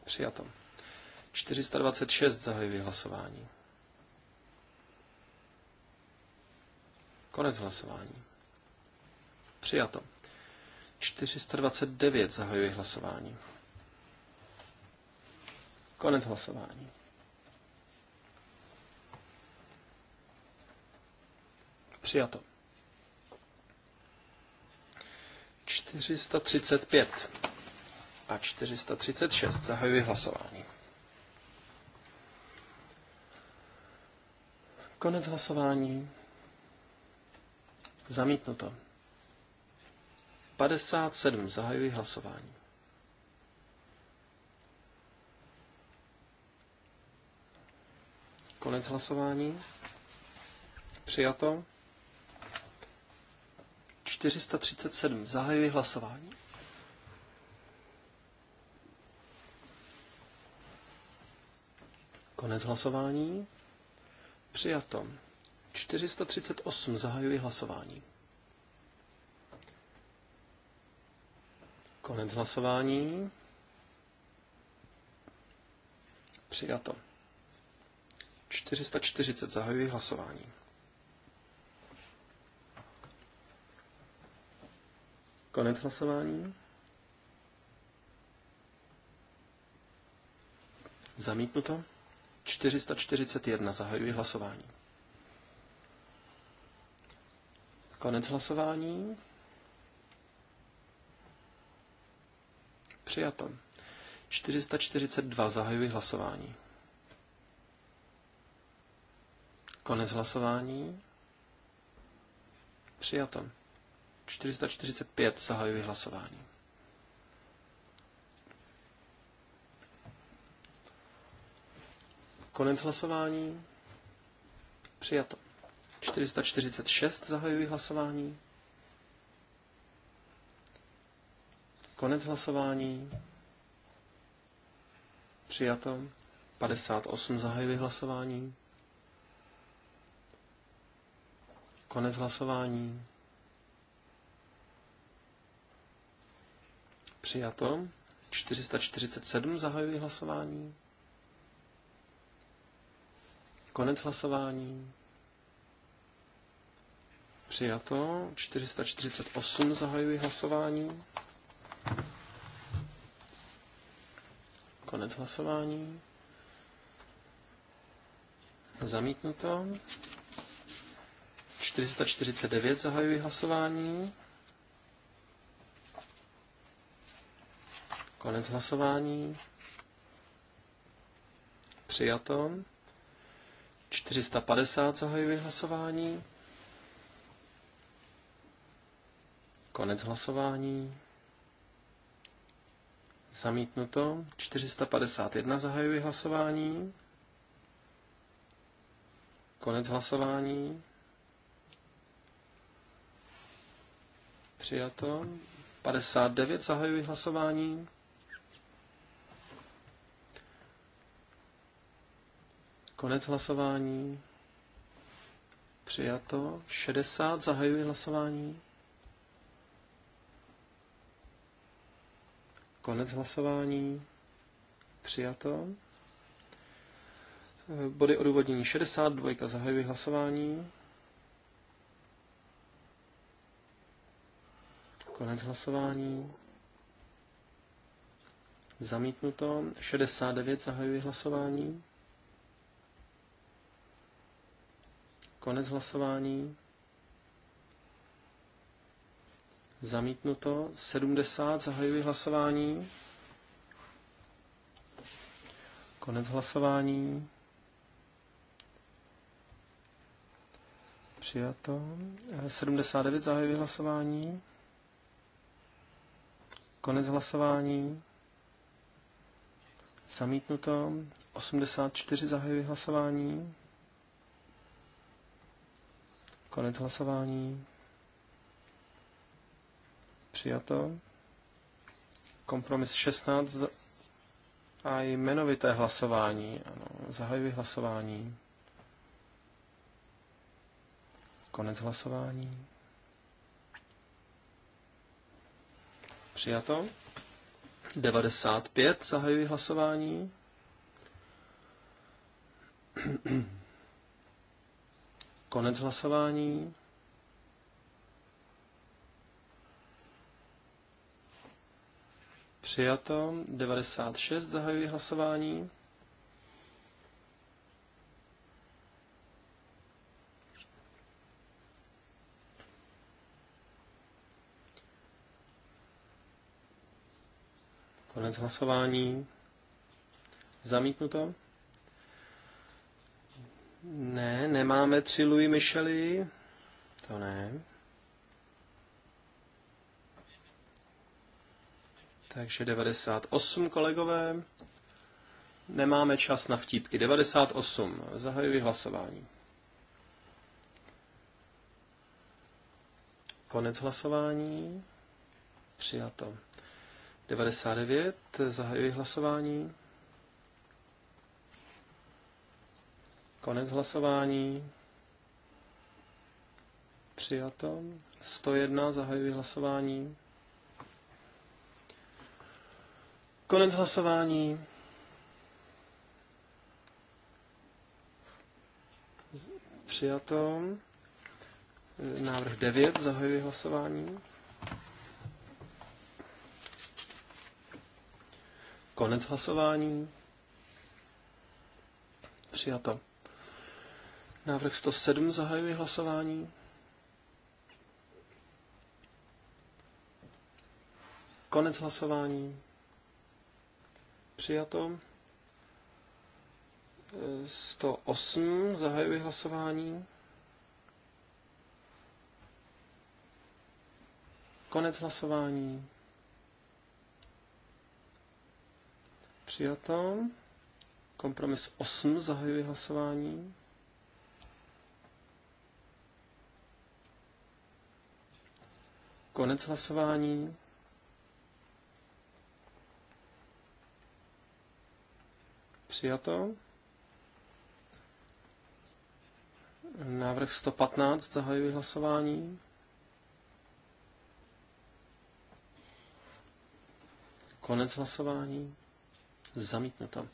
Speaker 3: Přijato. 426 zahajuji hlasování. Konec hlasování. Přijato. 429 zahajuji hlasování. Konec hlasování. Přijato. 435 a 436. Zahajuji hlasování. Konec hlasování. Zamítnuto. 57. Zahajuji hlasování. Konec hlasování. Přijato. 437. Zahajuji hlasování. Konec hlasování. Přijato. 438. Zahajuji hlasování. Konec hlasování. Přijato. 440. Zahajuji hlasování. Konec hlasování. Zamítnuto. 441. Zahajuji hlasování. Konec hlasování. Přijato. 442. Zahajuji hlasování. Konec hlasování. Přijato. 445. Zahajuji hlasování. Konec hlasování. Přijato. 446 zahajuji hlasování. Konec hlasování. Přijato. 58 zahajuji hlasování. Konec hlasování. Přijato. 447 zahajuji hlasování. Konec hlasování. Přijato. 448 zahajuji hlasování. Konec hlasování. Zamítnuto. 449 zahajuji hlasování. Konec hlasování. Přijato. 450 zahajuji hlasování. Konec hlasování. Zamítnuto. 451 zahajuji hlasování. Konec hlasování. Přijato. 59 zahajuji hlasování. Konec hlasování. Přijato. 60. Zahajuji hlasování. Konec hlasování. Přijato. Body odůvodnění 62. Zahajuji hlasování. Konec hlasování. Zamítnuto. 69. Zahajuji hlasování. Konec hlasování. Zamítnuto. 70. Zahajuji hlasování. Konec hlasování. Přijato. 79. Zahajuji hlasování. Konec hlasování. Zamítnuto. 84. Zahajuji hlasování. Konec hlasování. Přijato. Kompromis 16 a jmenovité hlasování. Ano, zahajuji hlasování. Konec hlasování. Přijato. 95 zahajuji hlasování. Konec hlasování. Přijato. 96. Zahajuji hlasování. Konec hlasování. Zamítnuto. Ne, nemáme tři Louis Michely. To ne. Takže 98, kolegové. Nemáme čas na vtípky. 98. Zahajuji hlasování. Konec hlasování. Přijato. 99. Zahajuji hlasování. Konec hlasování. Přijato. 101. Zahajuji hlasování. Konec hlasování. Přijato. Návrh 9. Zahajuji hlasování. Konec hlasování. Přijato. Návrh 107 zahajuje hlasování. Konec hlasování. Přijato. 108 zahajuji hlasování. Konec hlasování. Přijato. Kompromis 8 zahajuji hlasování. Konec hlasování. Přijato. Návrh 115, zahajuji hlasování. Konec hlasování. Zamítnuto.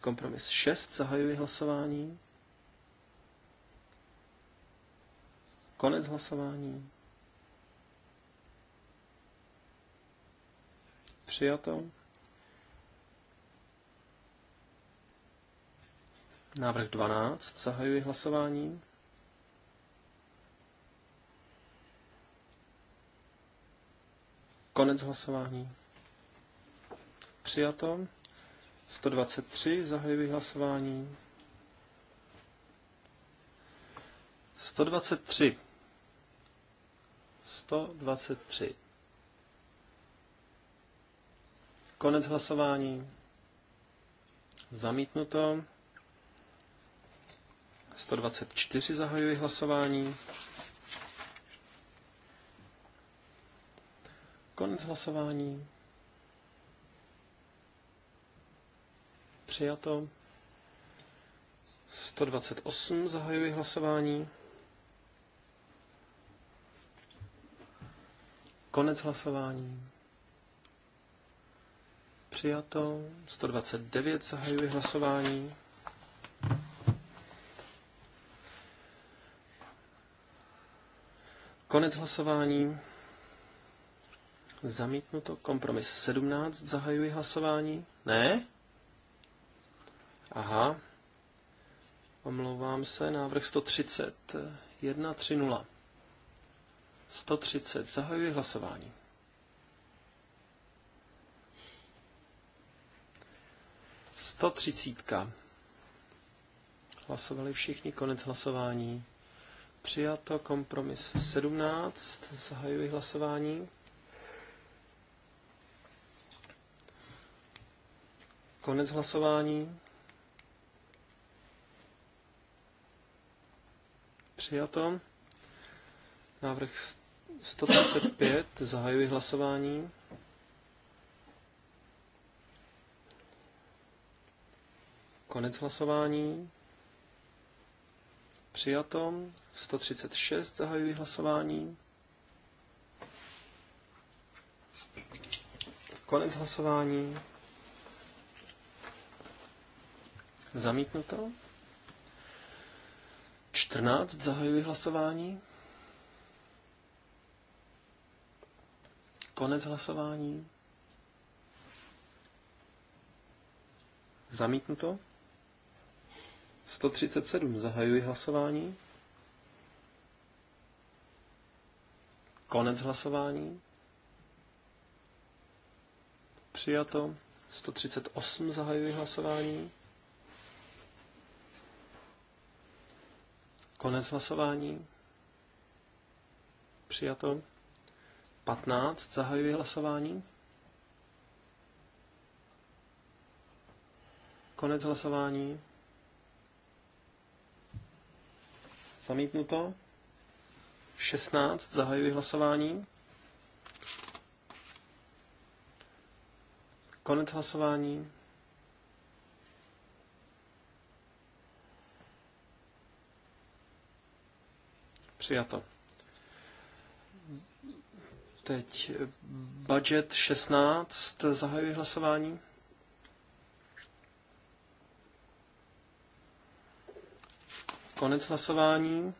Speaker 3: Kompromis 6, zahajuji hlasování. Konec hlasování. přijato. Návrh 12. Zahajuji hlasování. Konec hlasování. Přijato. 123. Zahajuji hlasování. 123. 123. Konec hlasování. Zamítnuto. 124 zahajuji hlasování. Konec hlasování. Přijato. 128 zahajuji hlasování. Konec hlasování. Přijato. 129 zahajuji hlasování. Konec hlasování. Zamítnuto. Kompromis 17. Zahajuji hlasování. Ne? Aha. Omlouvám se. Návrh 130. 0. 130. Zahajuji hlasování. 130. Hlasovali všichni, konec hlasování. Přijato kompromis 17, zahajuji hlasování. Konec hlasování. Přijato. Návrh 135, zahajuji hlasování. Konec hlasování. Přijato. 136. Zahajuji hlasování. Konec hlasování. Zamítnuto. 14. Zahajuji hlasování. Konec hlasování. Zamítnuto. 137. Zahajuji hlasování. Konec hlasování. Přijato. 138. Zahajuji hlasování. Konec hlasování. Přijato. 15. Zahajuji hlasování. Konec hlasování. Zamítnuto. 16. Zahajuji hlasování. Konec hlasování. Přijato. Teď budget 16. Zahajuji hlasování. Konec hlasování.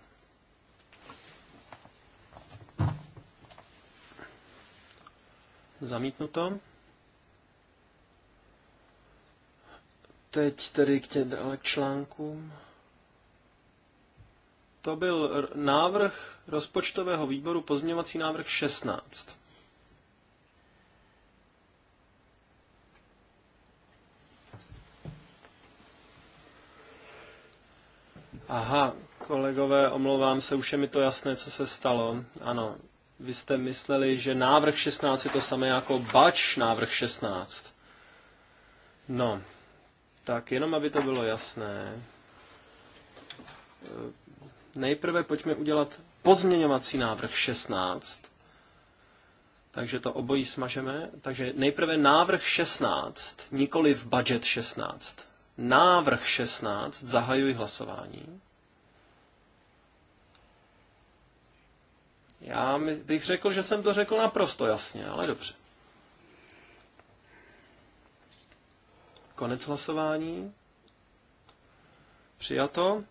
Speaker 3: Zamítnuto. Teď tedy k těm článkům. To byl návrh rozpočtového výboru pozměňovací návrh 16. Aha, kolegové, omlouvám se, už je mi to jasné, co se stalo. Ano, vy jste mysleli, že návrh 16 je to samé jako bač návrh 16. No, tak jenom aby to bylo jasné. Eh, nejprve pojďme udělat pozměňovací návrh 16. Takže to obojí smažeme. Takže nejprve návrh 16, nikoli v budget 16. Návrh 16. Zahajuji hlasování. Já bych řekl, že jsem to řekl naprosto jasně, ale dobře. Konec hlasování. Přijato.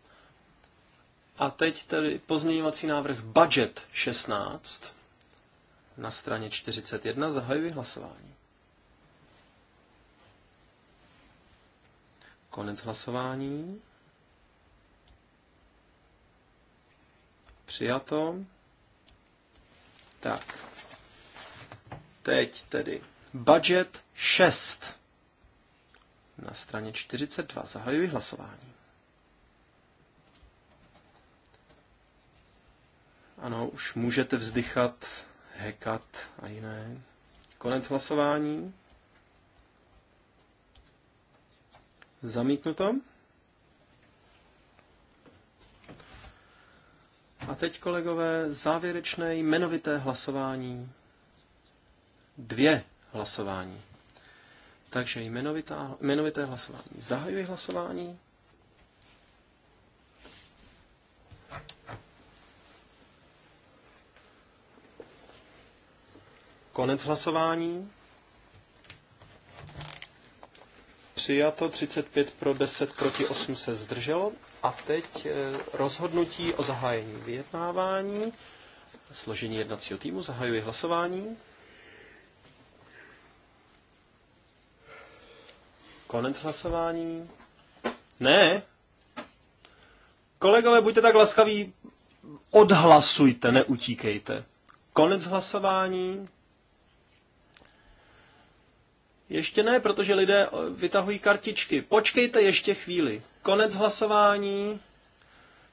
Speaker 3: A teď tedy pozměňovací návrh budget 16 na straně 41. Zahajuji hlasování. Konec hlasování. Přijato. Tak. Teď tedy budget 6. Na straně 42 zahajuji hlasování. Ano, už můžete vzdychat, hekat a jiné. Konec hlasování. Zamítnuto. A teď, kolegové, závěrečné jmenovité hlasování. Dvě hlasování. Takže jmenovitá, jmenovité hlasování. Zahajuji hlasování. Konec hlasování. přijato, 35 pro 10 proti 8 se zdrželo. A teď eh, rozhodnutí o zahájení vyjednávání. Složení jednacího týmu zahajuje hlasování. Konec hlasování. Ne. Kolegové, buďte tak laskaví, odhlasujte, neutíkejte. Konec hlasování. Ještě ne, protože lidé eh, vytahují kartičky. Počkejte ještě chvíli. Konec hlasování.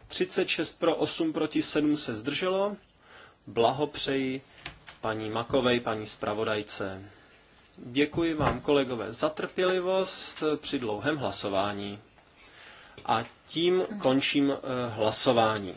Speaker 3: 36 pro 8 proti 7 se zdrželo. Blahopřeji paní Makovej, paní zpravodajce. Děkuji vám, kolegové, za trpělivost při dlouhém hlasování. A tím končím eh, hlasování.